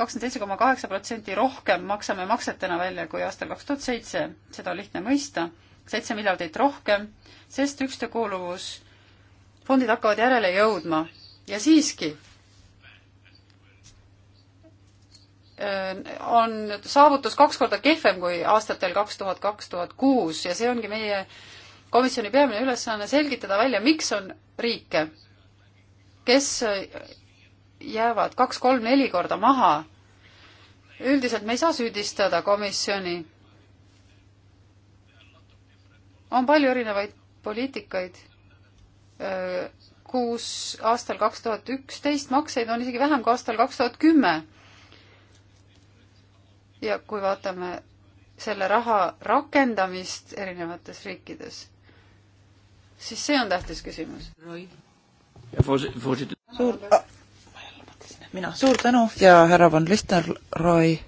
kakskümmend seitse koma kaheksa protsenti rohkem maksame maksetena välja kui aastal kaks tuhat seitse, seda on lihtne mõista, seitse miljardit rohkem, sest ühtekuuluvusfondid hakkavad järele jõudma ja siiski äh, on saavutus kaks korda kehvem kui aastatel kaks tuhat, kaks tuhat kuus ja see ongi meie komisjoni peamine ülesanne selgitada välja, miks on riike, kes jäävad kaks-kolm-neli korda maha. üldiselt me ei saa süüdistada komisjoni. on palju erinevaid poliitikaid, kus aastal kaks tuhat üksteist makseid on isegi vähem kui aastal kaks tuhat kümme. ja kui vaatame selle raha rakendamist erinevates riikides, siis see on tähtis küsimus. Roy suur, ah. mina, suur tänu ja härra Van Listeroi.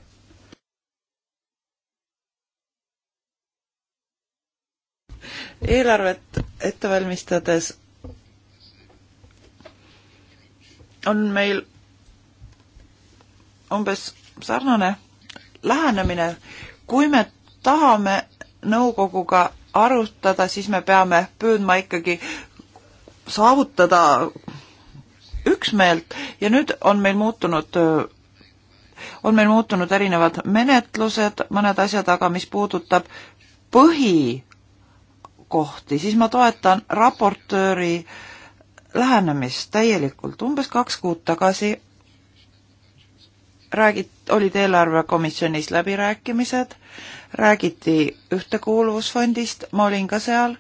eelarvet ette valmistades on meil umbes sarnane lähenemine. kui me tahame nõukoguga arutada, siis me peame püüdma ikkagi saavutada üksmeelt ja nüüd on meil muutunud on meil muutunud erinevad menetlused, mõned asjad aga, mis puudutab põhikohti, siis ma toetan raportööri lähenemist täielikult. umbes kaks kuud tagasi räägit-, olid eelarvekomisjonis läbirääkimised, räägiti ühtekuuluvusfondist, ma olin ka seal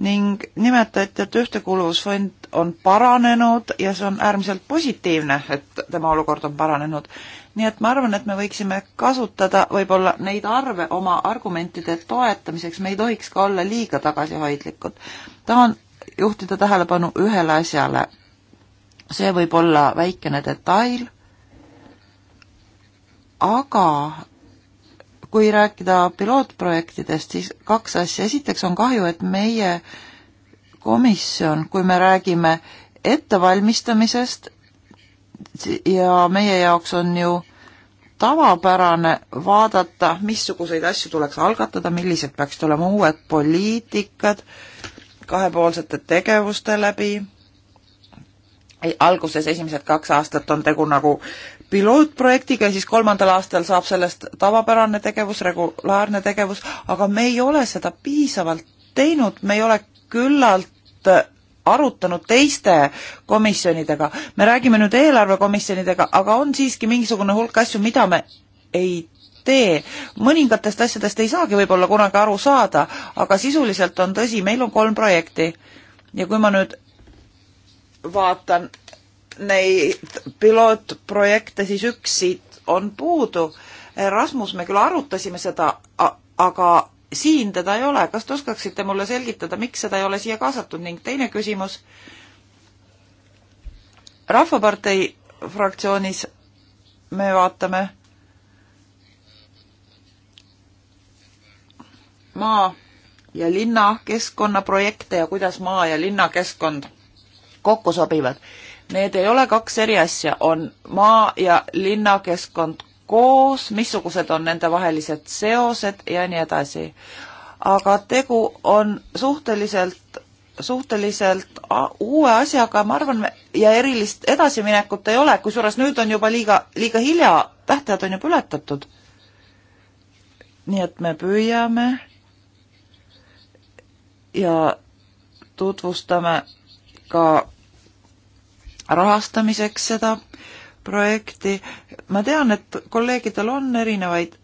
ning nimetati, et ühtekuuluvusfond on paranenud ja see on äärmiselt positiivne, et tema olukord on paranenud. nii et ma arvan, et me võiksime kasutada võib-olla neid arve oma argumentide toetamiseks, me ei tohiks ka olla liiga tagasihoidlikud. tahan juhtida tähelepanu ühele asjale. see võib olla väikene detail, aga kui rääkida pilootprojektidest, siis kaks asja. esiteks on kahju, et meie komisjon, kui me räägime ettevalmistamisest ja meie jaoks on ju tavapärane vaadata, missuguseid asju tuleks algatada, millised peaksid olema uued poliitikad kahepoolsete tegevuste läbi. alguses esimesed kaks aastat on tegu nagu pilootprojektiga ja siis kolmandal aastal saab sellest tavapärane tegevus, regulaarne tegevus, aga me ei ole seda piisavalt teinud, me ei ole küllalt arutanud teiste komisjonidega. me räägime nüüd eelarvekomisjonidega, aga on siiski mingisugune hulk asju, mida me ei tee. mõningatest asjadest ei saagi võib-olla kunagi aru saada, aga sisuliselt on tõsi, meil on kolm projekti ja kui ma nüüd vaatan neid pilootprojekte, siis üks siit on puudu. Rasmus, me küll arutasime seda, aga siin teda ei ole. kas te oskaksite mulle selgitada, miks seda ei ole siia kaasatud ning teine küsimus. rahvapartei fraktsioonis me vaatame maa ja linna keskkonnaprojekte ja kuidas maa ja linnakeskkond kokku sobivad Need ei ole kaks eri asja, on maa- ja linnakeskkond koos, missugused on nendevahelised seosed ja nii edasi. aga tegu on suhteliselt, suhteliselt uue asjaga, ma arvan, ja erilist edasiminekut ei ole, kusjuures nüüd on juba liiga, liiga hilja, tähtajad on juba ületatud. nii et me püüame ja tutvustame ka rahastamiseks seda projekti. ma tean, et kolleegidel on erinevaid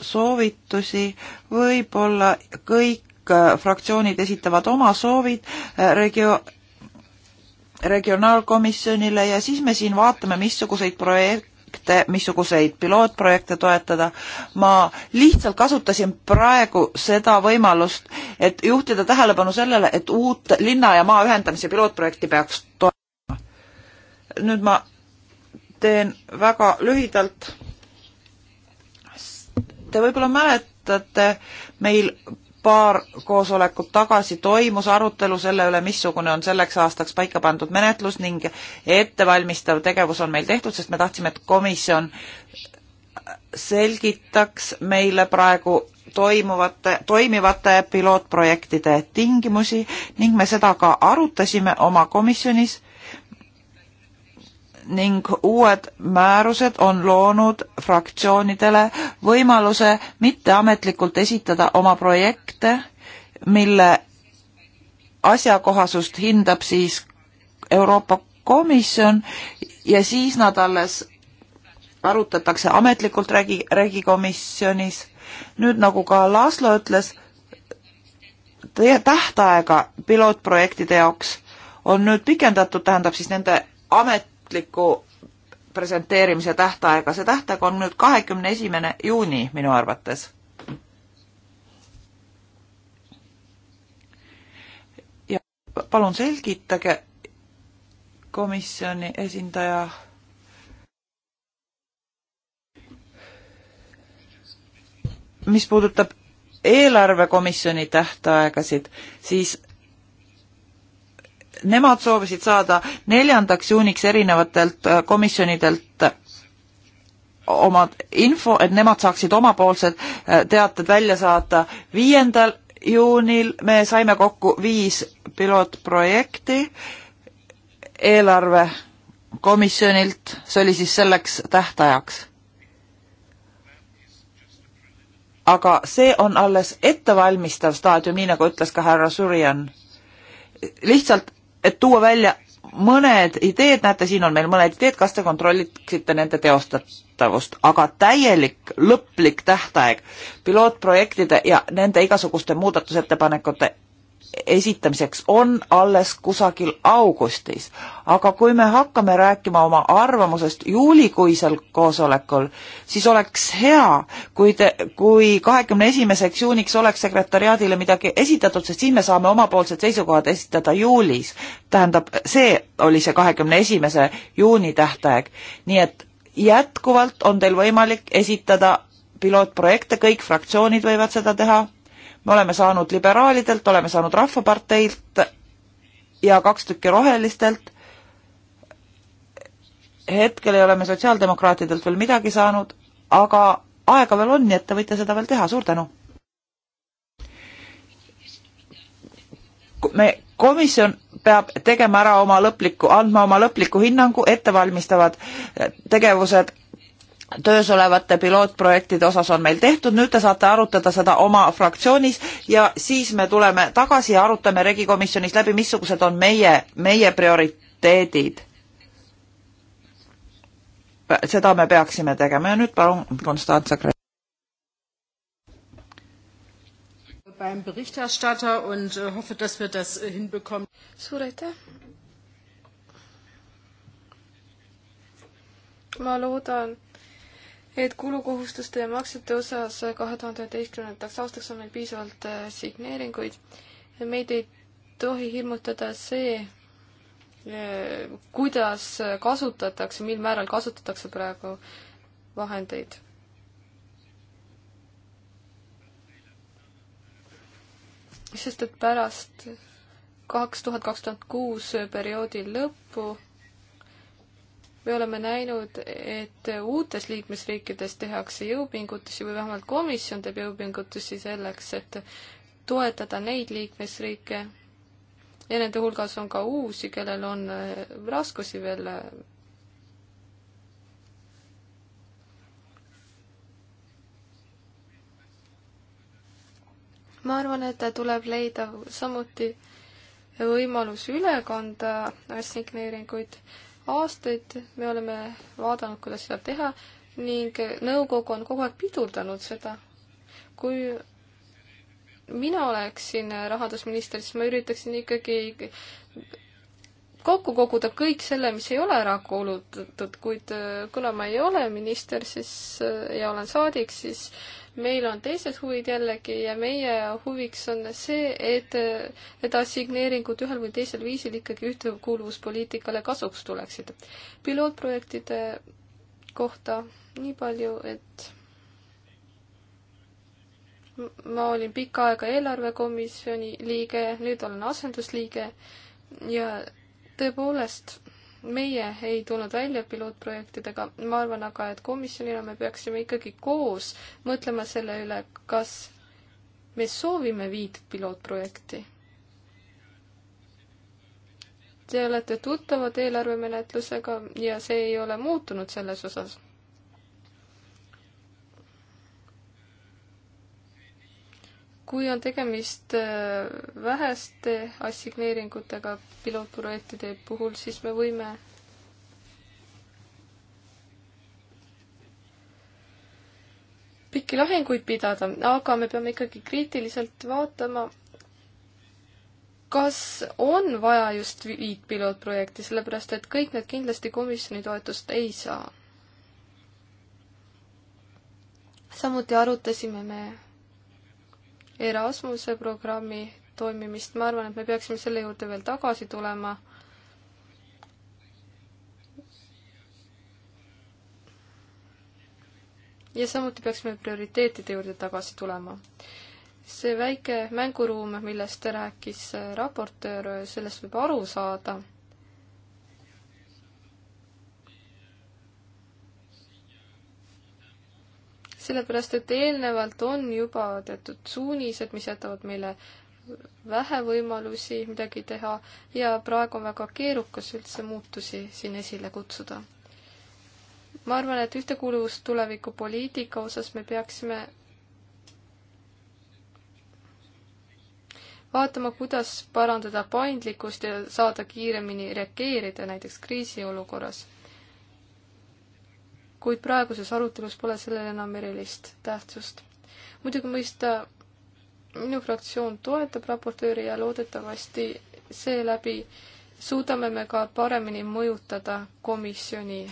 soovitusi, võib-olla kõik äh, fraktsioonid esitavad oma soovid äh, regio-, regionaalkomisjonile ja siis me siin vaatame, missuguseid projekte, missuguseid pilootprojekte toetada. ma lihtsalt kasutasin praegu seda võimalust, et juhtida tähelepanu sellele, et uut linna ja maa ühendamise pilootprojekti peaks to- nüüd ma teen väga lühidalt. Te võib-olla mäletate, meil paar koosolekut tagasi toimus arutelu selle üle, missugune on selleks aastaks paika pandud menetlus ning ettevalmistav tegevus on meil tehtud, sest me tahtsime, et komisjon selgitaks meile praegu toimuvate, toimivate pilootprojektide tingimusi ning me seda ka arutasime oma komisjonis ning uued määrused on loonud fraktsioonidele võimaluse mitteametlikult esitada oma projekte, mille asjakohasust hindab siis Euroopa Komisjon ja siis nad alles arutatakse ametlikult regi, regikomisjonis. nüüd nagu ka Laslo ütles, tähtaega pilootprojektide jaoks on nüüd pikendatud, tähendab siis nende amet, ametliku presenteerimise tähtaega, see tähtaeg on nüüd kahekümne esimene juuni minu arvates. ja palun selgitage, komisjoni esindaja. mis puudutab eelarvekomisjoni tähtaegasid, siis nemad soovisid saada neljandaks juuniks erinevatelt äh, komisjonidelt äh, omad info, et nemad saaksid omapoolsed äh, teated välja saata. viiendal juunil me saime kokku viis pilootprojekti eelarvekomisjonilt, see oli siis selleks tähtajaks aga see on alles ettevalmistav staadium, nii nagu ütles ka härra Surjan. lihtsalt et tuua välja mõned ideed, näete, siin on meil mõned ideed, kas te kontrolliksite nende teostatavust, aga täielik lõplik tähtaeg pilootprojektide ja nende igasuguste muudatusettepanekute esitamiseks on alles kusagil augustis, aga kui me hakkame rääkima oma arvamusest juulikuisel koosolekul, siis oleks hea, kui te, kui kahekümne esimeseks juuniks oleks sekretäriaadile midagi esitatud, sest siis me saame omapoolsed seisukohad esitada juulis. tähendab, see oli see kahekümne esimese juuni tähtaeg, nii et jätkuvalt on teil võimalik esitada pilootprojekte, kõik fraktsioonid võivad seda teha me oleme saanud liberaalidelt, oleme saanud Rahvaparteilt ja kaks tükki rohelistelt. hetkel ei ole me sotsiaaldemokraatidelt veel midagi saanud, aga aega veel on, nii et te võite seda veel teha, suur tänu. me, komisjon peab tegema ära oma lõpliku, andma oma lõpliku hinnangu, ettevalmistavad tegevused töös olevate pilootprojektide osas on meil tehtud, nüüd te saate arutada seda oma fraktsioonis ja siis me tuleme tagasi ja arutame regikomisjonis läbi, missugused on meie, meie prioriteedid. seda me peaksime tegema ja nüüd palun, Konstantse Kre-. beim Berichterstatter und äh, hoffe, dass wir das äh, hinbekommen. suur aitäh! ma loodan, et kulukohustuste ja maksete osas kahe tuhande üheteistkümnendaks aastaks on meil piisavalt äh, signeeringuid. meid ei tohi hirmutada see, äh, kuidas kasutatakse, mil määral kasutatakse praegu vahendeid. sest et pärast kaks tuhat, kaks tuhat kuus perioodi lõppu me oleme näinud, et uutes liikmesriikides tehakse jõupingutusi või vähemalt komisjon teeb jõupingutusi selleks, et toetada neid liikmesriike ja nende hulgas on ka uusi, kellel on äh, raskusi veel äh. ma arvan, et tuleb leida samuti võimalus üle kanda assigneeringuid aastaid me oleme vaadanud, kuidas seda teha ning nõukogu on kogu aeg pidurdanud seda. kui mina oleksin rahandusminister, siis ma üritaksin ikkagi kokku koguda kõik selle, mis ei ole ära kuulutatud, kuid äh, kuna ma ei ole minister, siis äh, ja olen saadik, siis äh, meil on teised huvid jällegi ja meie huviks on see, et, et assigneeringud ühel või teisel viisil ikkagi ühtekuuluvuspoliitikale kasuks tuleksid. pilootprojektide kohta nii palju, et ma olin pikka aega eelarvekomisjoni liige, nüüd olen asendusliige ja tõepoolest meie ei tulnud välja pilootprojektidega, ma arvan aga, et komisjonina me peaksime ikkagi koos mõtlema selle üle, kas me soovime viit pilootprojekti. Te olete tuttavad eelarvemenetlusega ja see ei ole muutunud selles osas kui on tegemist äh, väheste assigneeringutega pilootprojektide puhul, siis me võime pikki lahinguid pidada, aga me peame ikkagi kriitiliselt vaatama, kas on vaja just viit pilootprojekti, sellepärast et kõik need kindlasti komisjoni toetust ei saa. samuti arutasime me Erasmuse programmi toimimist, ma arvan, et me peaksime selle juurde veel tagasi tulema. ja samuti peaksime prioriteetide juurde tagasi tulema. see väike mänguruum, millest rääkis eh, raportöör, sellest võib aru saada sellepärast et eelnevalt on juba teatud suunised, mis jätavad meile vähe võimalusi midagi teha ja praegu on väga keerukas üldse muutusi siin esile kutsuda. ma arvan, et ühtekuuluvus tulevikupoliitika osas me peaksime vaatama, kuidas parandada paindlikkust ja saada kiiremini reageerida näiteks kriisiolukorras kuid praeguses arutelus pole sellel enam erilist tähtsust. muidugi mõista, minu fraktsioon toetab raportööri ja loodetavasti seeläbi suudame me ka paremini mõjutada komisjoni,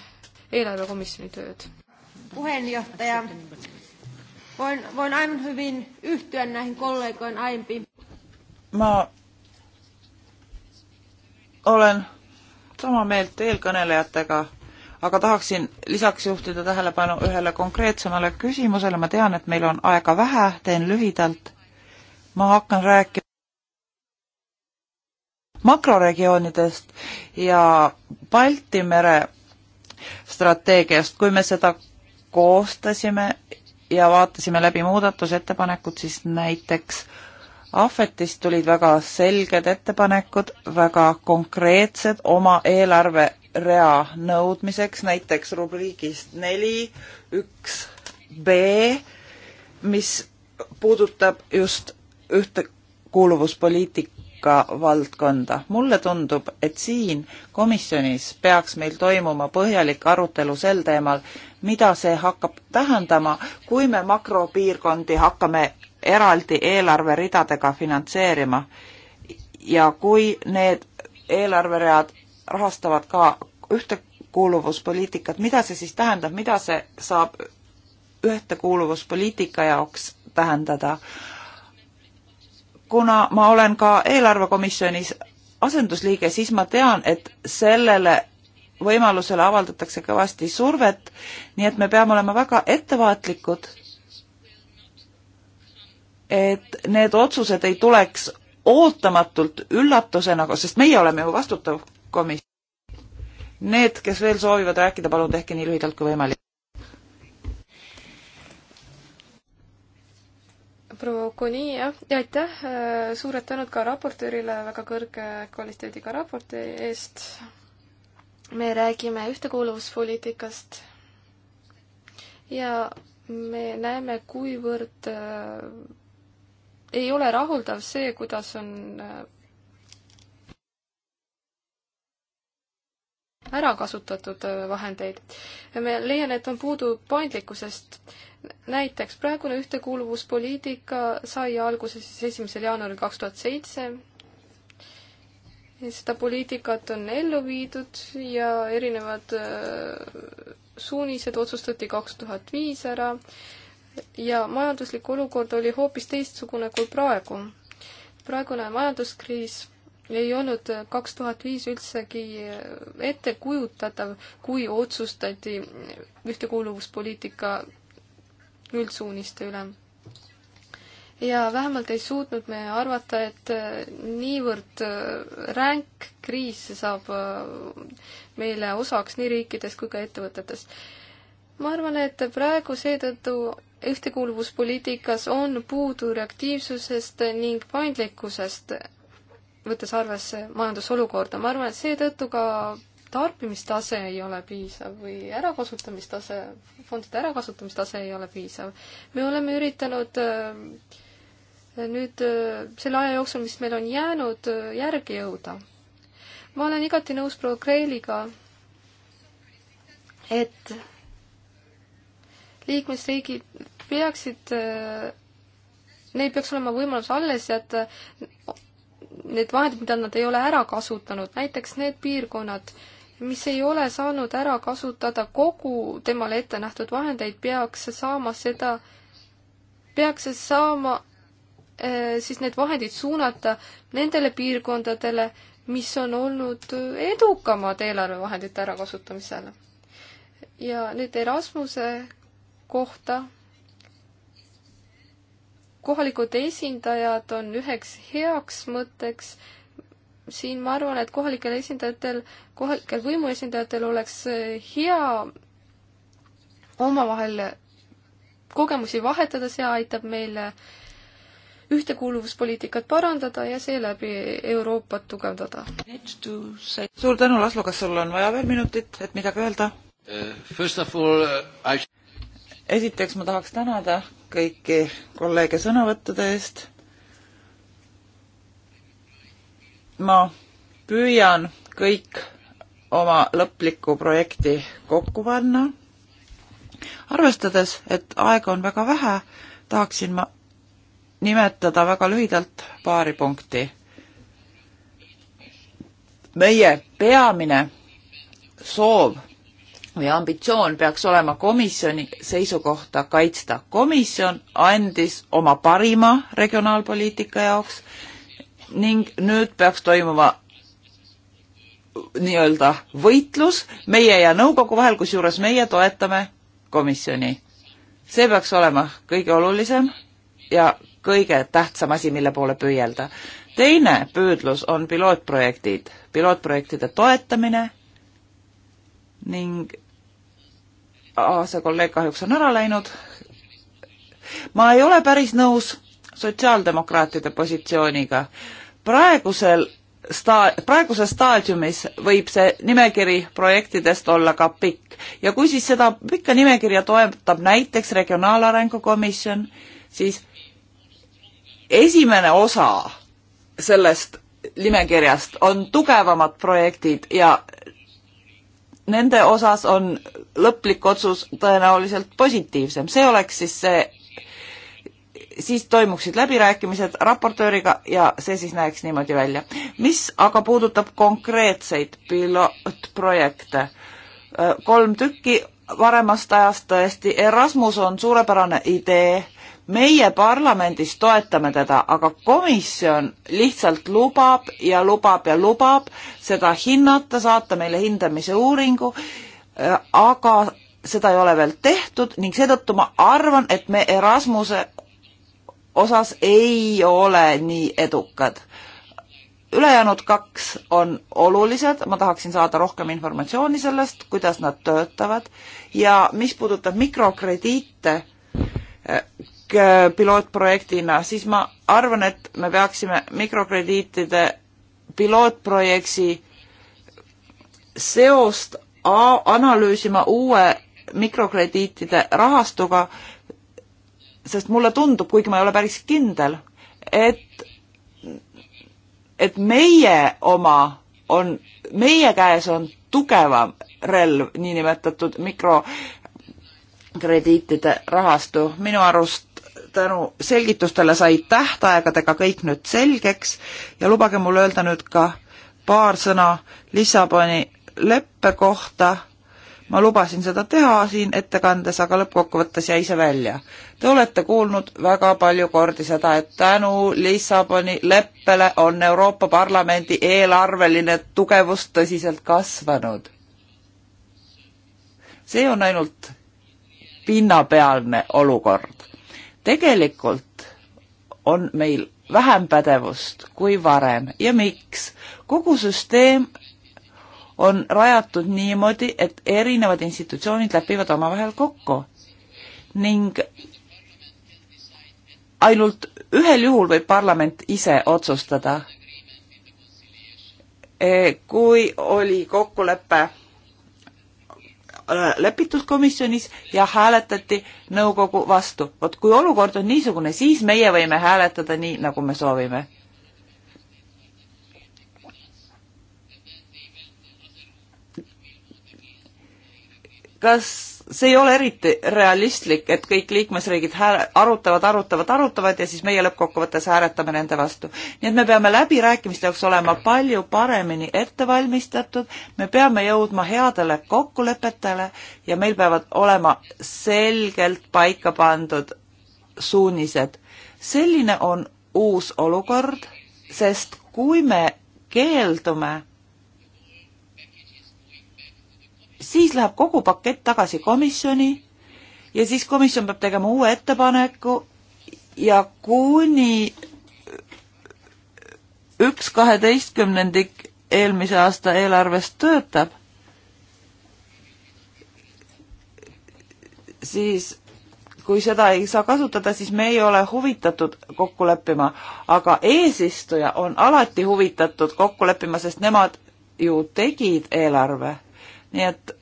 eelarvekomisjoni tööd. puheenjohtaja, voin, voin aivan hyvin yhtyä näihin kollegoihin aiempiin. ma olen sama meelt eelkõnelejatega aga tahaksin lisaks juhtida tähelepanu ühele konkreetsemale küsimusele, ma tean, et meil on aega vähe, teen lühidalt. ma hakkan rääkima makroregioonidest ja Balti mere strateegiast, kui me seda koostasime ja vaatasime läbi muudatusettepanekud, siis näiteks Ahvetist tulid väga selged ettepanekud, väga konkreetsed oma eelarve rea nõudmiseks, näiteks rubriigist neli, üks B, mis puudutab just ühtekuuluvuspoliitika valdkonda. mulle tundub, et siin komisjonis peaks meil toimuma põhjalik arutelu sel teemal, mida see hakkab tähendama, kui me makropiirkondi hakkame eraldi eelarveridadega finantseerima ja kui need eelarveread rahastavad ka ühtekuuluvuspoliitikat, mida see siis tähendab, mida see saab ühtekuuluvuspoliitika jaoks tähendada? kuna ma olen ka eelarvekomisjonis asendusliige, siis ma tean, et sellele võimalusele avaldatakse kõvasti survet, nii et me peame olema väga ettevaatlikud, et need otsused ei tuleks ootamatult üllatusena, sest meie oleme ju vastutav komis-. Need, kes veel soovivad rääkida, palun tehke nii lühidalt kui võimalik. proua Okuni, jah, ja aitäh, äh, suured tänud ka raportöörile väga kõrge kvaliteediga raporti eest. me räägime ühtekuuluvuspoliitikast ja me näeme, kuivõrd äh, ei ole rahuldav see, kuidas on äh, ära kasutatud äh, vahendeid. me leian, et on puudu paindlikkusest. näiteks praegune ühtekuuluvuspoliitika sai alguse siis esimesel jaanuaril kaks tuhat seitse. seda poliitikat on ellu viidud ja erinevad äh, suunised otsustati kaks tuhat viis ära ja majanduslik olukord oli hoopis teistsugune kui praegu. praegune majanduskriis ei olnud äh, kaks tuhat viis üldsegi äh, ettekujutatav, kui otsustati äh, ühtekuuluvuspoliitika üldsuuniste üle. ja vähemalt ei suutnud me arvata, et niivõrd ränk kriis saab meile osaks nii riikides kui ka ettevõtetes. ma arvan, et praegu seetõttu ühtekuuluvuspoliitikas on puudu reaktiivsusest ning paindlikkusest võttes arvesse majandusolukorda. ma arvan, et seetõttu ka tarbimistase ei ole piisav või ärakasutamistase, fondide ärakasutamistase ei ole piisav. me oleme üritanud äh, nüüd äh, selle aja jooksul, mis meil on jäänud, äh, järgi jõuda. ma olen igati nõus proua Kreeliga, et liikmesriigid peaksid, neil peaks olema võimalus alles jätta need vahendid, mida nad ei ole ära kasutanud, näiteks need piirkonnad, mis ei ole saanud ära kasutada kogu temale ette nähtud vahendeid, peaks saama seda, peaks saama eh, siis need vahendid suunata nendele piirkondadele, mis on olnud edukamad eelarvevahendite ärakasutamisel. ja nüüd Erasmuse kohta kohalikud esindajad on üheks heaks mõtteks. siin ma arvan, et kohalikel esindajatel, kohalikel võimuesindajatel oleks hea omavahel kogemusi vahetada, see aitab meile ühtekuuluvuspoliitikat parandada ja seeläbi Euroopat tugevdada. suur tänu, Laslo, kas sul on vaja veel minutit, et midagi öelda? Uh, uh, esiteks ma tahaks tänada kõiki kolleege sõnavõttude eest. ma püüan kõik oma lõplikku projekti kokku panna. arvestades, et aega on väga vähe, tahaksin ma nimetada väga lühidalt paari punkti. meie peamine soov või ambitsioon peaks olema komisjoni seisukohta kaitsta. komisjon andis oma parima regionaalpoliitika jaoks ning nüüd peaks toimuma nii-öelda võitlus meie ja nõukogu vahel, kusjuures meie toetame komisjoni. see peaks olema kõige olulisem ja kõige tähtsam asi, mille poole püüelda. teine püüdlus on pilootprojektid, pilootprojektide toetamine ning see kolleeg kahjuks on ära läinud. ma ei ole päris nõus sotsiaaldemokraatide positsiooniga. praegusel sta-, praeguses staadiumis võib see nimekiri projektidest olla ka pikk ja kui siis seda pikka nimekirja toetab näiteks Regionaalarengu Komisjon, siis esimene osa sellest nimekirjast on tugevamad projektid ja nende osas on lõplik otsus tõenäoliselt positiivsem, see oleks siis see, siis toimuksid läbirääkimised raportööriga ja see siis näeks niimoodi välja. mis aga puudutab konkreetseid pilootprojekte, kolm tükki varemast ajast tõesti, Erasmus on suurepärane idee meie parlamendis toetame teda, aga komisjon lihtsalt lubab ja lubab ja lubab seda hinnata, saata meile hindamise uuringu, äh, aga seda ei ole veel tehtud ning seetõttu ma arvan, et me Erasmuse osas ei ole nii edukad. ülejäänud kaks on olulised, ma tahaksin saada rohkem informatsiooni sellest, kuidas nad töötavad ja mis puudutab mikrokrediite, äh, Äh, pilootprojektina, siis ma arvan, et me peaksime mikrokrediitide pilootprojekti seost analüüsima uue mikrokrediitide rahastuga, sest mulle tundub, kuigi ma ei ole päris kindel, et, et meie oma on, meie käes on tugevam relv, niinimetatud mikrokrediitide rahastu. minu arust tänu selgitustele sai tähtaegadega kõik nüüd selgeks ja lubage mul öelda nüüd ka paar sõna Lissaboni leppe kohta. ma lubasin seda teha siin ettekandes, aga lõppkokkuvõttes jäi see välja. Te olete kuulnud väga palju kordi seda, et tänu Lissaboni leppele on Euroopa Parlamendi eelarveline tugevus tõsiselt kasvanud. see on ainult pinnapealne olukord tegelikult on meil vähem pädevust kui varem ja miks? kogu süsteem on rajatud niimoodi, et erinevad institutsioonid lepivad omavahel kokku ning ainult ühel juhul võib parlament ise otsustada. Eh, kui oli kokkulepe Äh, lepituskomisjonis ja hääletati nõukogu vastu. vot kui olukord on niisugune, siis meie võime hääletada nii, nagu me soovime. kas see ei ole eriti realistlik, et kõik liikmesriigid hääle, arutavad, arutavad, arutavad ja siis meie lõppkokkuvõttes hääletame nende vastu. nii et me peame läbirääkimiste jaoks olema palju paremini ettevalmistatud, me peame jõudma headele kokkulepetele ja meil peavad olema selgelt paika pandud suunised. selline on uus olukord, sest kui me keeldume siis läheb kogu pakett tagasi komisjoni ja siis komisjon peab tegema uue ettepaneku ja kuni üks kaheteistkümnendik eelmise aasta eelarvest töötab, siis kui seda ei saa kasutada, siis me ei ole huvitatud kokku leppima, aga eesistuja on alati huvitatud kokku leppima, sest nemad ju tegid eelarve nii et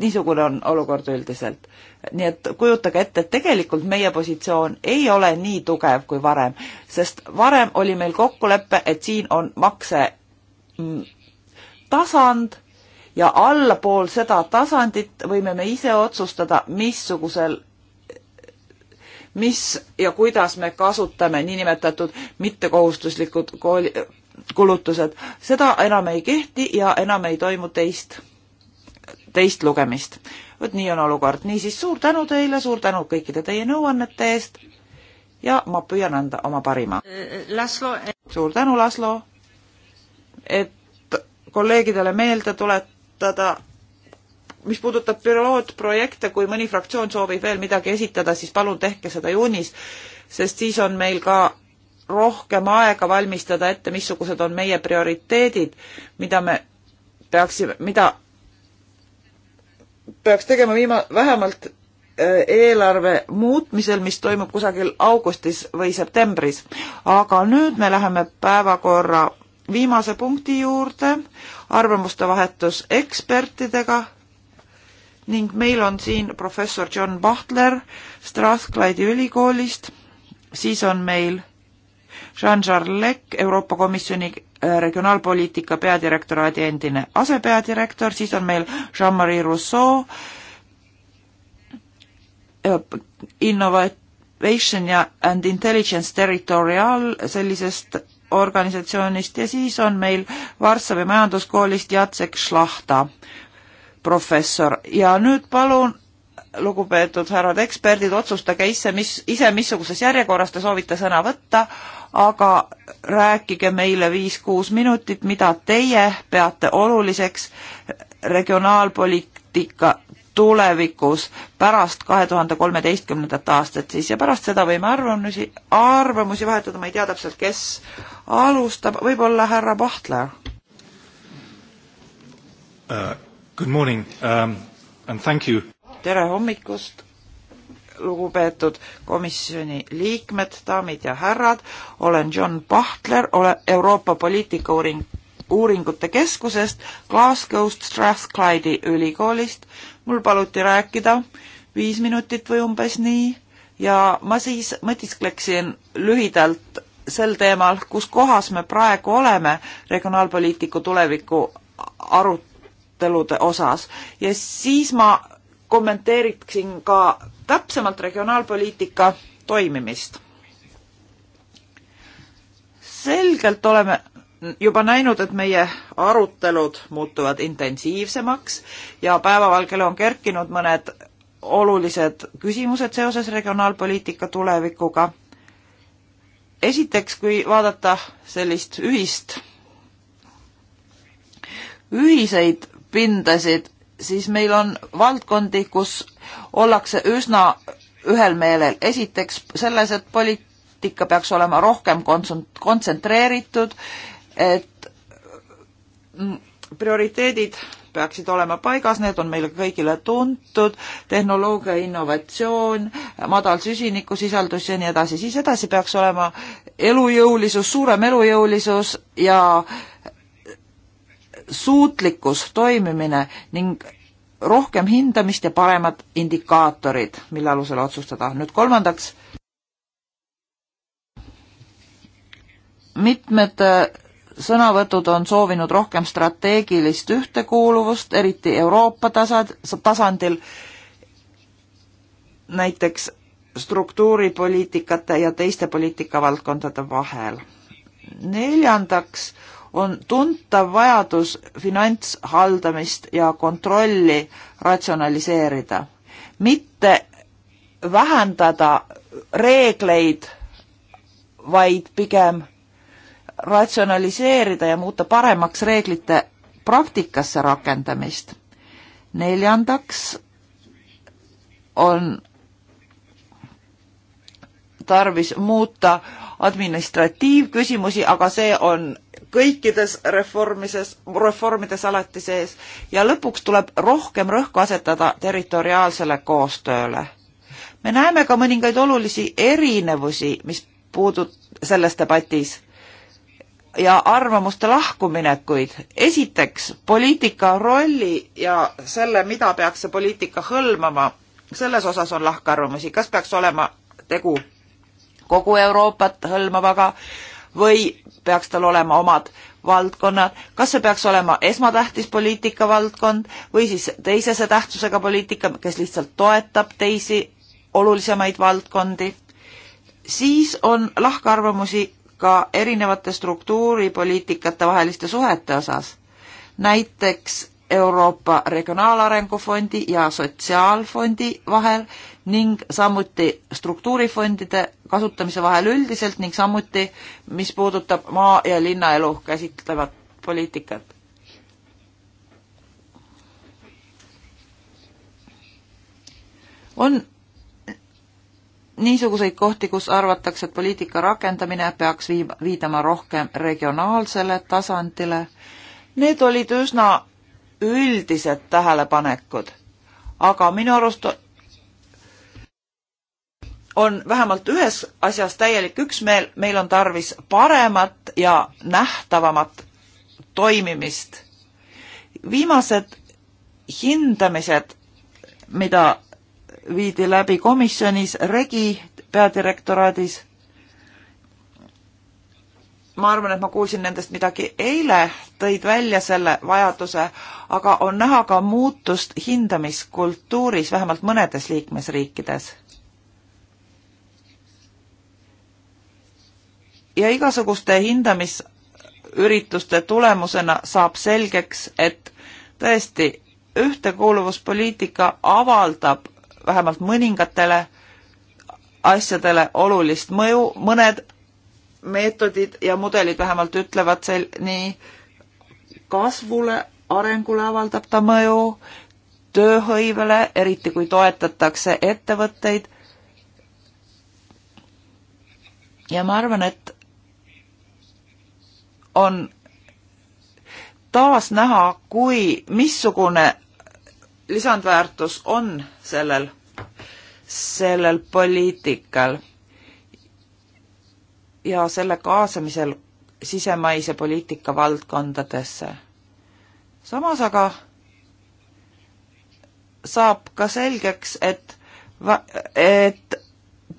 niisugune on olukord üldiselt. nii et kujutage ette, et tegelikult meie positsioon ei ole nii tugev kui varem, sest varem oli meil kokkulepe, et siin on makse mm, tasand ja allapool seda tasandit võime me ise otsustada, missugusel mis ja kuidas me kasutame niinimetatud mittekohustuslikud kooli, kulutused, seda enam ei kehti ja enam ei toimu teist teist lugemist. vot nii on olukord. niisiis suur tänu teile, suur tänu kõikide teie nõuannete eest ja ma püüan anda oma parima. Eh, eh, eh. suur tänu, Laslo, et kolleegidele meelde tuletada, mis puudutab pilootprojekte, kui mõni fraktsioon soovib veel midagi esitada, siis palun tehke seda juunis, sest siis on meil ka rohkem aega valmistada ette, missugused on meie prioriteedid, mida me peaksime, mida peaks tegema viima-, vähemalt äh, eelarve muutmisel, mis toimub kusagil augustis või septembris. aga nüüd me läheme päevakorra viimase punkti juurde, arvamuste vahetus ekspertidega ning meil on siin professor John Bahtler Strathclyde'i ülikoolist, siis on meil Jean Jarlec, Euroopa Komisjoni äh, regionaalpoliitika peadirektoraadi endine asepeadirektor, siis on meil Jean-Marie Rousseau, äh, Innovation ja and Intelligence Territorial sellisest organisatsioonist ja siis on meil Varssavi majanduskoolist Jacek Šlahta, professor. ja nüüd palun, lugupeetud härrad eksperdid, otsustage ise, mis, ise missuguses järjekorras te soovite sõna võtta aga rääkige meile viis-kuus minutit, mida teie peate oluliseks regionaalpoliitika tulevikus pärast kahe tuhande kolmeteistkümnendat aastat siis ja pärast seda võime arvamusi, arvamusi vahetada, ma ei tea täpselt, kes alustab, võib-olla härra Pahtler uh,. Good morning um, and thank you. tere hommikust lugupeetud komisjoni liikmed, daamid ja härrad, olen John Pahtler, olen Euroopa poliitikauuring, uuringute keskusest Glasgow'st Strathclyde'i ülikoolist. mul paluti rääkida viis minutit või umbes nii ja ma siis mõtiskleksin lühidalt sel teemal, kus kohas me praegu oleme regionaalpoliitiku tuleviku arutelude osas ja siis ma kommenteeriksin ka täpsemalt regionaalpoliitika toimimist. selgelt oleme juba näinud, et meie arutelud muutuvad intensiivsemaks ja päevavalgele on kerkinud mõned olulised küsimused seoses regionaalpoliitika tulevikuga. esiteks, kui vaadata sellist ühist, ühiseid pindasid, siis meil on valdkondi, kus ollakse üsna ühel meelel. esiteks selles, et poliitika peaks olema rohkem kontsentreeritud, et mm, prioriteedid peaksid olema paigas, need on meile kõigile tuntud, tehnoloogia innovatsioon, madal süsinikusisaldus ja nii edasi, siis edasi peaks olema elujõulisus, suurem elujõulisus ja suutlikkus, toimimine ning rohkem hindamist ja paremad indikaatorid, mille alusel otsustada. nüüd kolmandaks, mitmed äh, sõnavõtud on soovinud rohkem strateegilist ühtekuuluvust, eriti Euroopa tasad, tasandil, näiteks struktuuripoliitikate ja teiste poliitikavaldkondade vahel. neljandaks on tuntav vajadus finantshaldamist ja kontrolli ratsionaliseerida, mitte vähendada reegleid, vaid pigem ratsionaliseerida ja muuta paremaks reeglite praktikasse rakendamist. neljandaks on tarvis muuta administratiivküsimusi, aga see on kõikides reformides, reformides alati sees ja lõpuks tuleb rohkem rõhku asetada territoriaalsele koostööle. me näeme ka mõningaid olulisi erinevusi, mis puudut-, selles debatis ja arvamuste lahkuminekuid. esiteks, poliitika rolli ja selle, mida peaks see poliitika hõlmama, selles osas on lahkarvamusi, kas peaks olema tegu kogu Euroopat hõlmavaga või peaks tal olema omad valdkonnad, kas see peaks olema esmatähtis poliitikavaldkond või siis teisese tähtsusega poliitika, kes lihtsalt toetab teisi olulisemaid valdkondi, siis on lahkarvamusi ka erinevate struktuuripoliitikate vaheliste suhete osas. näiteks Euroopa Regionaalarengufondi ja Sotsiaalfondi vahel ning samuti struktuurifondide kasutamise vahel üldiselt ning samuti, mis puudutab maa- ja linnaelu käsitlevat poliitikat. on niisuguseid kohti, kus arvatakse, et poliitika rakendamine peaks viima, viidama rohkem regionaalsele tasandile. Need olid üsna üldised tähelepanekud, aga minu arust on vähemalt ühes asjas täielik üksmeel, meil on tarvis paremat ja nähtavamat toimimist. viimased hindamised, mida viidi läbi komisjonis, regi peadirektoraadis ma arvan, et ma kuulsin nendest midagi eile, tõid välja selle vajaduse, aga on näha ka muutust hindamiskultuuris vähemalt mõnedes liikmesriikides. ja igasuguste hindamisürituste tulemusena saab selgeks, et tõesti, ühtekuuluvuspoliitika avaldab vähemalt mõningatele asjadele olulist mõju, mõned meetodid ja mudelid vähemalt ütlevad sel-, nii kasvule, arengule avaldab ta mõju, tööhõivele, eriti kui toetatakse ettevõtteid. ja ma arvan, et on taas näha, kui, missugune lisandväärtus on sellel, sellel poliitikal ja selle kaasamisel sisemaise poliitika valdkondadesse. samas aga saab ka selgeks, et, et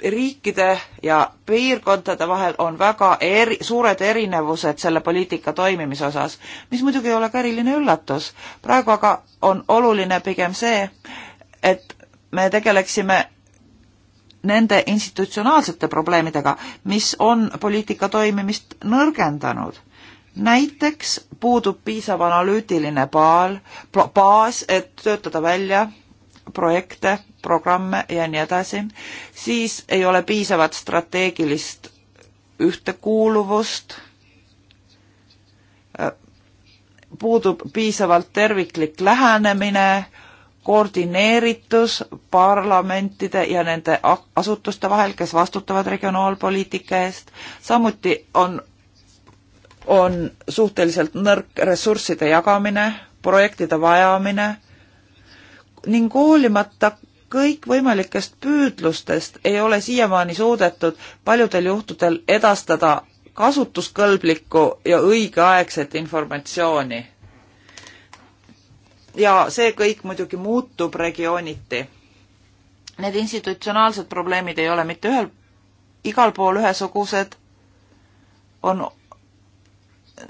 riikide ja piirkondade vahel on väga eri, suured erinevused selle poliitika toimimise osas, mis muidugi ei ole ka eriline üllatus. praegu aga on oluline pigem see, et me tegeleksime nende institutsionaalsete probleemidega, mis on poliitika toimimist nõrgendanud. näiteks puudub piisav analüütiline baal, baas, et töötada välja projekte, programme ja nii edasi, siis ei ole piisavat strateegilist ühtekuuluvust, puudub piisavalt terviklik lähenemine, koordineeritus parlamentide ja nende asutuste vahel, kes vastutavad regionaalpoliitika eest. samuti on, on suhteliselt nõrk ressursside jagamine, projektide vajamine ning hoolimata kõikvõimalikest püüdlustest ei ole siiamaani suudetud paljudel juhtudel edastada kasutuskõlblikku ja õigeaegset informatsiooni ja see kõik muidugi muutub regiooniti. Need institutsionaalsed probleemid ei ole mitte ühel, igal pool ühesugused, on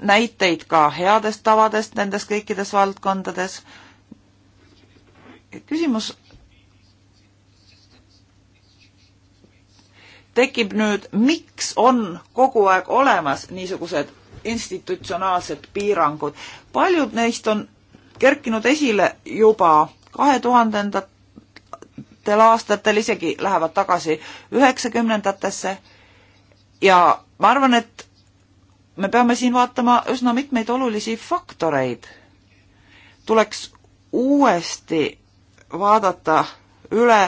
näiteid ka headest tavadest nendes kõikides valdkondades. küsimus tekib nüüd, miks on kogu aeg olemas niisugused institutsionaalsed piirangud. paljud neist on kerkinud esile juba kahe tuhandendatel aastatel, isegi lähevad tagasi üheksakümnendatesse ja ma arvan, et me peame siin vaatama üsna mitmeid olulisi faktoreid. tuleks uuesti vaadata üle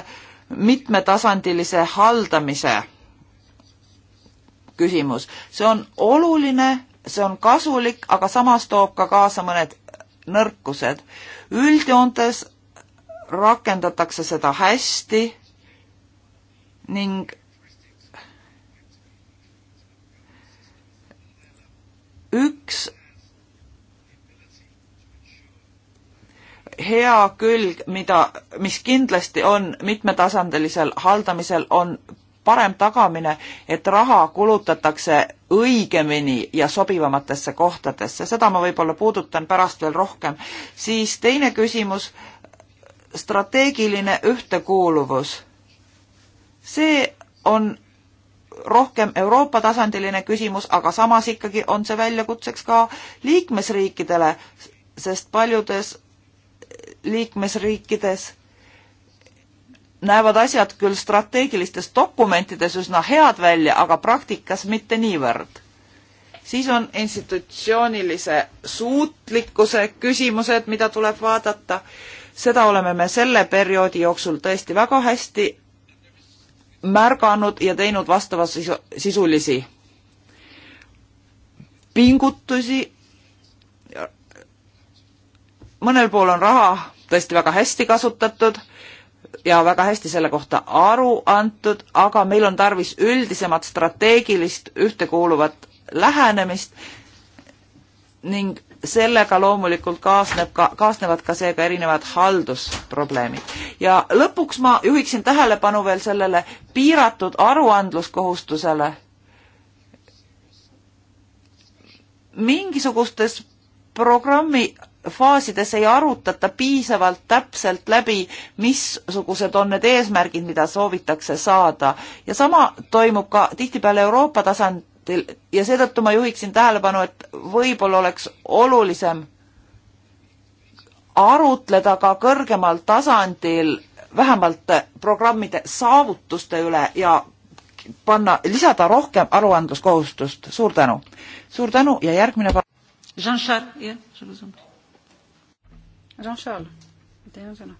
mitmetasandilise haldamise küsimus. see on oluline, see on kasulik, aga samas toob ka kaasa mõned nõrkused. üldjoontes rakendatakse seda hästi ning üks hea külg, mida, mis kindlasti on mitmetasandilisel haldamisel, on parem tagamine, et raha kulutatakse õigemini ja sobivamatesse kohtadesse, seda ma võib-olla puudutan pärast veel rohkem. siis teine küsimus, strateegiline ühtekuuluvus. see on rohkem Euroopa tasandiline küsimus, aga samas ikkagi on see väljakutseks ka liikmesriikidele, sest paljudes liikmesriikides näevad asjad küll strateegilistes dokumentides üsna head välja, aga praktikas mitte niivõrd. siis on institutsioonilise suutlikkuse küsimused, mida tuleb vaadata. seda oleme me selle perioodi jooksul tõesti väga hästi märganud ja teinud vastavasisulisi pingutusi. mõnel pool on raha tõesti väga hästi kasutatud ja väga hästi selle kohta aru antud, aga meil on tarvis üldisemat strateegilist ühtekuuluvat lähenemist ning sellega loomulikult kaasneb ka, kaasnevad ka seega erinevad haldusprobleemid. ja lõpuks ma juhiksin tähelepanu veel sellele piiratud aruandluskohustusele. mingisugustes programmi faasides ei arutata piisavalt täpselt läbi, missugused on need eesmärgid, mida soovitakse saada. ja sama toimub ka tihtipeale Euroopa tasandil ja seetõttu ma juhiksin tähelepanu, et võib-olla oleks olulisem arutleda ka kõrgemal tasandil vähemalt programmide saavutuste üle ja panna, lisada rohkem aruandluskohustust. suur tänu! suur tänu ja järgmine Jean Char, jah, sulle sõna. Jean-Charles, teil on sõna.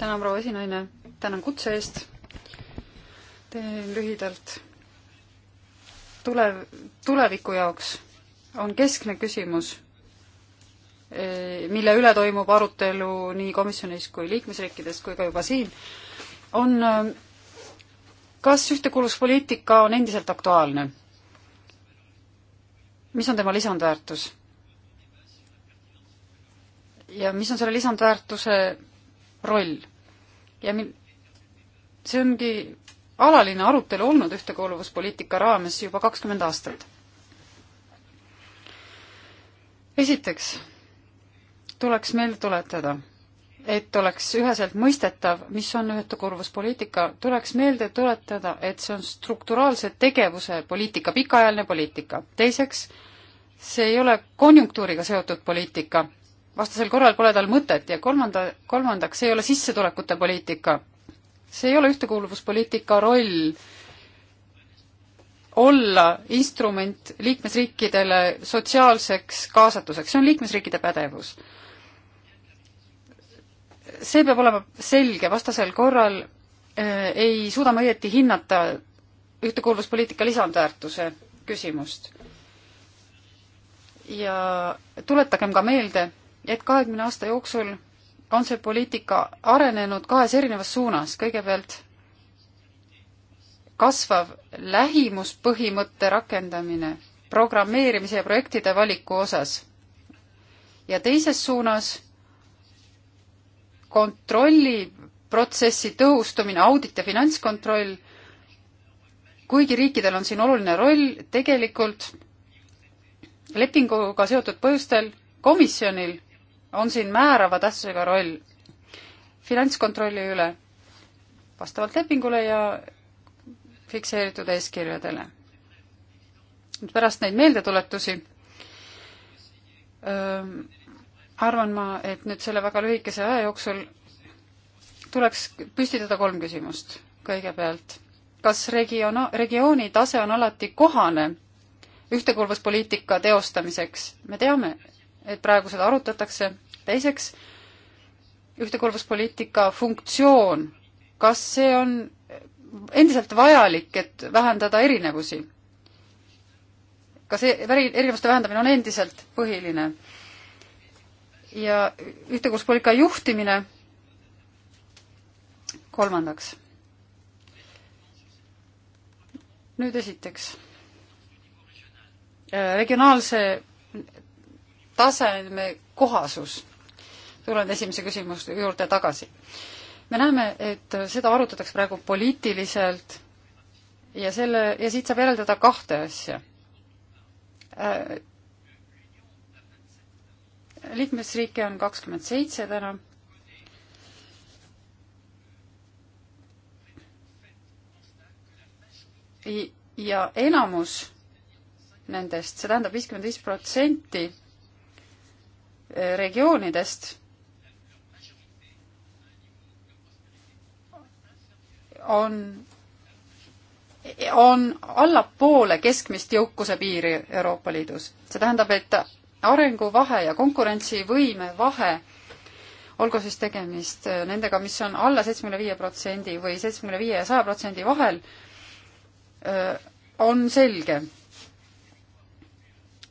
tänan, proua esinaine, tänan kutse eest. teen lühidalt. tulev, tuleviku jaoks on keskne küsimus, e, mille üle toimub arutelu nii komisjonis kui liikmesriikides kui ka juba siin, on e, kas ühtekuuluvuspoliitika on endiselt aktuaalne? mis on tema lisandväärtus? ja mis on selle lisandväärtuse roll. ja mil-, see ongi alaline arutelu olnud ühtekuuluvuspoliitika raames juba kakskümmend aastat. esiteks tuleks meelde tuletada, et oleks üheselt mõistetav, mis on ühtekuuluvuspoliitika, tuleks meelde tuletada, et see on strukturaalse tegevuse poliitika, pikaajaline poliitika. teiseks, see ei ole konjunktuuriga seotud poliitika vastasel korral pole tal mõtet ja kolmanda, kolmandaks, see ei ole sissetulekute poliitika. see ei ole ühtekuuluvuspoliitika roll olla instrument liikmesriikidele sotsiaalseks kaasatuseks, see on liikmesriikide pädevus. see peab olema selge, vastasel korral äh, ei suuda me õieti hinnata ühtekuuluvuspoliitika lisandväärtuse küsimust. ja tuletagem ka meelde, et kahekümne aasta jooksul on see poliitika arenenud kahes erinevas suunas, kõigepealt kasvav lähimuspõhimõtte rakendamine programmeerimise ja projektide valiku osas ja teises suunas kontrolliprotsessi tõhustumine, audit ja finantskontroll, kuigi riikidel on siin oluline roll, tegelikult lepinguga seotud põhjustel komisjonil on siin määrava tähtsusega roll finantskontrolli üle vastavalt lepingule ja fikseeritud eeskirjadele. pärast neid meeldetuletusi öö, arvan ma, et nüüd selle väga lühikese aja jooksul tuleks püstitada kolm küsimust. kõigepealt, kas regiona-, regiooni tase on alati kohane ühtekuuluvuspoliitika teostamiseks? me teame, et praegu seda arutatakse. teiseks, ühtekuuluvuspoliitika funktsioon, kas see on endiselt vajalik, et vähendada erinevusi? kas eri, erinevuste vähendamine on endiselt põhiline? ja ühtekuuluvuspoliitika juhtimine kolmandaks. nüüd esiteks, regionaalse taseme kohasus. tulen esimese küsimuse juurde tagasi. me näeme, et seda arutatakse praegu poliitiliselt ja selle, ja siit saab järeldada kahte asja äh,. liikmesriike on kakskümmend seitse täna ja enamus nendest, see tähendab viiskümmend viis protsenti regioonidest on, on allapoole keskmist jõukuse piiri Euroopa Liidus. see tähendab, et arenguvahe ja konkurentsivõime vahe, olgu siis tegemist nendega, mis on alla seitsmekümne viie protsendi või seitsmekümne viie ja saja protsendi vahel, on selge.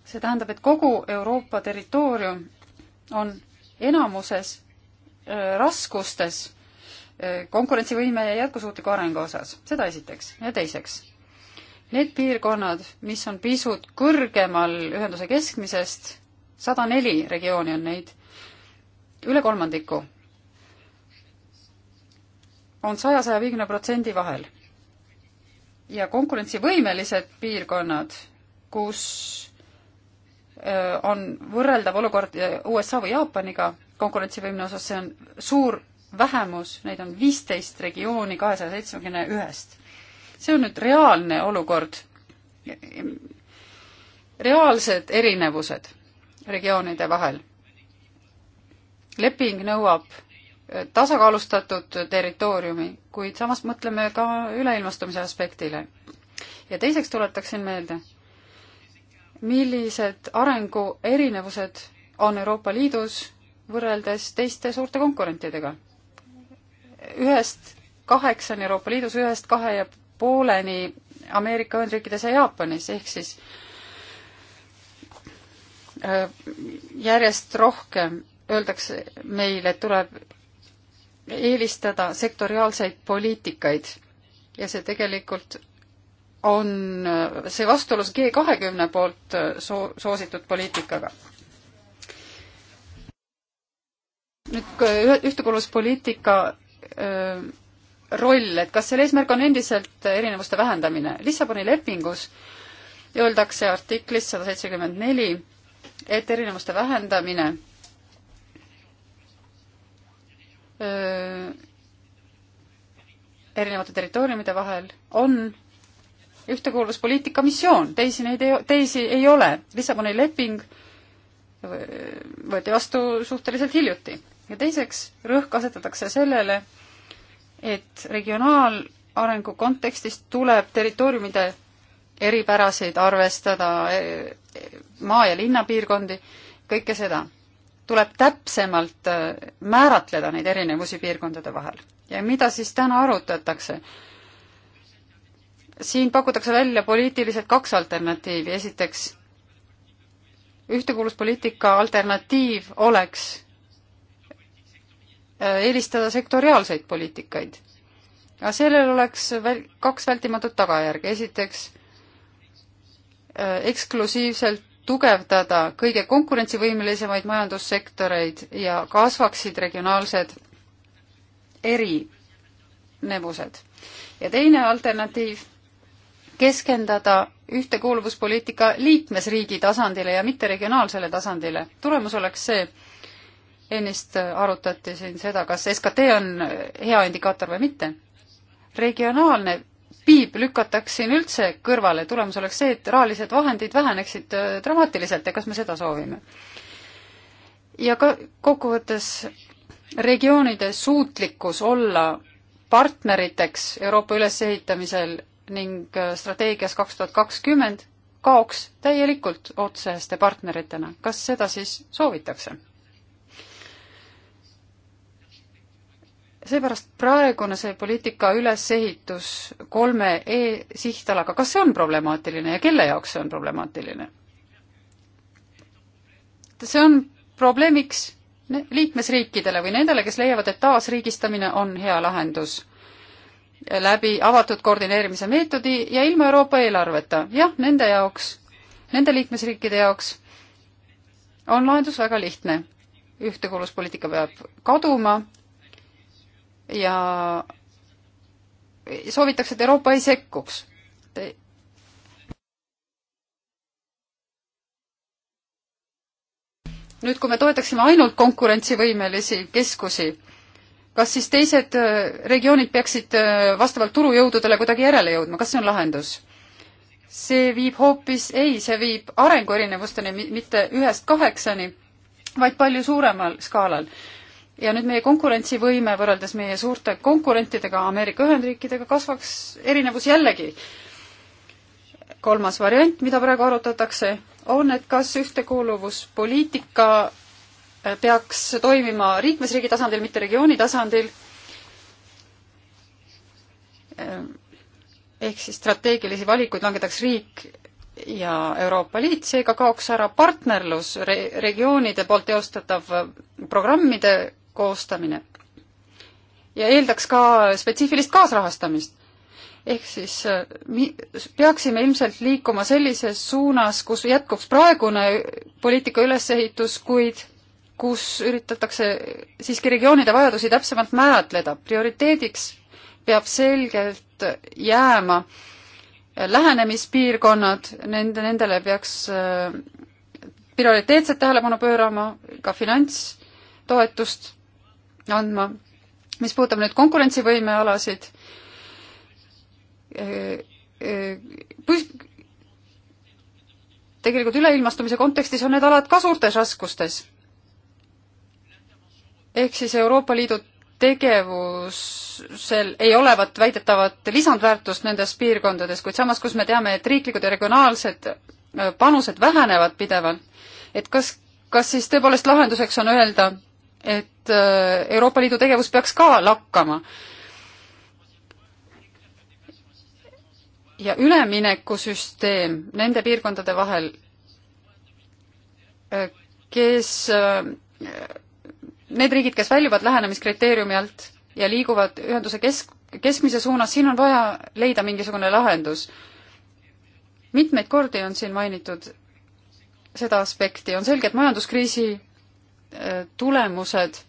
see tähendab, et kogu Euroopa territoorium on enamuses äh, raskustes äh, konkurentsivõime ja jätkusuutliku arengu osas, seda esiteks. ja teiseks, need piirkonnad, mis on pisut kõrgemal ühenduse keskmisest, sada neli regiooni on neid, üle kolmandiku, on saja, saja viiekümne protsendi vahel. ja konkurentsivõimelised piirkonnad, kus on võrreldav olukord USA või Jaapaniga konkurentsivõimne osas, see on suur vähemus, neid on viisteist regiooni kahesaja seitsmekümne ühest. see on nüüd reaalne olukord, reaalsed erinevused regioonide vahel. leping nõuab tasakaalustatud territooriumi, kuid samas mõtleme ka üleilmastumise aspektile. ja teiseks tuletaksin meelde, millised arengu erinevused on Euroopa Liidus võrreldes teiste suurte konkurentidega. ühest kaheksani Euroopa Liidus, ühest kahe ja pooleni Ameerika Ühendriikides ja Jaapanis, ehk siis äh, järjest rohkem öeldakse meile, et tuleb eelistada sektoriaalseid poliitikaid ja see tegelikult on see vastuolus G kahekümne poolt äh, soo-, soositud poliitikaga. nüüd ühtekuuluvuspoliitika äh, roll, et kas selle eesmärk on endiselt erinevuste vähendamine. Lissaboni lepingus öeldakse artiklis sada seitsekümmend neli, et erinevuste vähendamine öö, äh, erinevate territooriumide vahel on ühtekuuluvuspoliitika missioon, teisi neid ei, teisi ei ole. Lissaboni leping võeti vastu suhteliselt hiljuti. ja teiseks, rõhk asetatakse sellele, et regionaalarengu kontekstis tuleb territooriumide eripärasid arvestada, e-, maa- ja linnapiirkondi, kõike seda. tuleb täpsemalt e, määratleda neid erinevusi piirkondade vahel. ja mida siis täna arutatakse? siin pakutakse välja poliitiliselt kaks alternatiivi, esiteks ühtekuuluspoliitika alternatiiv oleks äh, eelistada sektoriaalseid poliitikaid. aga sellel oleks väl-, kaks vältimatut tagajärge, esiteks äh, eksklusiivselt tugevdada kõige konkurentsivõimelisemaid majandussektoreid ja kasvaksid regionaalsed erinevused. ja teine alternatiiv keskenduda ühtekuuluvuspoliitika liikmesriigi tasandile ja mitte regionaalsele tasandile. tulemus oleks see, ennist arutati siin seda, kas SKT on hea indikaator või mitte. regionaalne piib lükataks siin üldse kõrvale, tulemus oleks see, et rahalised vahendid väheneksid äh, dramaatiliselt ja kas me seda soovime? ja ka kokkuvõttes regioonide suutlikkus olla partneriteks Euroopa ülesehitamisel ning äh, strateegias kaks tuhat kakskümmend kaoks täielikult otseste partneritena. kas seda siis soovitakse? seepärast praegune see poliitika ülesehitus kolme E sihtalaga, kas see on problemaatiline ja kelle jaoks see on problemaatiline? see on probleemiks liikmesriikidele või nendele, kes leiavad, et taasriigistamine on hea lahendus läbi avatud koordineerimise meetodi ja ilma Euroopa eelarveta. jah, nende jaoks, nende liikmesriikide jaoks on lahendus väga lihtne. ühtekuuluvuspoliitika peab kaduma ja soovitakse, et Euroopa ei sekkuks. nüüd, kui me toetaksime ainult konkurentsivõimelisi keskusi, kas siis teised äh, regioonid peaksid äh, vastavalt turujõududele kuidagi järele jõudma, kas see on lahendus? see viib hoopis, ei, see viib arenguerinevusteni, mitte ühest kaheksani, vaid palju suuremal skaalal. ja nüüd meie konkurentsivõime võrreldes meie suurte konkurentidega Ameerika Ühendriikidega kasvaks erinevus jällegi. kolmas variant, mida praegu arutatakse, on, et kas ühtekuuluvuspoliitika Äh, peaks toimima liikmesriigi tasandil, mitte regiooni tasandil. Äh, ehk siis strateegilisi valikuid langetaks riik ja Euroopa Liit, seega kaoks ära partnerlus re regioonide poolt teostatav programmide koostamine. ja eeldaks ka spetsiifilist kaasrahastamist. ehk siis äh, mi-, peaksime ilmselt liikuma sellises suunas, kus jätkuks praegune poliitika ülesehitus, kuid kus üritatakse siiski regioonide vajadusi täpsemalt määratleda. prioriteediks peab selgelt jääma lähenemispiirkonnad, nende, nendele peaks äh, prioriteetset tähelepanu pöörama, ka finantstoetust andma. mis puudutab nüüd konkurentsivõimealasid, äh, äh, tegelikult üleilmastumise kontekstis on need alad ka suurtes raskustes ehk siis Euroopa Liidu tegevusel ei olevat väidetavat lisandväärtust nendes piirkondades, kuid samas, kus me teame, et riiklikud ja regionaalsed äh, panused vähenevad pidevalt, et kas, kas siis tõepoolest lahenduseks on öelda, et äh, Euroopa Liidu tegevus peaks ka lakkama? ja üleminekusüsteem nende piirkondade vahel, äh, kes need riigid, kes väljuvad lähenemiskriteeriumi alt ja liiguvad ühenduse kesk, keskmise suunas, siin on vaja leida mingisugune lahendus. mitmeid kordi on siin mainitud seda aspekti, on selge, et majanduskriisi äh, tulemused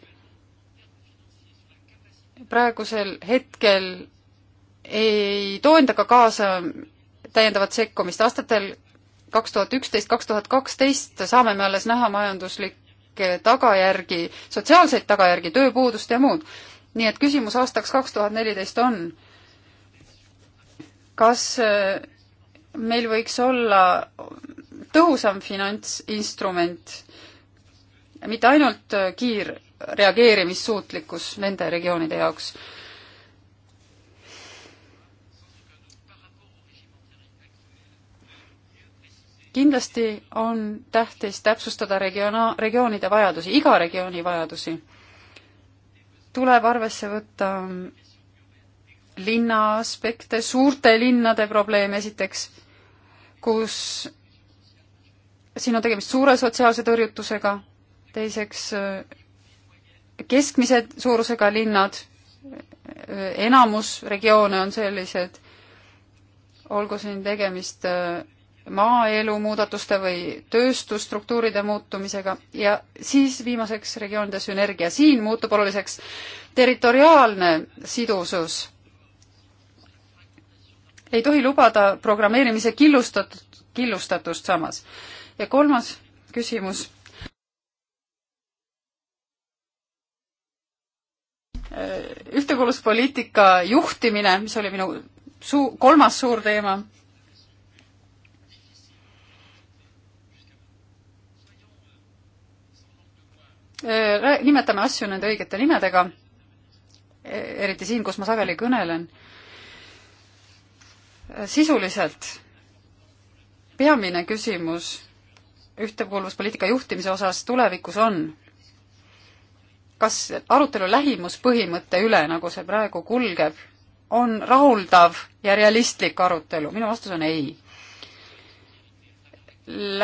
praegusel hetkel ei too endaga kaasa täiendavat sekkumist. aastatel kaks tuhat üksteist, kaks tuhat kaksteist saame me alles näha majanduslik, võimalikke tagajärgi, sotsiaalseid tagajärgi, tööpuudust ja muud. nii et küsimus aastaks kaks tuhat neliteist on, kas äh, meil võiks olla tõhusam finantsinstrument, mitte ainult äh, kiirreageerimissuutlikkus nende regioonide jaoks kindlasti on tähtis täpsustada regiona-, regioonide vajadusi, iga regiooni vajadusi. tuleb arvesse võtta mm, linna aspekte, suurte linnade probleeme esiteks, kus siin on tegemist suure sotsiaalse tõrjutusega, teiseks mm, keskmise suurusega linnad, enamus regioone on sellised, olgu siin tegemist mm, maaelu muudatuste või tööstusstruktuuride muutumisega ja siis viimaseks regioonide sünergia. siin muutub oluliseks territoriaalne sidusus. ei tohi lubada programmeerimise killustatud, killustatust samas. ja kolmas küsimus. ühtekuuluvuspoliitika juhtimine, mis oli minu suu-, kolmas suur teema Äh, nimetame asju nende õigete nimedega, e-, eriti siin, kus ma sageli kõnelen. sisuliselt peamine küsimus ühtekuuluvuspoliitika juhtimise osas tulevikus on, kas arutelu lähimuspõhimõtte üle, nagu see praegu kulgeb, on rahuldav ja realistlik arutelu, minu vastus on ei.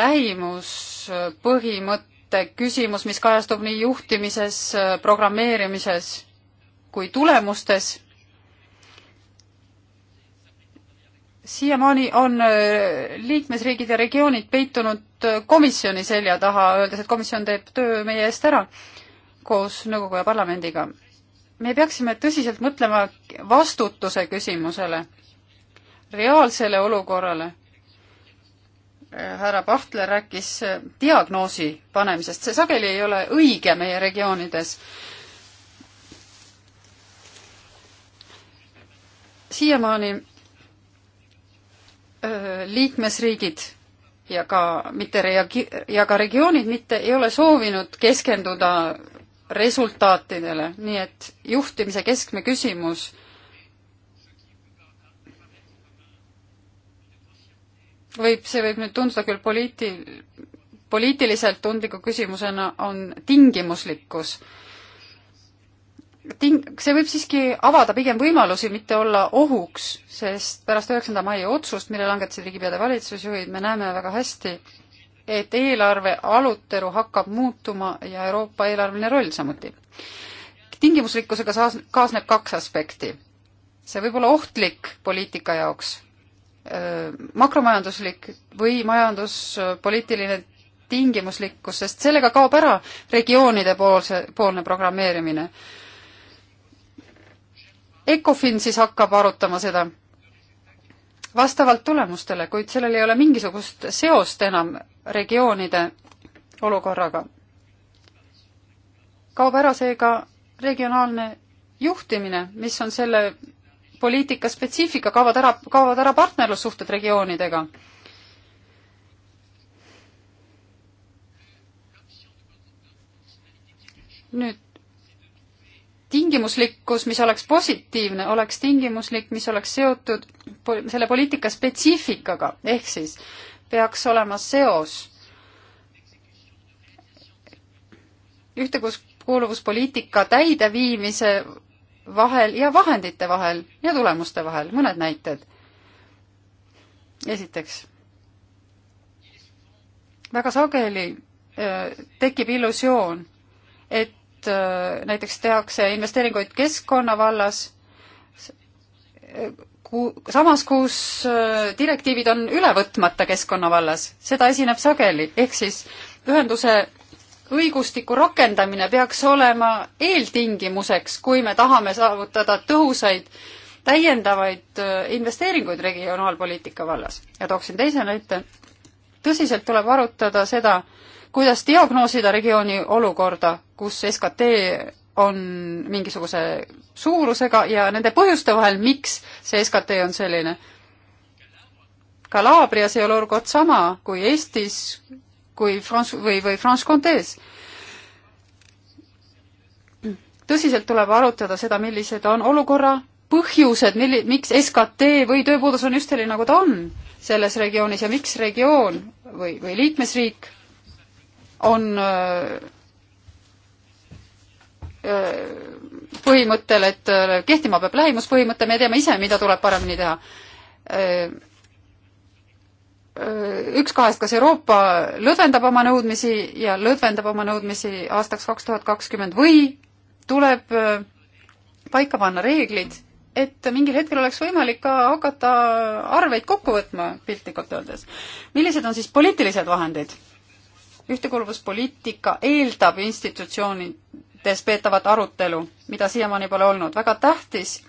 lähimuspõhimõte mõõte küsimus, mis kajastub nii juhtimises, programmeerimises kui tulemustes. siiamaani on liikmesriigid ja regioonid peitunud komisjoni selja taha, öeldes, et komisjon teeb töö meie eest ära koos nõukogu ja parlamendiga. me peaksime tõsiselt mõtlema vastutuse küsimusele, reaalsele olukorrale härra Pahtler rääkis äh, diagnoosi panemisest, see sageli ei ole õige meie regioonides. siiamaani äh, liikmesriigid ja ka mitte reagi-, ja ka regioonid mitte ei ole soovinud keskenduda resultaatidele, nii et juhtimise keskne küsimus võib, see võib nüüd tunduda küll poliiti-, poliitiliselt tundliku küsimusena, on tingimuslikkus. Ting-, see võib siiski avada pigem võimalusi, mitte olla ohuks, sest pärast üheksanda mai otsust, mille langetasid riigipeade valitsusjuhid, me näeme väga hästi, et eelarve alutelu hakkab muutuma ja Euroopa eelarveline roll samuti. tingimuslikkusega saas-, kaasneb kaks aspekti. see võib olla ohtlik poliitika jaoks Äh, makromajanduslik või majanduspoliitiline tingimuslikkus, sest sellega kaob ära regioonide poolse, poolne programmeerimine. Ecofin siis hakkab arutama seda vastavalt tulemustele, kuid sellel ei ole mingisugust seost enam regioonide olukorraga. kaob ära seega regionaalne juhtimine, mis on selle poliitika spetsiifika, kaovad ära, kaovad ära partnerlussuhted regioonidega. nüüd tingimuslikkus, mis oleks positiivne, oleks tingimuslik, mis oleks seotud pol selle poliitika spetsiifikaga, ehk siis peaks olema seos ühtekuuluvuspoliitika täideviimise vahel ja vahendite vahel ja tulemuste vahel, mõned näited. esiteks, väga sageli äh, tekib illusioon, et äh, näiteks tehakse investeeringuid keskkonna vallas, äh, ku-, samas, kus direktiivid on üle võtmata keskkonna vallas, seda esineb sageli, ehk siis ühenduse õigustiku rakendamine peaks olema eeltingimuseks, kui me tahame saavutada tõhusaid täiendavaid äh, investeeringuid regionaalpoliitika vallas. ja tooksin teise näite. tõsiselt tuleb arutada seda, kuidas diagnoosida regiooni olukorda, kus SKT on mingisuguse suurusega ja nende põhjuste vahel, miks see SKT on selline. Kalaabrias ei ole olukord sama kui Eestis, kui France või, või France Condes. tõsiselt tuleb arutada seda, millised on olukorra põhjused, milli-, miks SKT või tööpuudus on just selline, nagu ta on selles regioonis ja miks regioon või, või liikmesriik on öö, põhimõttel, et kehtima peab lähimuspõhimõte, me teame ise, mida tuleb paremini teha. Äh, üks kahest, kas Euroopa lõdvendab oma nõudmisi ja lõdvendab oma nõudmisi aastaks kaks tuhat kakskümmend või tuleb äh, paika panna reeglid, et mingil hetkel oleks võimalik ka hakata arveid kokku võtma, piltlikult öeldes. millised on siis poliitilised vahendid? ühtekuuluvuspoliitika eeldab institutsioonides peetavat arutelu, mida siiamaani pole olnud. väga tähtis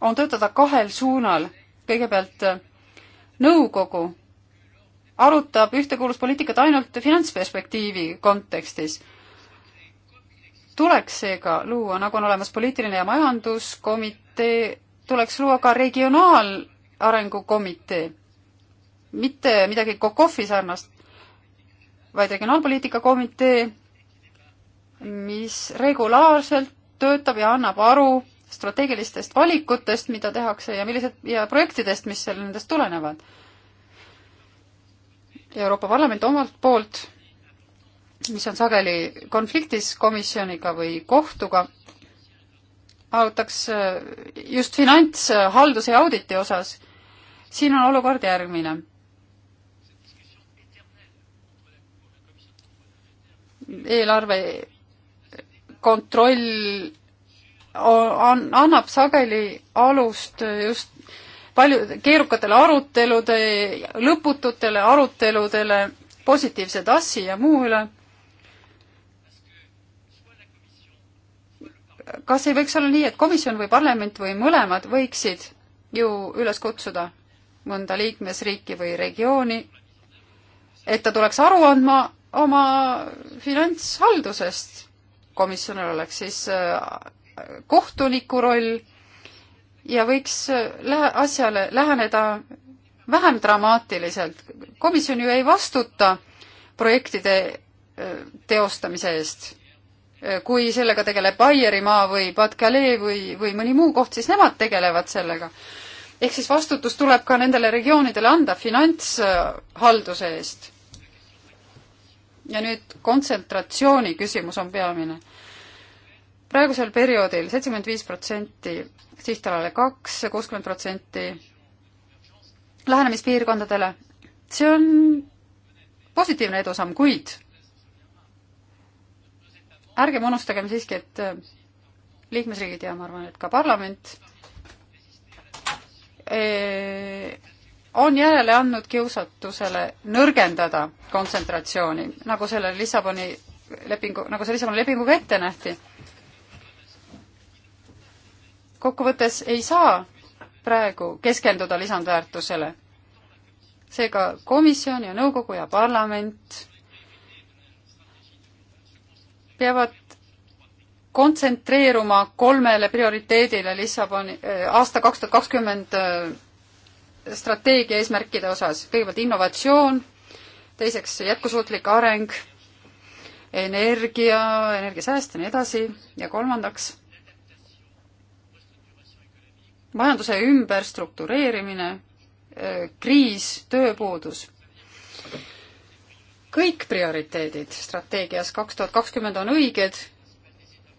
on töötada kahel suunal. kõigepealt äh, nõukogu arutab ühtekuuluvuspoliitikat ainult finantsperspektiivi kontekstis. tuleks seega luua, nagu on olemas poliitiline ja majanduskomitee, tuleks luua ka regionaalarengu komitee, mitte midagi Kokofi sarnast, vaid regionaalpoliitika komitee, mis regulaarselt töötab ja annab aru strateegilistest valikutest, mida tehakse ja millised ja projektidest, mis seal nendest tulenevad. Euroopa Parlament omalt poolt, mis on sageli konfliktis komisjoniga või kohtuga, arutaks äh, just finantshalduse ja auditi osas, siin on olukord järgmine eelarve kontroll on, annab sageli alust just palju, keerukatele arutelude, lõpututele aruteludele positiivse tassi ja muu üle. kas ei võiks olla nii, et komisjon või parlament või mõlemad võiksid ju üles kutsuda mõnda liikmesriiki või regiooni, et ta tuleks aru andma oma finantshaldusest? komisjonil oleks siis äh, kohtuniku roll ja võiks lähe, asjale läheneda vähem dramaatiliselt. komisjon ju ei vastuta projektide äh, teostamise eest. Äh, kui sellega tegeleb Baierimaa või Batcalee või, või mõni muu koht, siis nemad tegelevad sellega. ehk siis vastutus tuleb ka nendele regioonidele anda finantshalduse eest. ja nüüd kontsentratsiooni küsimus on peamine praegusel perioodil seitsekümmend viis protsenti sihtalale kaks, kuuskümmend protsenti lähenemispiirkondadele. see on positiivne edusamm, kuid ärgem unustagem siiski, et äh, liikmesriigid ja ma arvan, et ka parlament äh, on järele andnud kiusatusele nõrgendada kontsentratsiooni, nagu selle Lissaboni lepingu, nagu see Lissaboni lepinguga ette nähti kokkuvõttes ei saa praegu keskenduda lisandväärtusele. seega komisjon ja nõukogu ja parlament peavad kontsentreeruma kolmele prioriteedile Lissaboni äh, aasta kaks tuhat kakskümmend äh, strateegia eesmärkide osas. kõigepealt innovatsioon, teiseks jätkusuutlik areng, energia, energiasääst ja nii edasi ja kolmandaks majanduse ümberstruktureerimine, äh, kriis, tööpuudus. kõik prioriteedid strateegias kaks tuhat kakskümmend on õiged,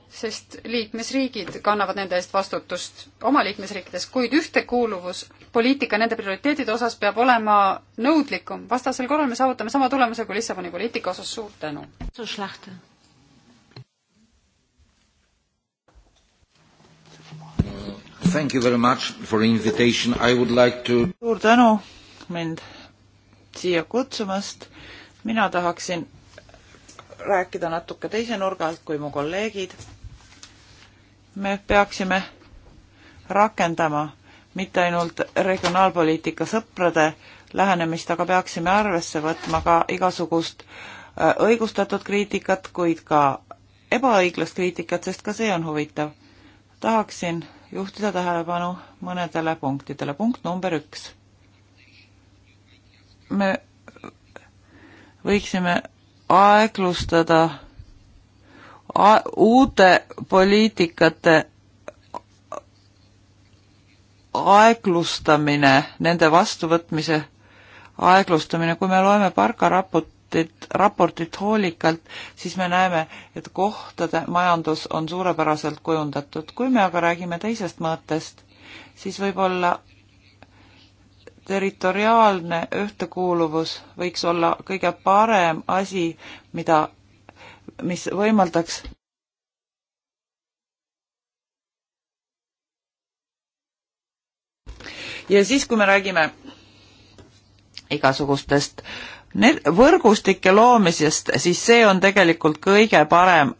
sest liikmesriigid kannavad nende eest vastutust oma liikmesriikides, kuid ühtekuuluvuspoliitika nende prioriteetide osas peab olema nõudlikum, vastasel korral me saavutame sama tulemuse kui Lissaboni poliitika osas, suur tänu! Thank you very much for invitation. I would like to... suur tänu mind siia kutsumast. mina tahaksin rääkida natuke teise nurga alt kui mu kolleegid. me peaksime rakendama mitte ainult regionaalpoliitika sõprade lähenemist, aga peaksime arvesse võtma ka igasugust äh, õigustatud kriitikat, kuid ka ebaõiglast kriitikat, sest ka see on huvitav. tahaksin juhtida tähelepanu mõnedele punktidele. punkt number üks. me võiksime aeglustada uute poliitikate aeglustamine, nende vastuvõtmise aeglustamine, kui me loeme Barca raput, raportit, raportit hoolikalt, siis me näeme, et kohtade majandus on suurepäraselt kujundatud. kui me aga räägime teisest mõõtest, siis võib-olla territoriaalne ühtekuuluvus võiks olla kõige parem asi, mida, mis võimaldaks ja siis, kui me räägime igasugustest äh, võrgustike loomisest, siis see on tegelikult kõige parem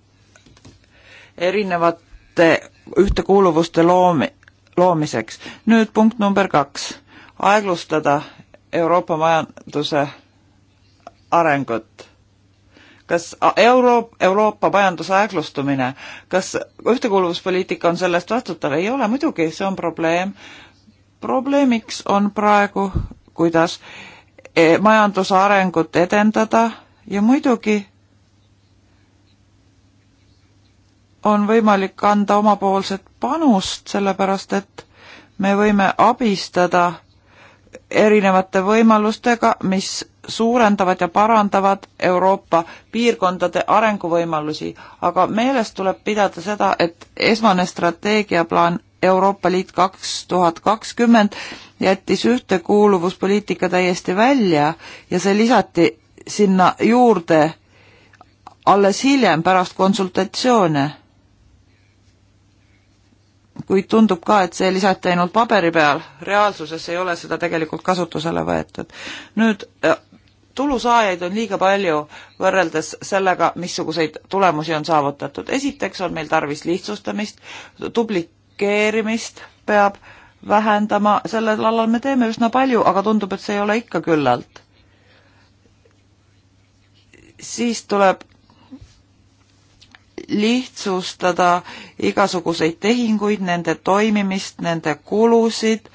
erinevate ühtekuuluvuste loomi, loomiseks. nüüd punkt number kaks, aeglustada Euroopa majanduse arengut. kas euro, Euroopa majanduse aeglustumine, kas ühtekuuluvuspoliitika on sellest vastutav? ei ole muidugi, see on probleem. probleemiks on praegu, kuidas äh, E, majanduse arengut edendada ja muidugi on võimalik anda omapoolset panust, sellepärast et me võime abistada erinevate võimalustega, mis suurendavad ja parandavad Euroopa piirkondade arenguvõimalusi, aga meeles tuleb pidada seda, et esmane strateegiaplaan Euroopa Liit kaks tuhat kakskümmend jättis ühtekuuluvuspoliitika täiesti välja ja see lisati sinna juurde alles hiljem pärast konsultatsioone. kuid tundub ka, et see lisati ainult paberi peal, reaalsuses ei ole seda tegelikult kasutusele võetud. nüüd äh, tulusaajaid on liiga palju võrreldes sellega, missuguseid tulemusi on saavutatud. esiteks on meil tarvis lihtsustamist, tublit blokeerimist peab vähendama, sellel alal me teeme üsna palju, aga tundub, et see ei ole ikka küllalt. siis tuleb lihtsustada igasuguseid tehinguid, nende toimimist, nende kulusid,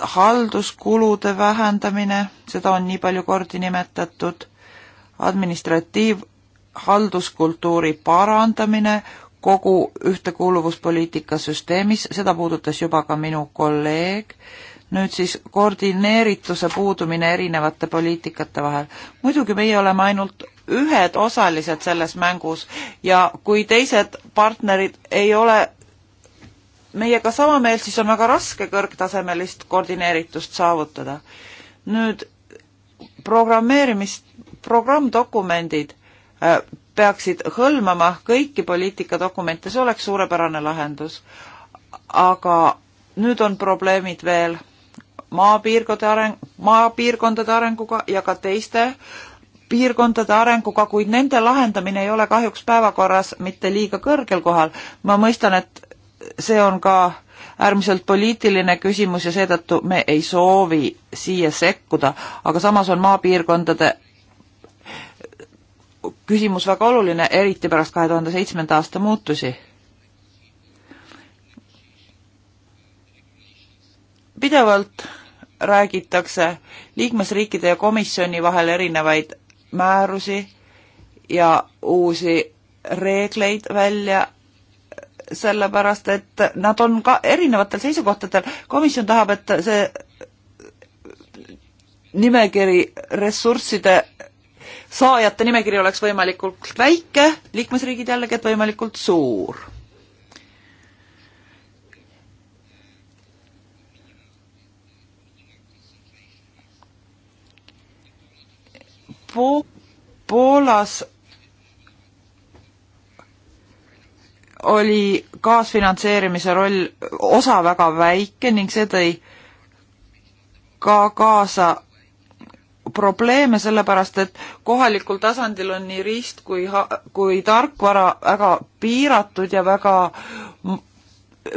halduskulude vähendamine, seda on nii palju kordi nimetatud, administratiiv, halduskultuuri parandamine, kogu ühtekuuluvuspoliitika süsteemis, seda puudutas juba ka minu kolleeg, nüüd siis koordineerituse puudumine erinevate poliitikate vahel. muidugi meie oleme ainult ühed osalised selles mängus ja kui teised partnerid ei ole meiega sama meelt, siis on väga raske kõrgtasemelist koordineeritust saavutada. nüüd programmeerimist, programmdokumendid peaksid hõlmama kõiki poliitikadokumente, see oleks suurepärane lahendus. aga nüüd on probleemid veel maapiirkondade areng, maapiirkondade arenguga ja ka teiste piirkondade arenguga, kuid nende lahendamine ei ole kahjuks päevakorras mitte liiga kõrgel kohal. ma mõistan, et see on ka äärmiselt poliitiline küsimus ja seetõttu me ei soovi siia sekkuda, aga samas on maapiirkondade küsimus väga oluline, eriti pärast kahe tuhande seitsmenda aasta muutusi. pidevalt räägitakse liikmesriikide ja komisjoni vahel erinevaid määrusi ja uusi reegleid välja, sellepärast et nad on ka erinevatel seisukohtadel. komisjon tahab, et see nimekiri ressursside saajate nimekiri oleks võimalikult väike, liikmesriigid jällegi, et võimalikult suur. Po-, Poolas oli kaasfinantseerimise roll, osa väga väike ning see tõi ka kaasa probleeme, sellepärast et kohalikul tasandil on nii riist kui, kui tarkvara väga piiratud ja väga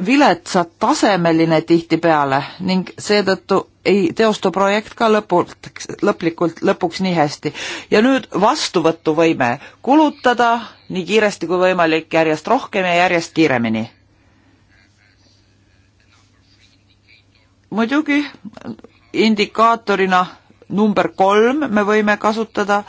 viletsad tasemeline tihtipeale ning seetõttu ei teostu projekt ka lõpult, lõplikult, lõpuks nii hästi. ja nüüd vastuvõtuvõime, kulutada nii kiiresti kui võimalik, järjest rohkem ja järjest kiiremini. muidugi indikaatorina number kolm, me võime kasutada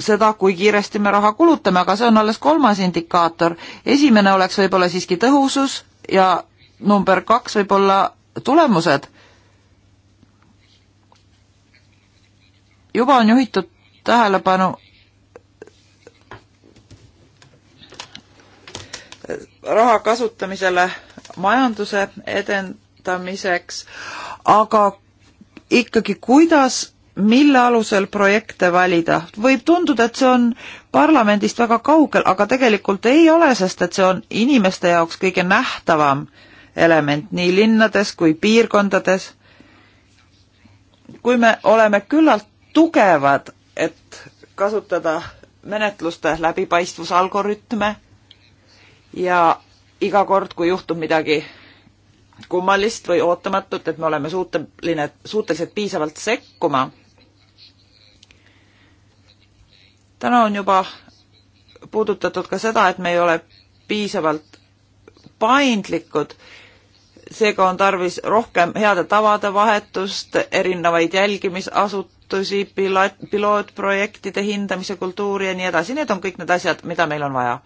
seda, kui kiiresti me raha kulutame, aga see on alles kolmas indikaator. esimene oleks võib-olla siiski tõhusus ja number kaks võib-olla tulemused. juba on juhitud tähelepanu raha kasutamisele majanduse edendamiseks, aga ikkagi, kuidas, mille alusel projekte valida. võib tunduda, et see on parlamendist väga kaugel, aga tegelikult ei ole, sest et see on inimeste jaoks kõige nähtavam element nii linnades kui piirkondades. kui me oleme küllalt tugevad, et kasutada menetluste läbipaistvusalgoritme ja iga kord, kui juhtub midagi kummalist või ootamatut, et me oleme suuteline, suutelised piisavalt sekkuma. täna on juba puudutatud ka seda, et me ei ole piisavalt paindlikud, seega on tarvis rohkem heade tavade vahetust, erinevaid jälgimisasutusi, piloot, pilootprojektide hindamise kultuuri ja nii edasi, need on kõik need asjad, mida meil on vaja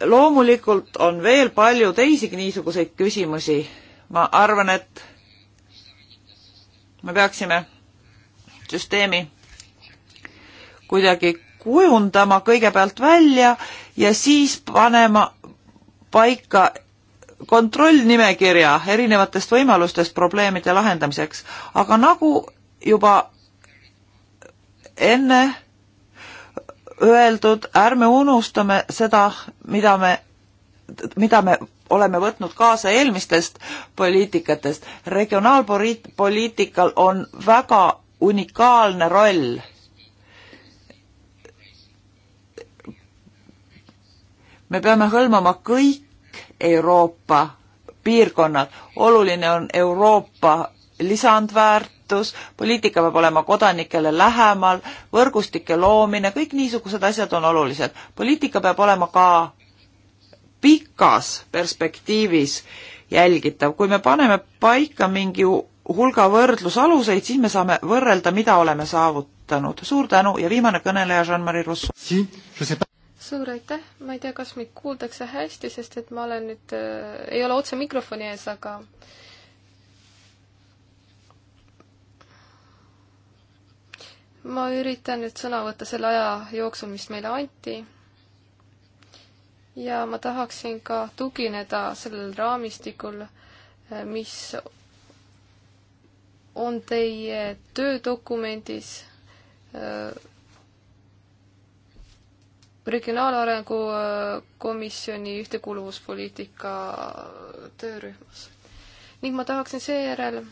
loomulikult on veel palju teisigi niisuguseid küsimusi. ma arvan, et me peaksime süsteemi kuidagi kujundama kõigepealt välja ja siis panema paika kontrollnimekirja erinevatest võimalustest probleemide lahendamiseks. aga nagu juba enne öeldud, ärme unustame seda, mida me, mida me oleme võtnud kaasa eelmistest poliitikatest. regionaalpoliitikal on väga unikaalne roll. me peame hõlmama kõik Euroopa piirkonnad, oluline on Euroopa lisandväärt, ennetus, poliitika peab olema kodanikele lähemal, võrgustike loomine, kõik niisugused asjad on olulised. poliitika peab olema ka pikas perspektiivis jälgitav, kui me paneme paika mingi hulga võrdlusaluseid, siis me saame võrrelda, mida oleme saavutanud. suur tänu ja viimane kõneleja Jean-Marie Rousseau si,. suur aitäh, ma ei tea, kas mind kuuldakse hästi, sest et ma olen nüüd äh,, ei ole otse mikrofoni ees, aga äh, ma üritan nüüd sõna võtta selle aja jooksul, mis meile anti. ja ma tahaksin ka tugineda sellel raamistikul, eh, mis on teie töödokumendis eh, regionaalarengu eh, komisjoni ühtekuuluvuspoliitika töörühmas. ning ma tahaksin seejärel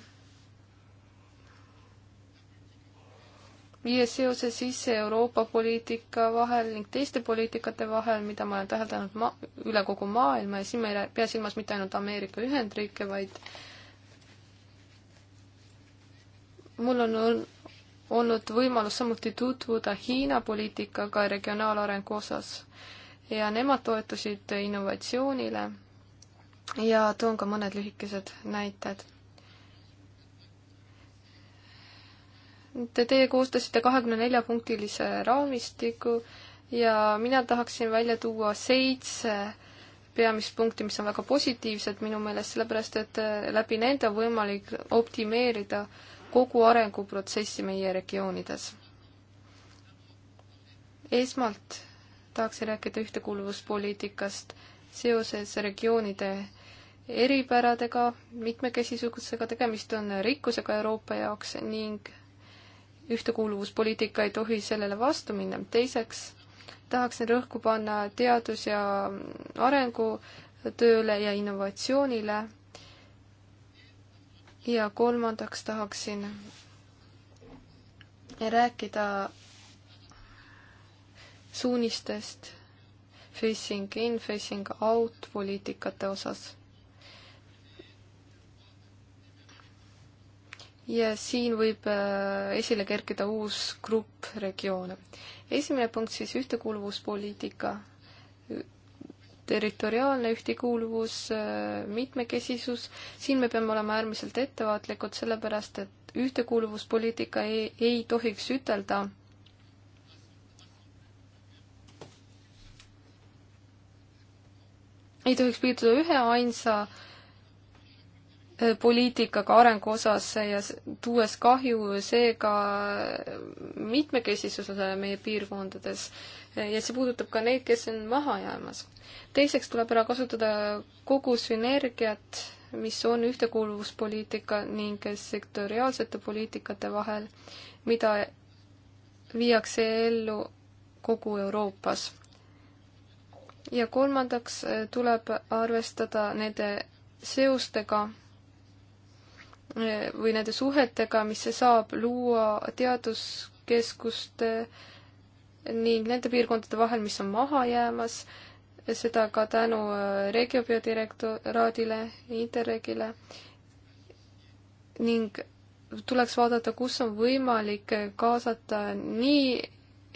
viies seose sisse Euroopa poliitika vahel ning teiste poliitikate vahel, mida ma olen täheldanud ma-, üle kogu maailma ja siin ma ei pea silmas mitte ainult Ameerika Ühendriike, vaid mul on olnud võimalus samuti tutvuda Hiina poliitikaga regionaalarengu osas ja nemad toetusid innovatsioonile ja toon ka mõned lühikesed näited Te, teie koostasite kahekümne nelja punktilise raamistiku ja mina tahaksin välja tuua seitse peamist punkti, mis on väga positiivsed minu meelest, sellepärast et eh, läbi nende on võimalik optimeerida kogu arenguprotsessi meie regioonides. esmalt tahaksin rääkida ühtekuuluvuspoliitikast seoses regioonide eripäradega, mitmekesisusega, tegemist on rikkusega Euroopa jaoks ning ühtekuuluvuspoliitika ei tohi sellele vastu minna. teiseks tahaksin rõhku panna teadus- ja arengutööle ja innovatsioonile. ja kolmandaks tahaksin rääkida suunistest facing in, facing out poliitikate osas ja siin võib äh, esile kerkida uus grupp regioone. esimene punkt siis ühtekuuluvuspoliitika, territoriaalne ühtekuuluvus, äh, mitmekesisus, siin me peame olema äärmiselt ettevaatlikud, sellepärast et ühtekuuluvuspoliitika ei, ei tohiks ütelda ei tohiks piirduda ühe ainsa äh, poliitikaga arengu osas ja tuues kahju seega mitmekesisusele meie piirkondades ja see puudutab ka neid, kes on maha jäämas. teiseks tuleb ära kasutada kogu sünergiat, mis on ühtekuuluvuspoliitika ning sektoriaalsete poliitikate vahel, mida viiakse ellu kogu Euroopas. ja kolmandaks tuleb arvestada nende seostega või nende suhetega, mis see saab luua teaduskeskuste ning nende piirkondade vahel, mis on maha jäämas, seda ka tänu äh, Regiobio direktoraadile, Interregile ning tuleks vaadata, kus on võimalik kaasata nii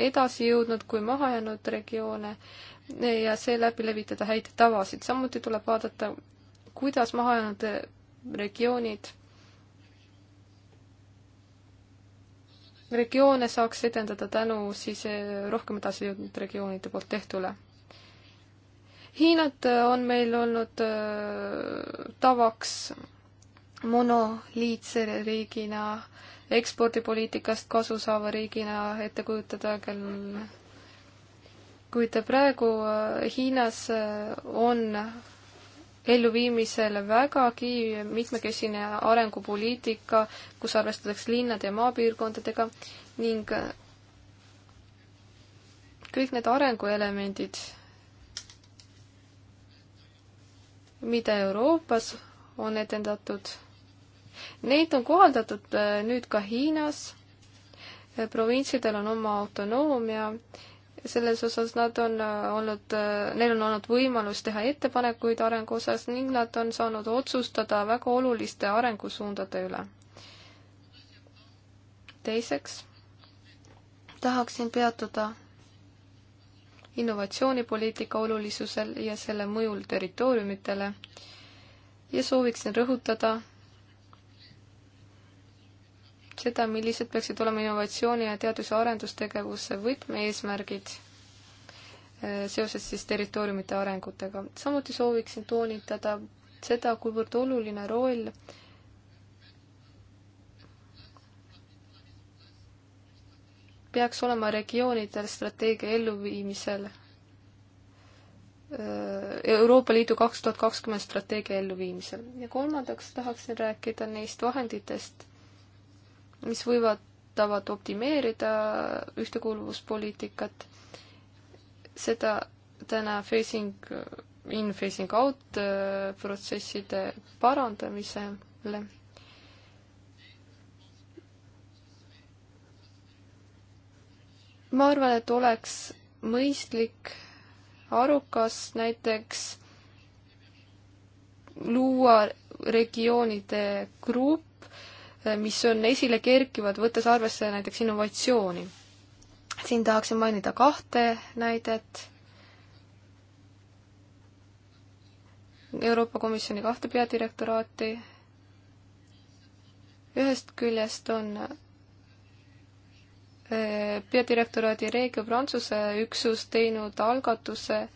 edasi jõudnud kui mahajäänud regioone ja seeläbi levitada häid tavasid. samuti tuleb vaadata, kuidas mahajäänud regioonid regioone saaks edendada tänu siis eh, rohkem edasijõudnud regioonide poolt tehtule. Hiinat eh, on meil olnud eh, tavaks monoliitse riigina, ekspordipoliitikast kasu saava riigina ette kujutada, kel kuid praegu Hiinas on elluviimisel vägagi mitmekesine arengupoliitika, kus arvestatakse linnade ja maapiirkondadega ning kõik need arenguelemendid, mida Euroopas on edendatud, neid on kohaldatud eh, nüüd ka Hiinas, eh, provintsidel on oma autonoomia selles osas nad on äh, olnud, äh, neil on olnud võimalus teha ettepanekuid arengu osas ning nad on saanud otsustada väga oluliste arengusuundade üle. teiseks tahaksin peatuda innovatsioonipoliitika olulisusel ja selle mõjul territooriumitele ja sooviksin rõhutada, seda, millised peaksid olema innovatsiooni ja teadus- ja arendustegevuse võtmeeesmärgid eh, seoses siis territooriumite arengutega. samuti sooviksin toonitada seda, kuivõrd oluline roll peaks olema regioonidel strateegia elluviimisel, eh, Euroopa Liidu kaks tuhat kakskümmend strateegia elluviimisel. ja kolmandaks tahaksin rääkida neist vahenditest mis võivad optimeerida ühtekuuluvuspoliitikat. seda täna facing in, facing out äh, protsesside parandamisele ma arvan, et oleks mõistlik, arukas näiteks luua regioonide grupp, mis on esile kerkivad, võttes arvesse näiteks innovatsiooni. siin tahaksin mainida kahte näidet. Euroopa Komisjoni kahte peadirektoraati. ühest küljest on äh, peadirektoraadi Regio Prantsuse üksus teinud algatuse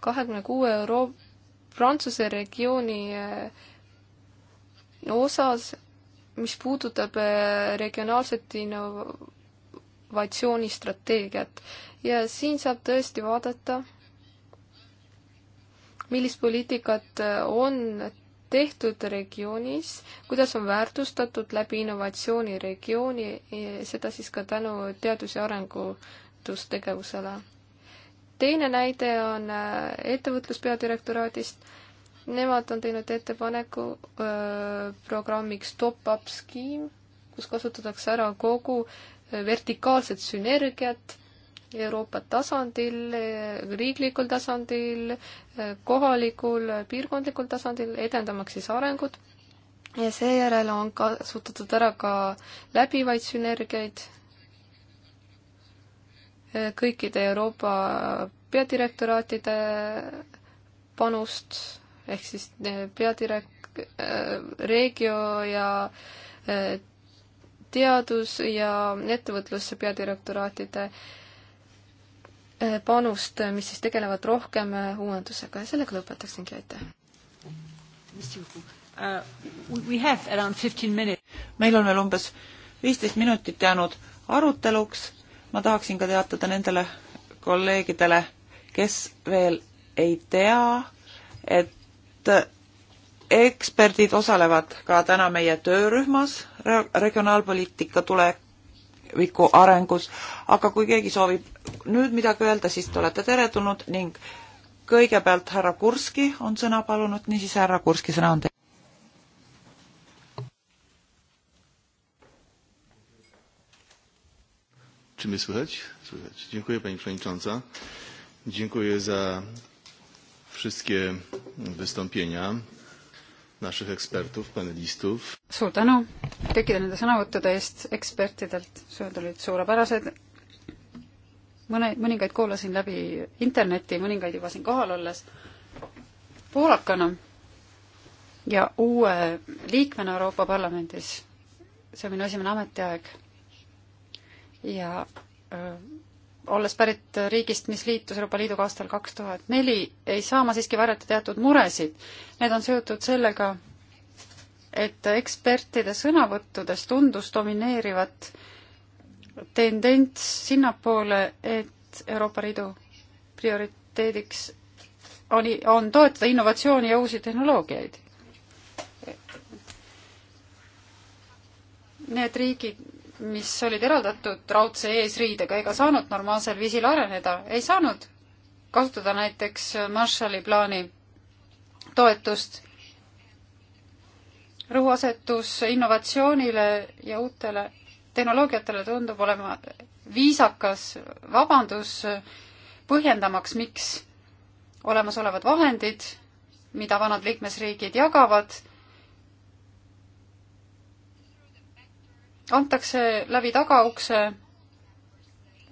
kahekümne kuue euro-, Prantsuse regiooni äh, osas, mis puudutab äh, regionaalset innovatsioonistrateegiat ja siin saab tõesti vaadata, millist poliitikat äh, on tehtud regioonis, kuidas on väärtustatud läbi innovatsiooni regiooni, seda siis ka tänu teadus- ja arendustegevusele. teine näide on äh, ettevõtlus peadirektoraadist Nemad on teinud ettepaneku öö, programmiks top-up skeem, kus kasutatakse ära kogu vertikaalset sünergiat Euroopa tasandil, riiklikul tasandil, kohalikul, piirkondlikul tasandil, edendamaks siis arengut. ja seejärel on kasutatud ära ka läbivaid sünergiaid kõikide Euroopa peadirektoraatide panust ehk siis eh, peadirek- äh,, regio ja äh, teadus- ja ettevõtluse peadirektoraatide äh, panust, mis siis tegelevad rohkem uuendusega ja sellega lõpetaksingi, aitäh. Euh, meil on veel umbes viisteist minutit jäänud aruteluks, ma tahaksin ka teatada nendele kolleegidele, kes veel ei tea, et eksperdid osalevad ka täna meie töörühmas regionaalpoliitika tuleviku arengus, aga kui keegi soovib nüüd midagi öelda, siis te olete teretulnud ning kõigepealt härra Kurski on sõna palunud, niisiis härra Kurski, sõna on teil. Czy mnie słychać? Słychać. Dziękuję Pani Przewodnicząca. Dziękuję za wszystkie wystąpienia naszych ekspertów, panelistów. suur tänu kõikide nende sõnavõttude eest ekspertidelt, sõnad olid suurepärased. mõne, mõningaid kuulasin läbi interneti, mõningaid juba siin kohal olles poolakana ja uue liikmena Euroopa Parlamendis. see on minu esimene ametiaeg ja öö, olles pärit riigist, mis liitus Euroopa Liiduga aastal kaks tuhat neli, ei saa ma siiski varjata teatud muresid. Need on seotud sellega, et ekspertide sõnavõttudes tundus domineerivat tendents sinnapoole, et Euroopa Liidu prioriteediks on, on toetada innovatsiooni ja uusi tehnoloogiaid. Need riigid mis olid eraldatud raudse eesriidega ega saanud normaalsel viisil areneda, ei saanud kasutada näiteks Marshalli plaani toetust. rõhuasetus innovatsioonile ja uutele tehnoloogiatele tundub olema viisakas vabandus põhjendamaks, miks olemasolevad vahendid, mida vanad liikmesriigid jagavad antakse läbi tagaukse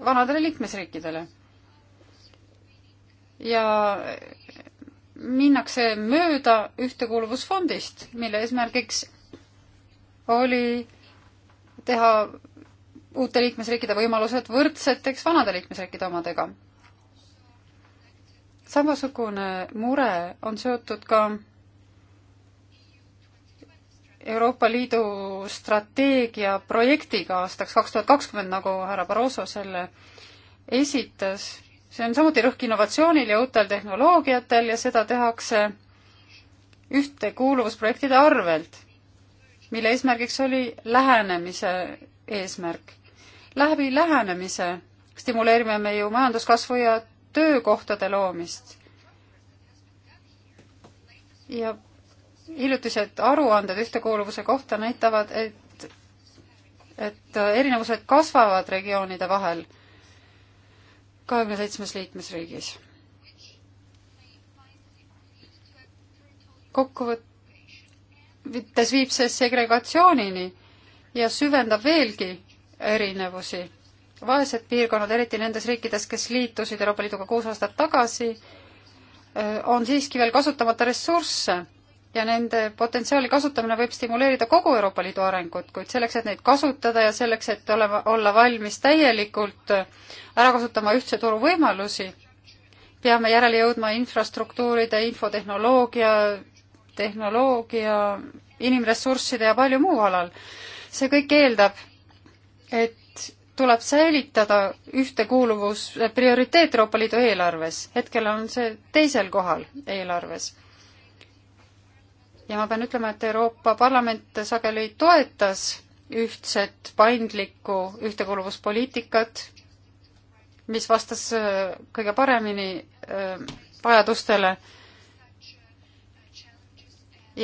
vanadele liikmesriikidele. ja minnakse mööda ühtekuuluvusfondist, mille eesmärgiks oli teha uute liikmesriikide võimalused võrdseteks vanade liikmesriikide omadega. samasugune mure on seotud ka Euroopa Liidu strateegia projektiga aastaks kaks tuhat kakskümmend, nagu härra Barroso selle esitas. see on samuti rõhk innovatsioonil ja uutel tehnoloogiatel ja seda tehakse ühtekuuluvusprojektide arvelt, mille eesmärgiks oli lähenemise eesmärk. läbi lähenemise stimuleerime me ju majanduskasvu ja töökohtade loomist. ja hiljutised aruanded ühtekuuluvuse kohta näitavad, et, et erinevused kasvavad regioonide vahel kahekümne seitsmes liikmesriigis. kokkuvõttes viib see segregatsioonini ja süvendab veelgi erinevusi. vaesed piirkonnad, eriti nendes riikides, kes liitusid Euroopa Liiduga kuus aastat tagasi, on siiski veel kasutamata ressursse ja nende potentsiaali kasutamine võib stimuleerida kogu Euroopa Liidu arengut, kuid selleks, et neid kasutada ja selleks, et olema, olla valmis täielikult ära kasutama ühtse turu võimalusi, peame järele jõudma infrastruktuuride, infotehnoloogia, tehnoloogia, inimressursside ja palju muu alal. see kõik eeldab, et tuleb säilitada ühtekuuluvus prioriteet Euroopa Liidu eelarves. hetkel on see teisel kohal eelarves ja ma pean ütlema, et Euroopa Parlament sageli toetas ühtset paindlikku ühtekuuluvuspoliitikat, mis vastas äh, kõige paremini äh, vajadustele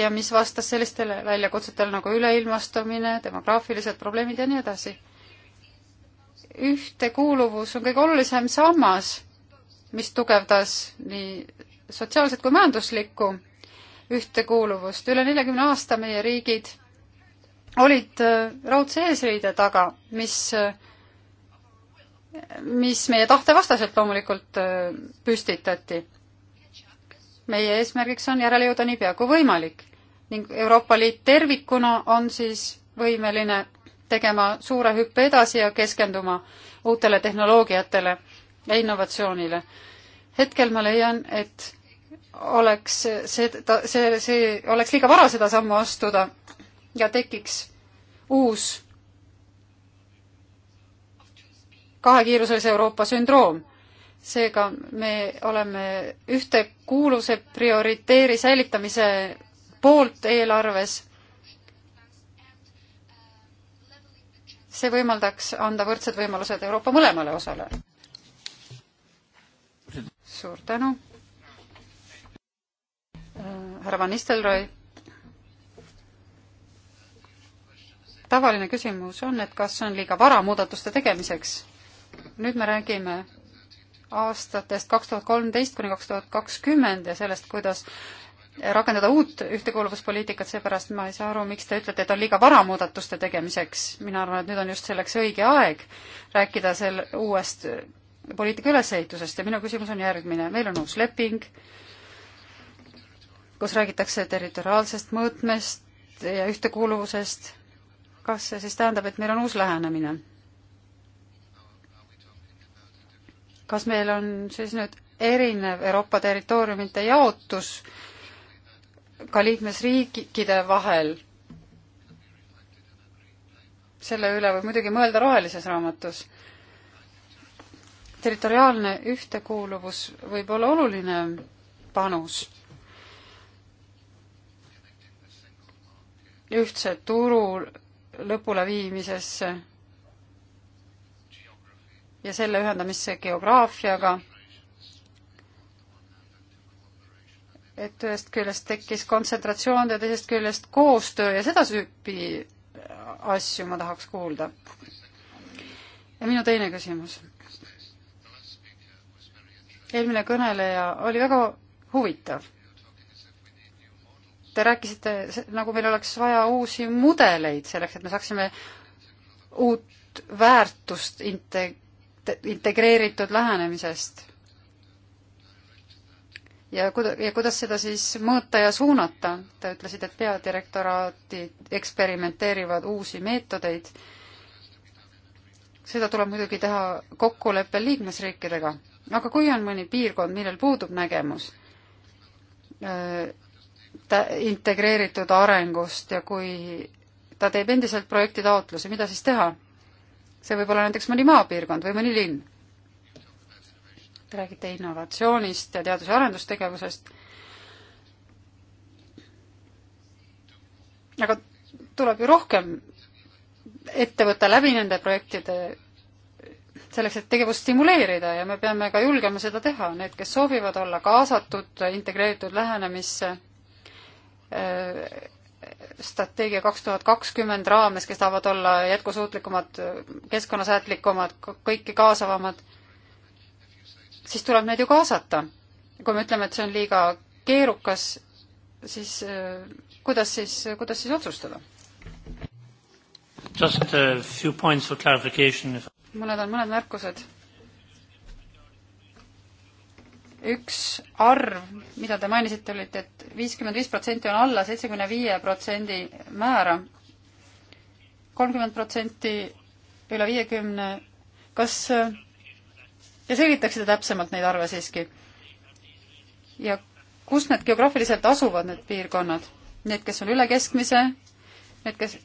ja mis vastas sellistele väljakutsetele nagu üleilmastumine, demograafilised probleemid ja nii edasi. ühtekuuluvus on kõige olulisem sammas, mis tugevdas nii sotsiaalset kui majanduslikku ühtekuuluvust. üle neljakümne aasta meie riigid olid äh, raudse eesriide taga, mis, äh, mis meie tahte vastaselt loomulikult äh, püstitati. meie eesmärgiks on järele jõuda niipea kui võimalik ning Euroopa Liit tervikuna on siis võimeline tegema suure hüppe edasi ja keskenduma uutele tehnoloogiatele ja innovatsioonile. hetkel ma leian, et oleks seda, see, see oleks liiga vara seda sammu astuda ja tekiks uus kahekiiruselise Euroopa sündroom. seega me oleme ühtekuuluvuse prioriteeri säilitamise poolt eelarves. see võimaldaks anda võrdsed võimalused Euroopa mõlemale osale. suur tänu härra Van Nistelrooy. tavaline küsimus on, et kas on liiga vara muudatuste tegemiseks. nüüd me räägime aastatest kaks tuhat kolmteist kuni kaks tuhat kakskümmend ja sellest, kuidas rakendada uut ühtekuuluvuspoliitikat, seepärast ma ei saa aru, miks te ütlete, et on liiga vara muudatuste tegemiseks. mina arvan, et nüüd on just selleks õige aeg rääkida sel uuest poliitika ülesehitusest ja minu küsimus on järgmine. meil on uus leping äh,, kus räägitakse territoriaalsest mõõtmest ja ühtekuuluvusest. kas see siis tähendab, et meil on uus lähenemine? kas meil on siis nüüd erinev Euroopa territooriumite jaotus ka liikmesriikide vahel? selle üle võib muidugi mõelda rohelises raamatus. territoriaalne ühtekuuluvus võib olla oluline panus ühtse turu lõpuleviimisesse ja selle ühendamisse geograafiaga. et ühest küljest tekkis kontsentratsioon ja teisest küljest koostöö ja seda tüüpi asju ma tahaks kuulda. ja minu teine küsimus. eelmine kõneleja oli väga huvitav Te rääkisite, nagu meil oleks vaja uusi mudeleid selleks, et me saaksime uut väärtust inte-, integreeritud lähenemisest. ja kuida-, ja kuidas seda siis mõõta ja suunata? Te ütlesite, et peadirektoraadid eksperimenteerivad uusi meetodeid. seda tuleb muidugi teha kokkuleppel liikmesriikidega. aga kui on mõni piirkond, millel puudub nägemus, integreeritud arengust ja kui ta teeb endiselt projektitaotluse, mida siis teha? see võib olla näiteks mõni maapiirkond või mõni linn. Te räägite innovatsioonist ja teadus- ja arendustegevusest. aga tuleb ju rohkem ette võtta läbi nende projektide, selleks, et tegevust stimuleerida ja me peame ka julgema seda teha. Need, kes soovivad olla kaasatud integreeritud lähenemisse, Äh, strateegia kaks tuhat kakskümmend raames, kes tahavad olla jätkusuutlikumad, keskkonnasäätlikumad, kõiki kaasavamad, siis tuleb neid ju kaasata. kui me ütleme, et see on liiga keerukas, siis äh, kuidas siis, kuidas siis otsustada? Just a few points for clarification. mõned on mõned märkused üks arv, mida te mainisite, olid, et viiskümmend viis protsenti on alla seitsmekümne viie protsendi määra, kolmkümmend protsenti üle viiekümne, kas ja selgitaksite täpsemalt neid arve siiski? ja kus need geograafiliselt asuvad, need piirkonnad? Need, kes on üle keskmise, need, kes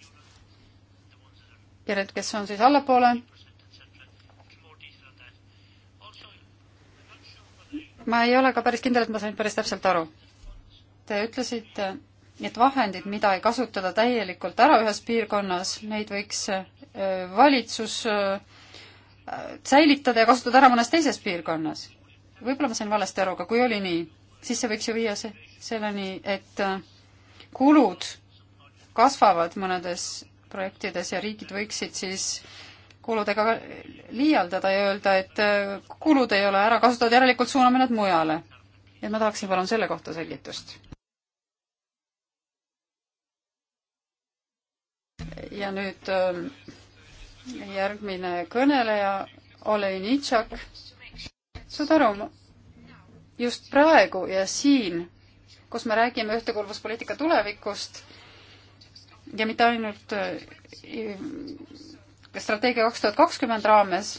ja need, kes on siis allapoole ma ei ole ka päris kindel, et ma sain päris täpselt aru. Te ütlesite, et vahendid, mida ei kasutada täielikult ära ühes piirkonnas, neid võiks äh, valitsus äh, säilitada ja kasutada ära mõnes teises piirkonnas. võib-olla ma sain valesti aru, aga kui oli nii, siis see võiks ju viia se-, selleni, et äh, kulud kasvavad mõnedes projektides ja riigid võiksid siis kuludega liialdada ja öelda, et äh, kulud ei ole ära kasutatud, järelikult suuname nad mujale. et ma tahaksin palun selle kohta selgitust. ja nüüd ähm, järgmine kõneleja, Olei Nitšak. saad aru, just praegu ja siin, kus me räägime ühtekuuluvuspoliitika tulevikust ja mitte ainult äh, strateegia kaks tuhat kakskümmend raames,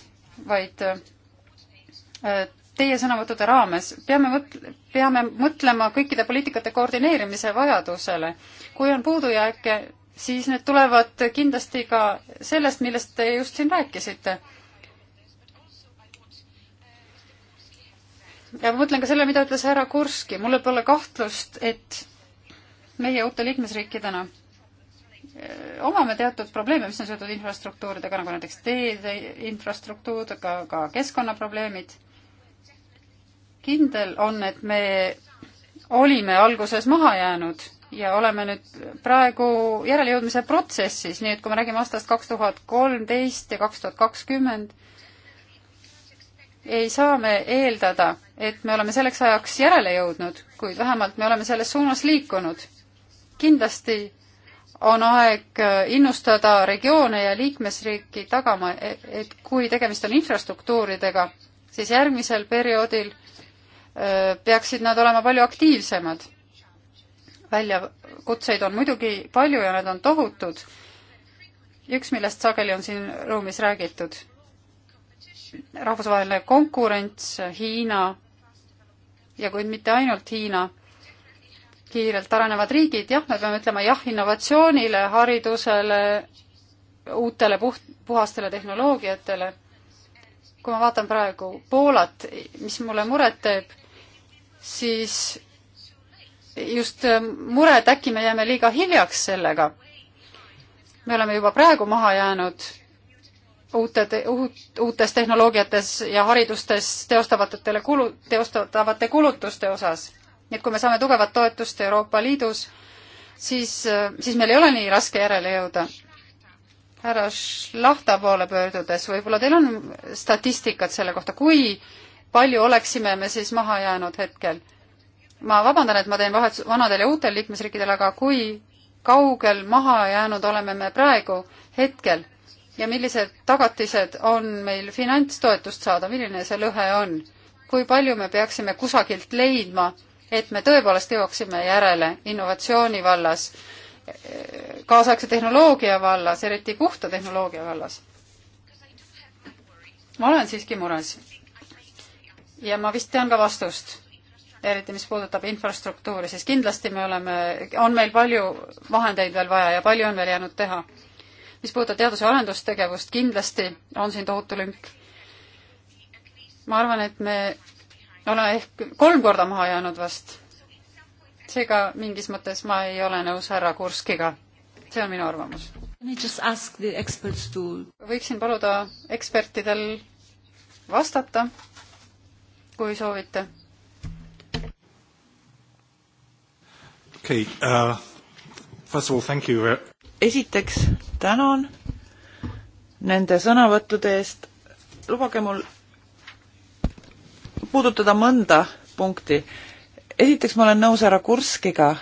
vaid äh, teie sõnavõttude raames peame mõt-, peame mõtlema kõikide poliitikate koordineerimise vajadusele. kui on puudujääke, siis need tulevad kindlasti ka sellest, millest te just siin rääkisite. ja ma mõtlen ka selle, mida ütles härra Kurski, mul pole kahtlust, et meie uute liikmesriikidena omame teatud probleeme, mis on seotud infrastruktuuridega, nagu näiteks teede infrastruktuur, aga ka keskkonnaprobleemid. kindel on, et me olime alguses maha jäänud ja oleme nüüd praegu järelejõudmise protsessis, nii et kui me räägime aastast kaks tuhat kolmteist ja kaks tuhat kakskümmend, ei saa me eeldada, et me oleme selleks ajaks järele jõudnud, kuid vähemalt me oleme selles suunas liikunud. kindlasti on aeg innustada regioone ja liikmesriiki tagama, et kui tegemist on infrastruktuuridega, siis järgmisel perioodil peaksid nad olema palju aktiivsemad. väljakutseid on muidugi palju ja need on tohutud. üks, millest sageli on siin ruumis räägitud, rahvusvaheline konkurents, Hiina ja kuid mitte ainult Hiina kiirelt arenevad riigid, jah, me peame ütlema jah innovatsioonile, haridusele, uutele puht, puhastele tehnoloogiatele. kui ma vaatan praegu Poolat, mis mulle muret teeb, siis just mure, et äkki me jääme liiga hiljaks sellega. me oleme juba praegu maha jäänud uute te,, uut, uutes tehnoloogiates ja haridustes teostavatele kulu, teostatavate kulutuste osas nii et kui me saame tugevat toetust Euroopa Liidus, siis, siis meil ei ole nii raske järele jõuda. härra Šlahta poole pöördudes, võib-olla teil on statistikat selle kohta, kui palju oleksime me siis maha jäänud hetkel? ma vabandan, et ma teen vahet vanadel ja uutel liikmesriikidel, aga kui kaugel maha jäänud oleme me praegu hetkel ja millised tagatised on meil finantstoetust saada, milline see lõhe on? kui palju me peaksime kusagilt leidma et me tõepoolest jõuaksime järele innovatsiooni vallas, kaasaegse tehnoloogia vallas, eriti puhta tehnoloogia vallas. ma olen siiski mures. ja ma vist tean ka vastust, eriti mis puudutab infrastruktuuri, siis kindlasti me oleme, on meil palju vahendeid veel vaja ja palju on veel jäänud teha. mis puudutab teadus- ja arendustegevust, kindlasti on siin tohutu lünk. ma arvan, et me olen ehk kolm korda maha jäänud vast. seega mingis mõttes ma ei ole nõus härra Kurskiga. see on minu arvamus. võiksin paluda ekspertidel vastata, kui soovite. okei okay, uh,, first of all thank you. Uh, esiteks tänan nende sõnavõttude eest. lubage mul puudutada mõnda punkti. esiteks ma olen nõus härra Kurskiga,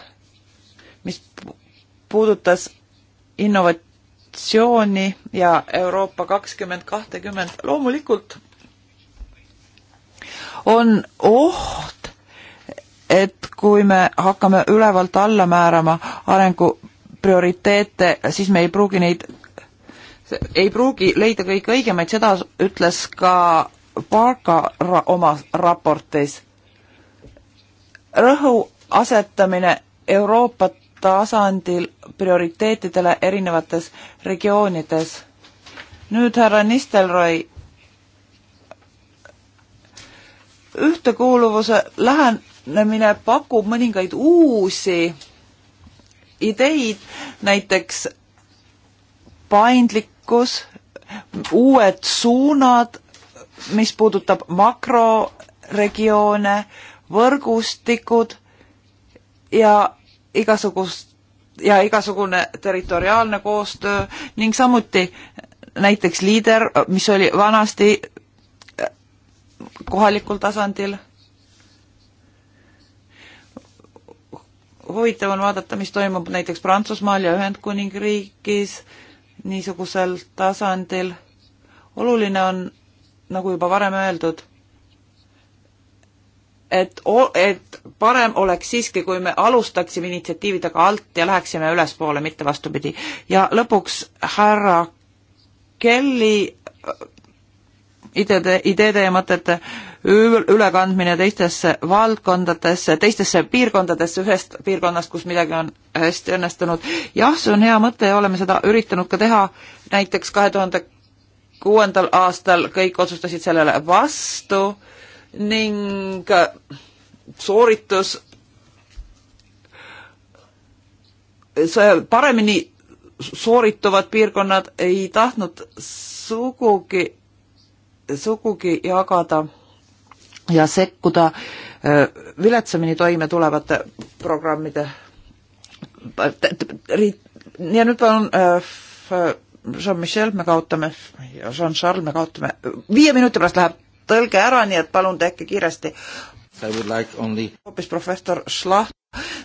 mis puudutas innovatsiooni ja Euroopa kakskümmend kahtekümmend. loomulikult on oht, et kui me hakkame ülevalt alla määrama arengu prioriteete, siis me ei pruugi neid, ei pruugi leida kõige õigemaid, seda ütles ka Parka ra oma raportis. rõhu asetamine Euroopa tasandil prioriteetidele erinevates regioonides. nüüd härra Nistelrooy, ühtekuuluvuse lähenemine pakub mõningaid uusi ideid, näiteks paindlikkus, uued suunad mis puudutab makroregioone, võrgustikud ja igasugust ja igasugune territoriaalne koostöö ning samuti näiteks liider, mis oli vanasti kohalikul tasandil. huvitav on vaadata, mis toimub näiteks Prantsusmaal ja Ühendkuningriigis niisugusel tasandil. oluline on nagu juba varem öeldud, et, et parem oleks siiski, kui me alustaksime initsiatiividega alt ja läheksime ülespoole, mitte vastupidi. ja lõpuks härra Kelly äh, ideede, ideede ja mõtete ülekandmine teistesse valdkondadesse, teistesse piirkondadesse, ühest piirkonnast, kus midagi on hästi õnnestunud. jah, see on hea mõte ja oleme seda üritanud ka teha näiteks kahe tuhande kuuendal aastal kõik otsustasid sellele vastu ning sooritus see paremini soorituvad piirkonnad ei tahtnud sugugi, sugugi jagada ja sekkuda viletsamini toime tulevate programmide. ja nüüd palun äh, Jean-Michel, me kaotame, Jean-Charles, me kaotame, viie minuti pärast läheb tõlge ära, nii et palun tehke kiiresti. Like only... hoopis professor Schlacht,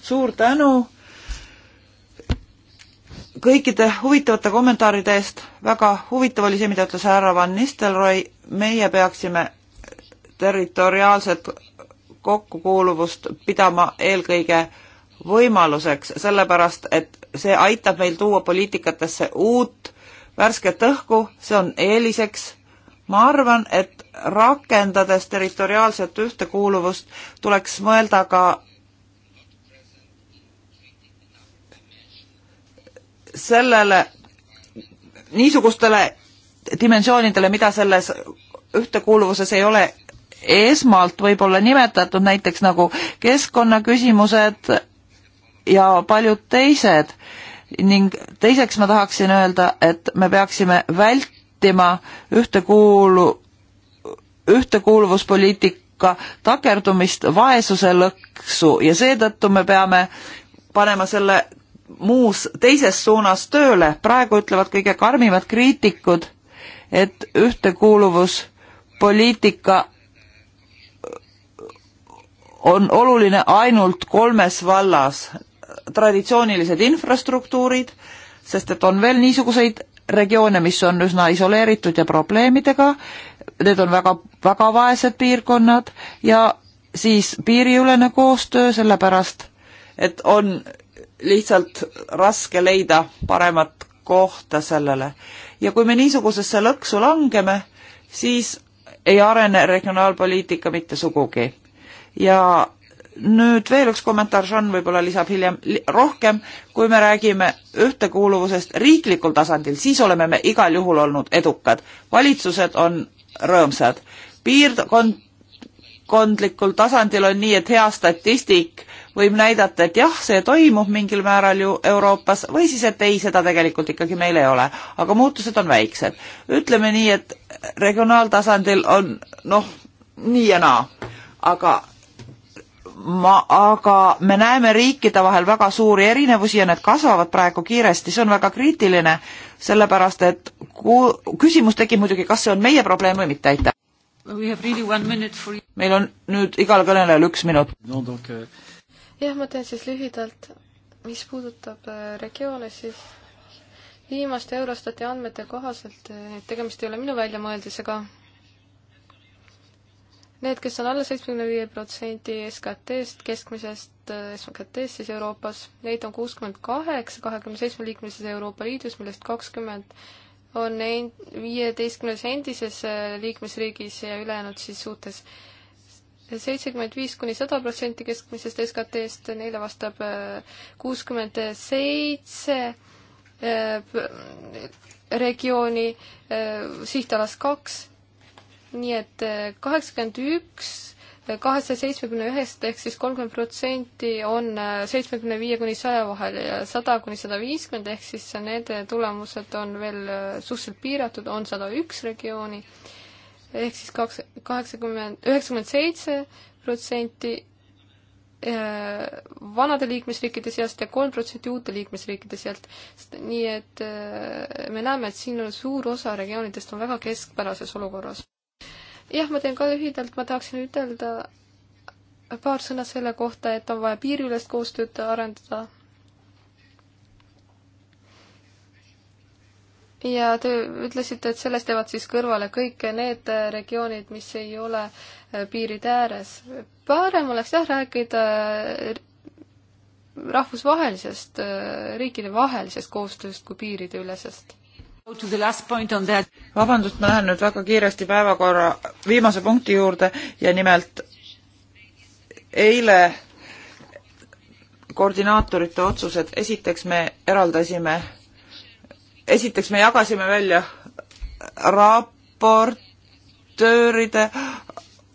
suur tänu kõikide huvitavate kommentaaride eest, väga huvitav oli see, mida ütles härra Van Nistelrooy, meie peaksime territoriaalset kokkukuuluvust pidama eelkõige võimaluseks, sellepärast et see aitab meil tuua poliitikatesse uut värsket õhku, see on eeliseks. ma arvan, et rakendades territoriaalset ühtekuuluvust, tuleks mõelda ka sellele, niisugustele dimensioonidele, mida selles ühtekuuluvuses ei ole esmalt võib-olla nimetatud, näiteks nagu keskkonnaküsimused ja paljud teised ning teiseks ma tahaksin öelda, et me peaksime vältima ühtekuulu, ühtekuuluvuspoliitika takerdumist vaesuse lõksu ja seetõttu me peame panema selle muus teises suunas tööle. praegu ütlevad kõige karmimad kriitikud, et ühtekuuluvuspoliitika on oluline ainult kolmes vallas, traditsioonilised infrastruktuurid, sest et on veel niisuguseid regioone, mis on üsna isoleeritud ja probleemidega, need on väga, väga vaesed piirkonnad ja siis piiriülene koostöö, sellepärast et on lihtsalt raske leida paremat kohta sellele. ja kui me niisugusesse lõksu langeme, siis ei arene regionaalpoliitika mitte sugugi. ja nüüd veel üks kommentaar, Sean võib-olla lisab hiljem rohkem, kui me räägime ühtekuuluvusest riiklikul tasandil, siis oleme me igal juhul olnud edukad. valitsused on rõõmsad. piirkondlikul tasandil on nii, et hea statistik võib näidata, et jah, see toimub mingil määral ju Euroopas või siis, et ei, seda tegelikult ikkagi meil ei ole, aga muutused on väiksed. ütleme nii, et regionaaltasandil on noh, nii ja naa, aga ma, aga me näeme riikide vahel väga suuri erinevusi ja need kasvavad praegu kiiresti, see on väga kriitiline, sellepärast et ku-, küsimus tekib muidugi, kas see on meie probleem või mitte, aitäh. meil on nüüd igal kõnelejal üks minut. Euh, jah, ma teen siis lühidalt, mis puudutab äh, regioone, siis viimaste Eurostati andmete kohaselt, äh, tegemist ei ole minu väljamõeldisega, Need, kes on alla seitsmekümne viie protsendi SKT-st, keskmisest äh, SKT-st siis Euroopas, neid on kuuskümmend kaheksa kahekümne seitsme liikmelises Euroopa Liidus, millest kakskümmend on viieteistkümnes endises äh, liikmesriigis ja ülejäänud siis uutes seitsekümmend viis kuni sada protsenti keskmisest SKT-st, neile vastab äh, kuuskümmend seitse regiooni, sihtalas kaks nii et äh, kaheksakümmend üks äh, kahesaja seitsmekümne ühest ehk siis kolmkümmend protsenti on äh, seitsmekümne viie kuni saja vahel ja sada kuni sada viiskümmend ehk siis need tulemused on veel suhteliselt piiratud, on sada üks regiooni ehk siis kaks, kaheksakümmend, üheksakümmend seitse protsenti vanade liikmesriikide seast ja kolm protsenti uute liikmesriikide sealt. nii et me näeme, et siin on suur osa regioonidest on väga keskpärases olukorras jah, ma teen ka lühidalt, ma tahaksin ütelda paar sõna selle kohta, et on vaja piiriülest koostööd arendada. ja te ütlesite, et sellest jäävad siis kõrvale kõik need regioonid, mis ei ole äh, piiride ääres. parem oleks jah rääkida äh, rahvusvahelisest, äh, riikidevahelisest koostööst kui piirideülesest vabandust, ma lähen nüüd väga kiiresti päevakorra viimase punkti juurde ja nimelt eile koordinaatorite otsused, esiteks me eraldasime, esiteks me jagasime välja raportööride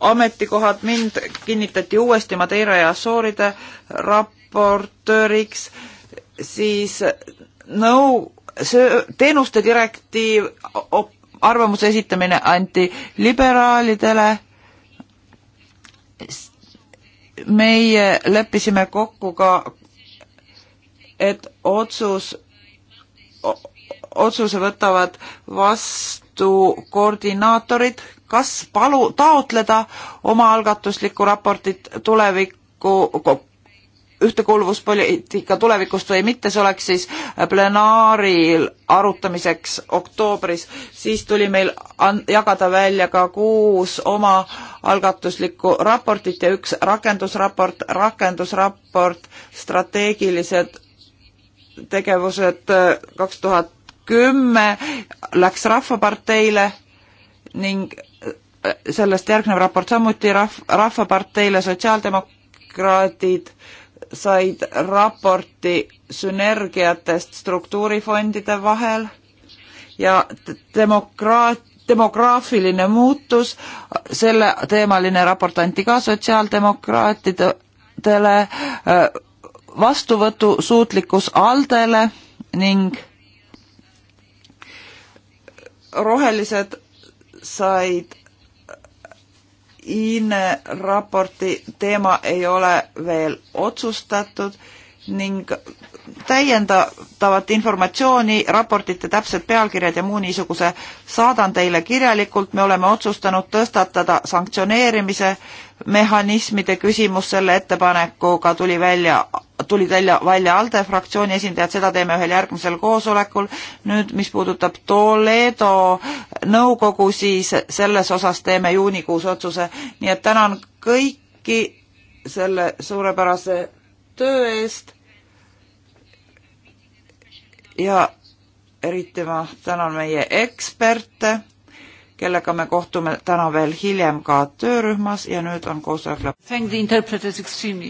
ametikohad, mind kinnitati uuesti Madeira ja Sooride raportööriks, siis nõu no, söö-, teenuste direktiiv, arvamuse esitamine anti liberaalidele, meie leppisime kokku ka, et otsus, otsuse võtavad vastu koordinaatorid, kas palu, taotleda omaalgatuslikku raportit tulevikku ühtekuuluvuspoliitika tulevikust või mitte, see oleks siis plenaaril arutamiseks oktoobris, siis tuli meil an-, jagada välja ka kuus oma algatuslikku raportit ja üks rakendusraport, rakendusraport, strateegilised tegevused äh, kaks tuhat kümme läks Rahvaparteile ning äh, sellest järgnev raport samuti rahv-, Rahvaparteile sotsiaaldemokraadid äh, said raporti sünergiatest struktuurifondide vahel ja demokraat, demograafiline muutus, selle teemaline raport anti ka sotsiaaldemokraatidele, äh, vastuvõtusuutlikkus ALDE-le ning rohelised said INE raporti teema ei ole veel otsustatud ning täiendavat informatsiooni, raportite täpsed pealkirjad ja muu niisuguse saadan teile kirjalikult. me oleme otsustanud tõstatada sanktsioneerimise mehhanismide küsimus selle ettepanekuga tuli välja, tulid välja, välja ALDE fraktsiooni esindajad, seda teeme ühel järgmisel koosolekul. nüüd, mis puudutab Toledo nõukogu, siis selles osas teeme juunikuus otsuse, nii et tänan kõiki selle suurepärase töö eest ja eriti ma tänan meie eksperte kellega me kohtume täna veel hiljem ka töörühmas ja nüüd on koosolek lõpp.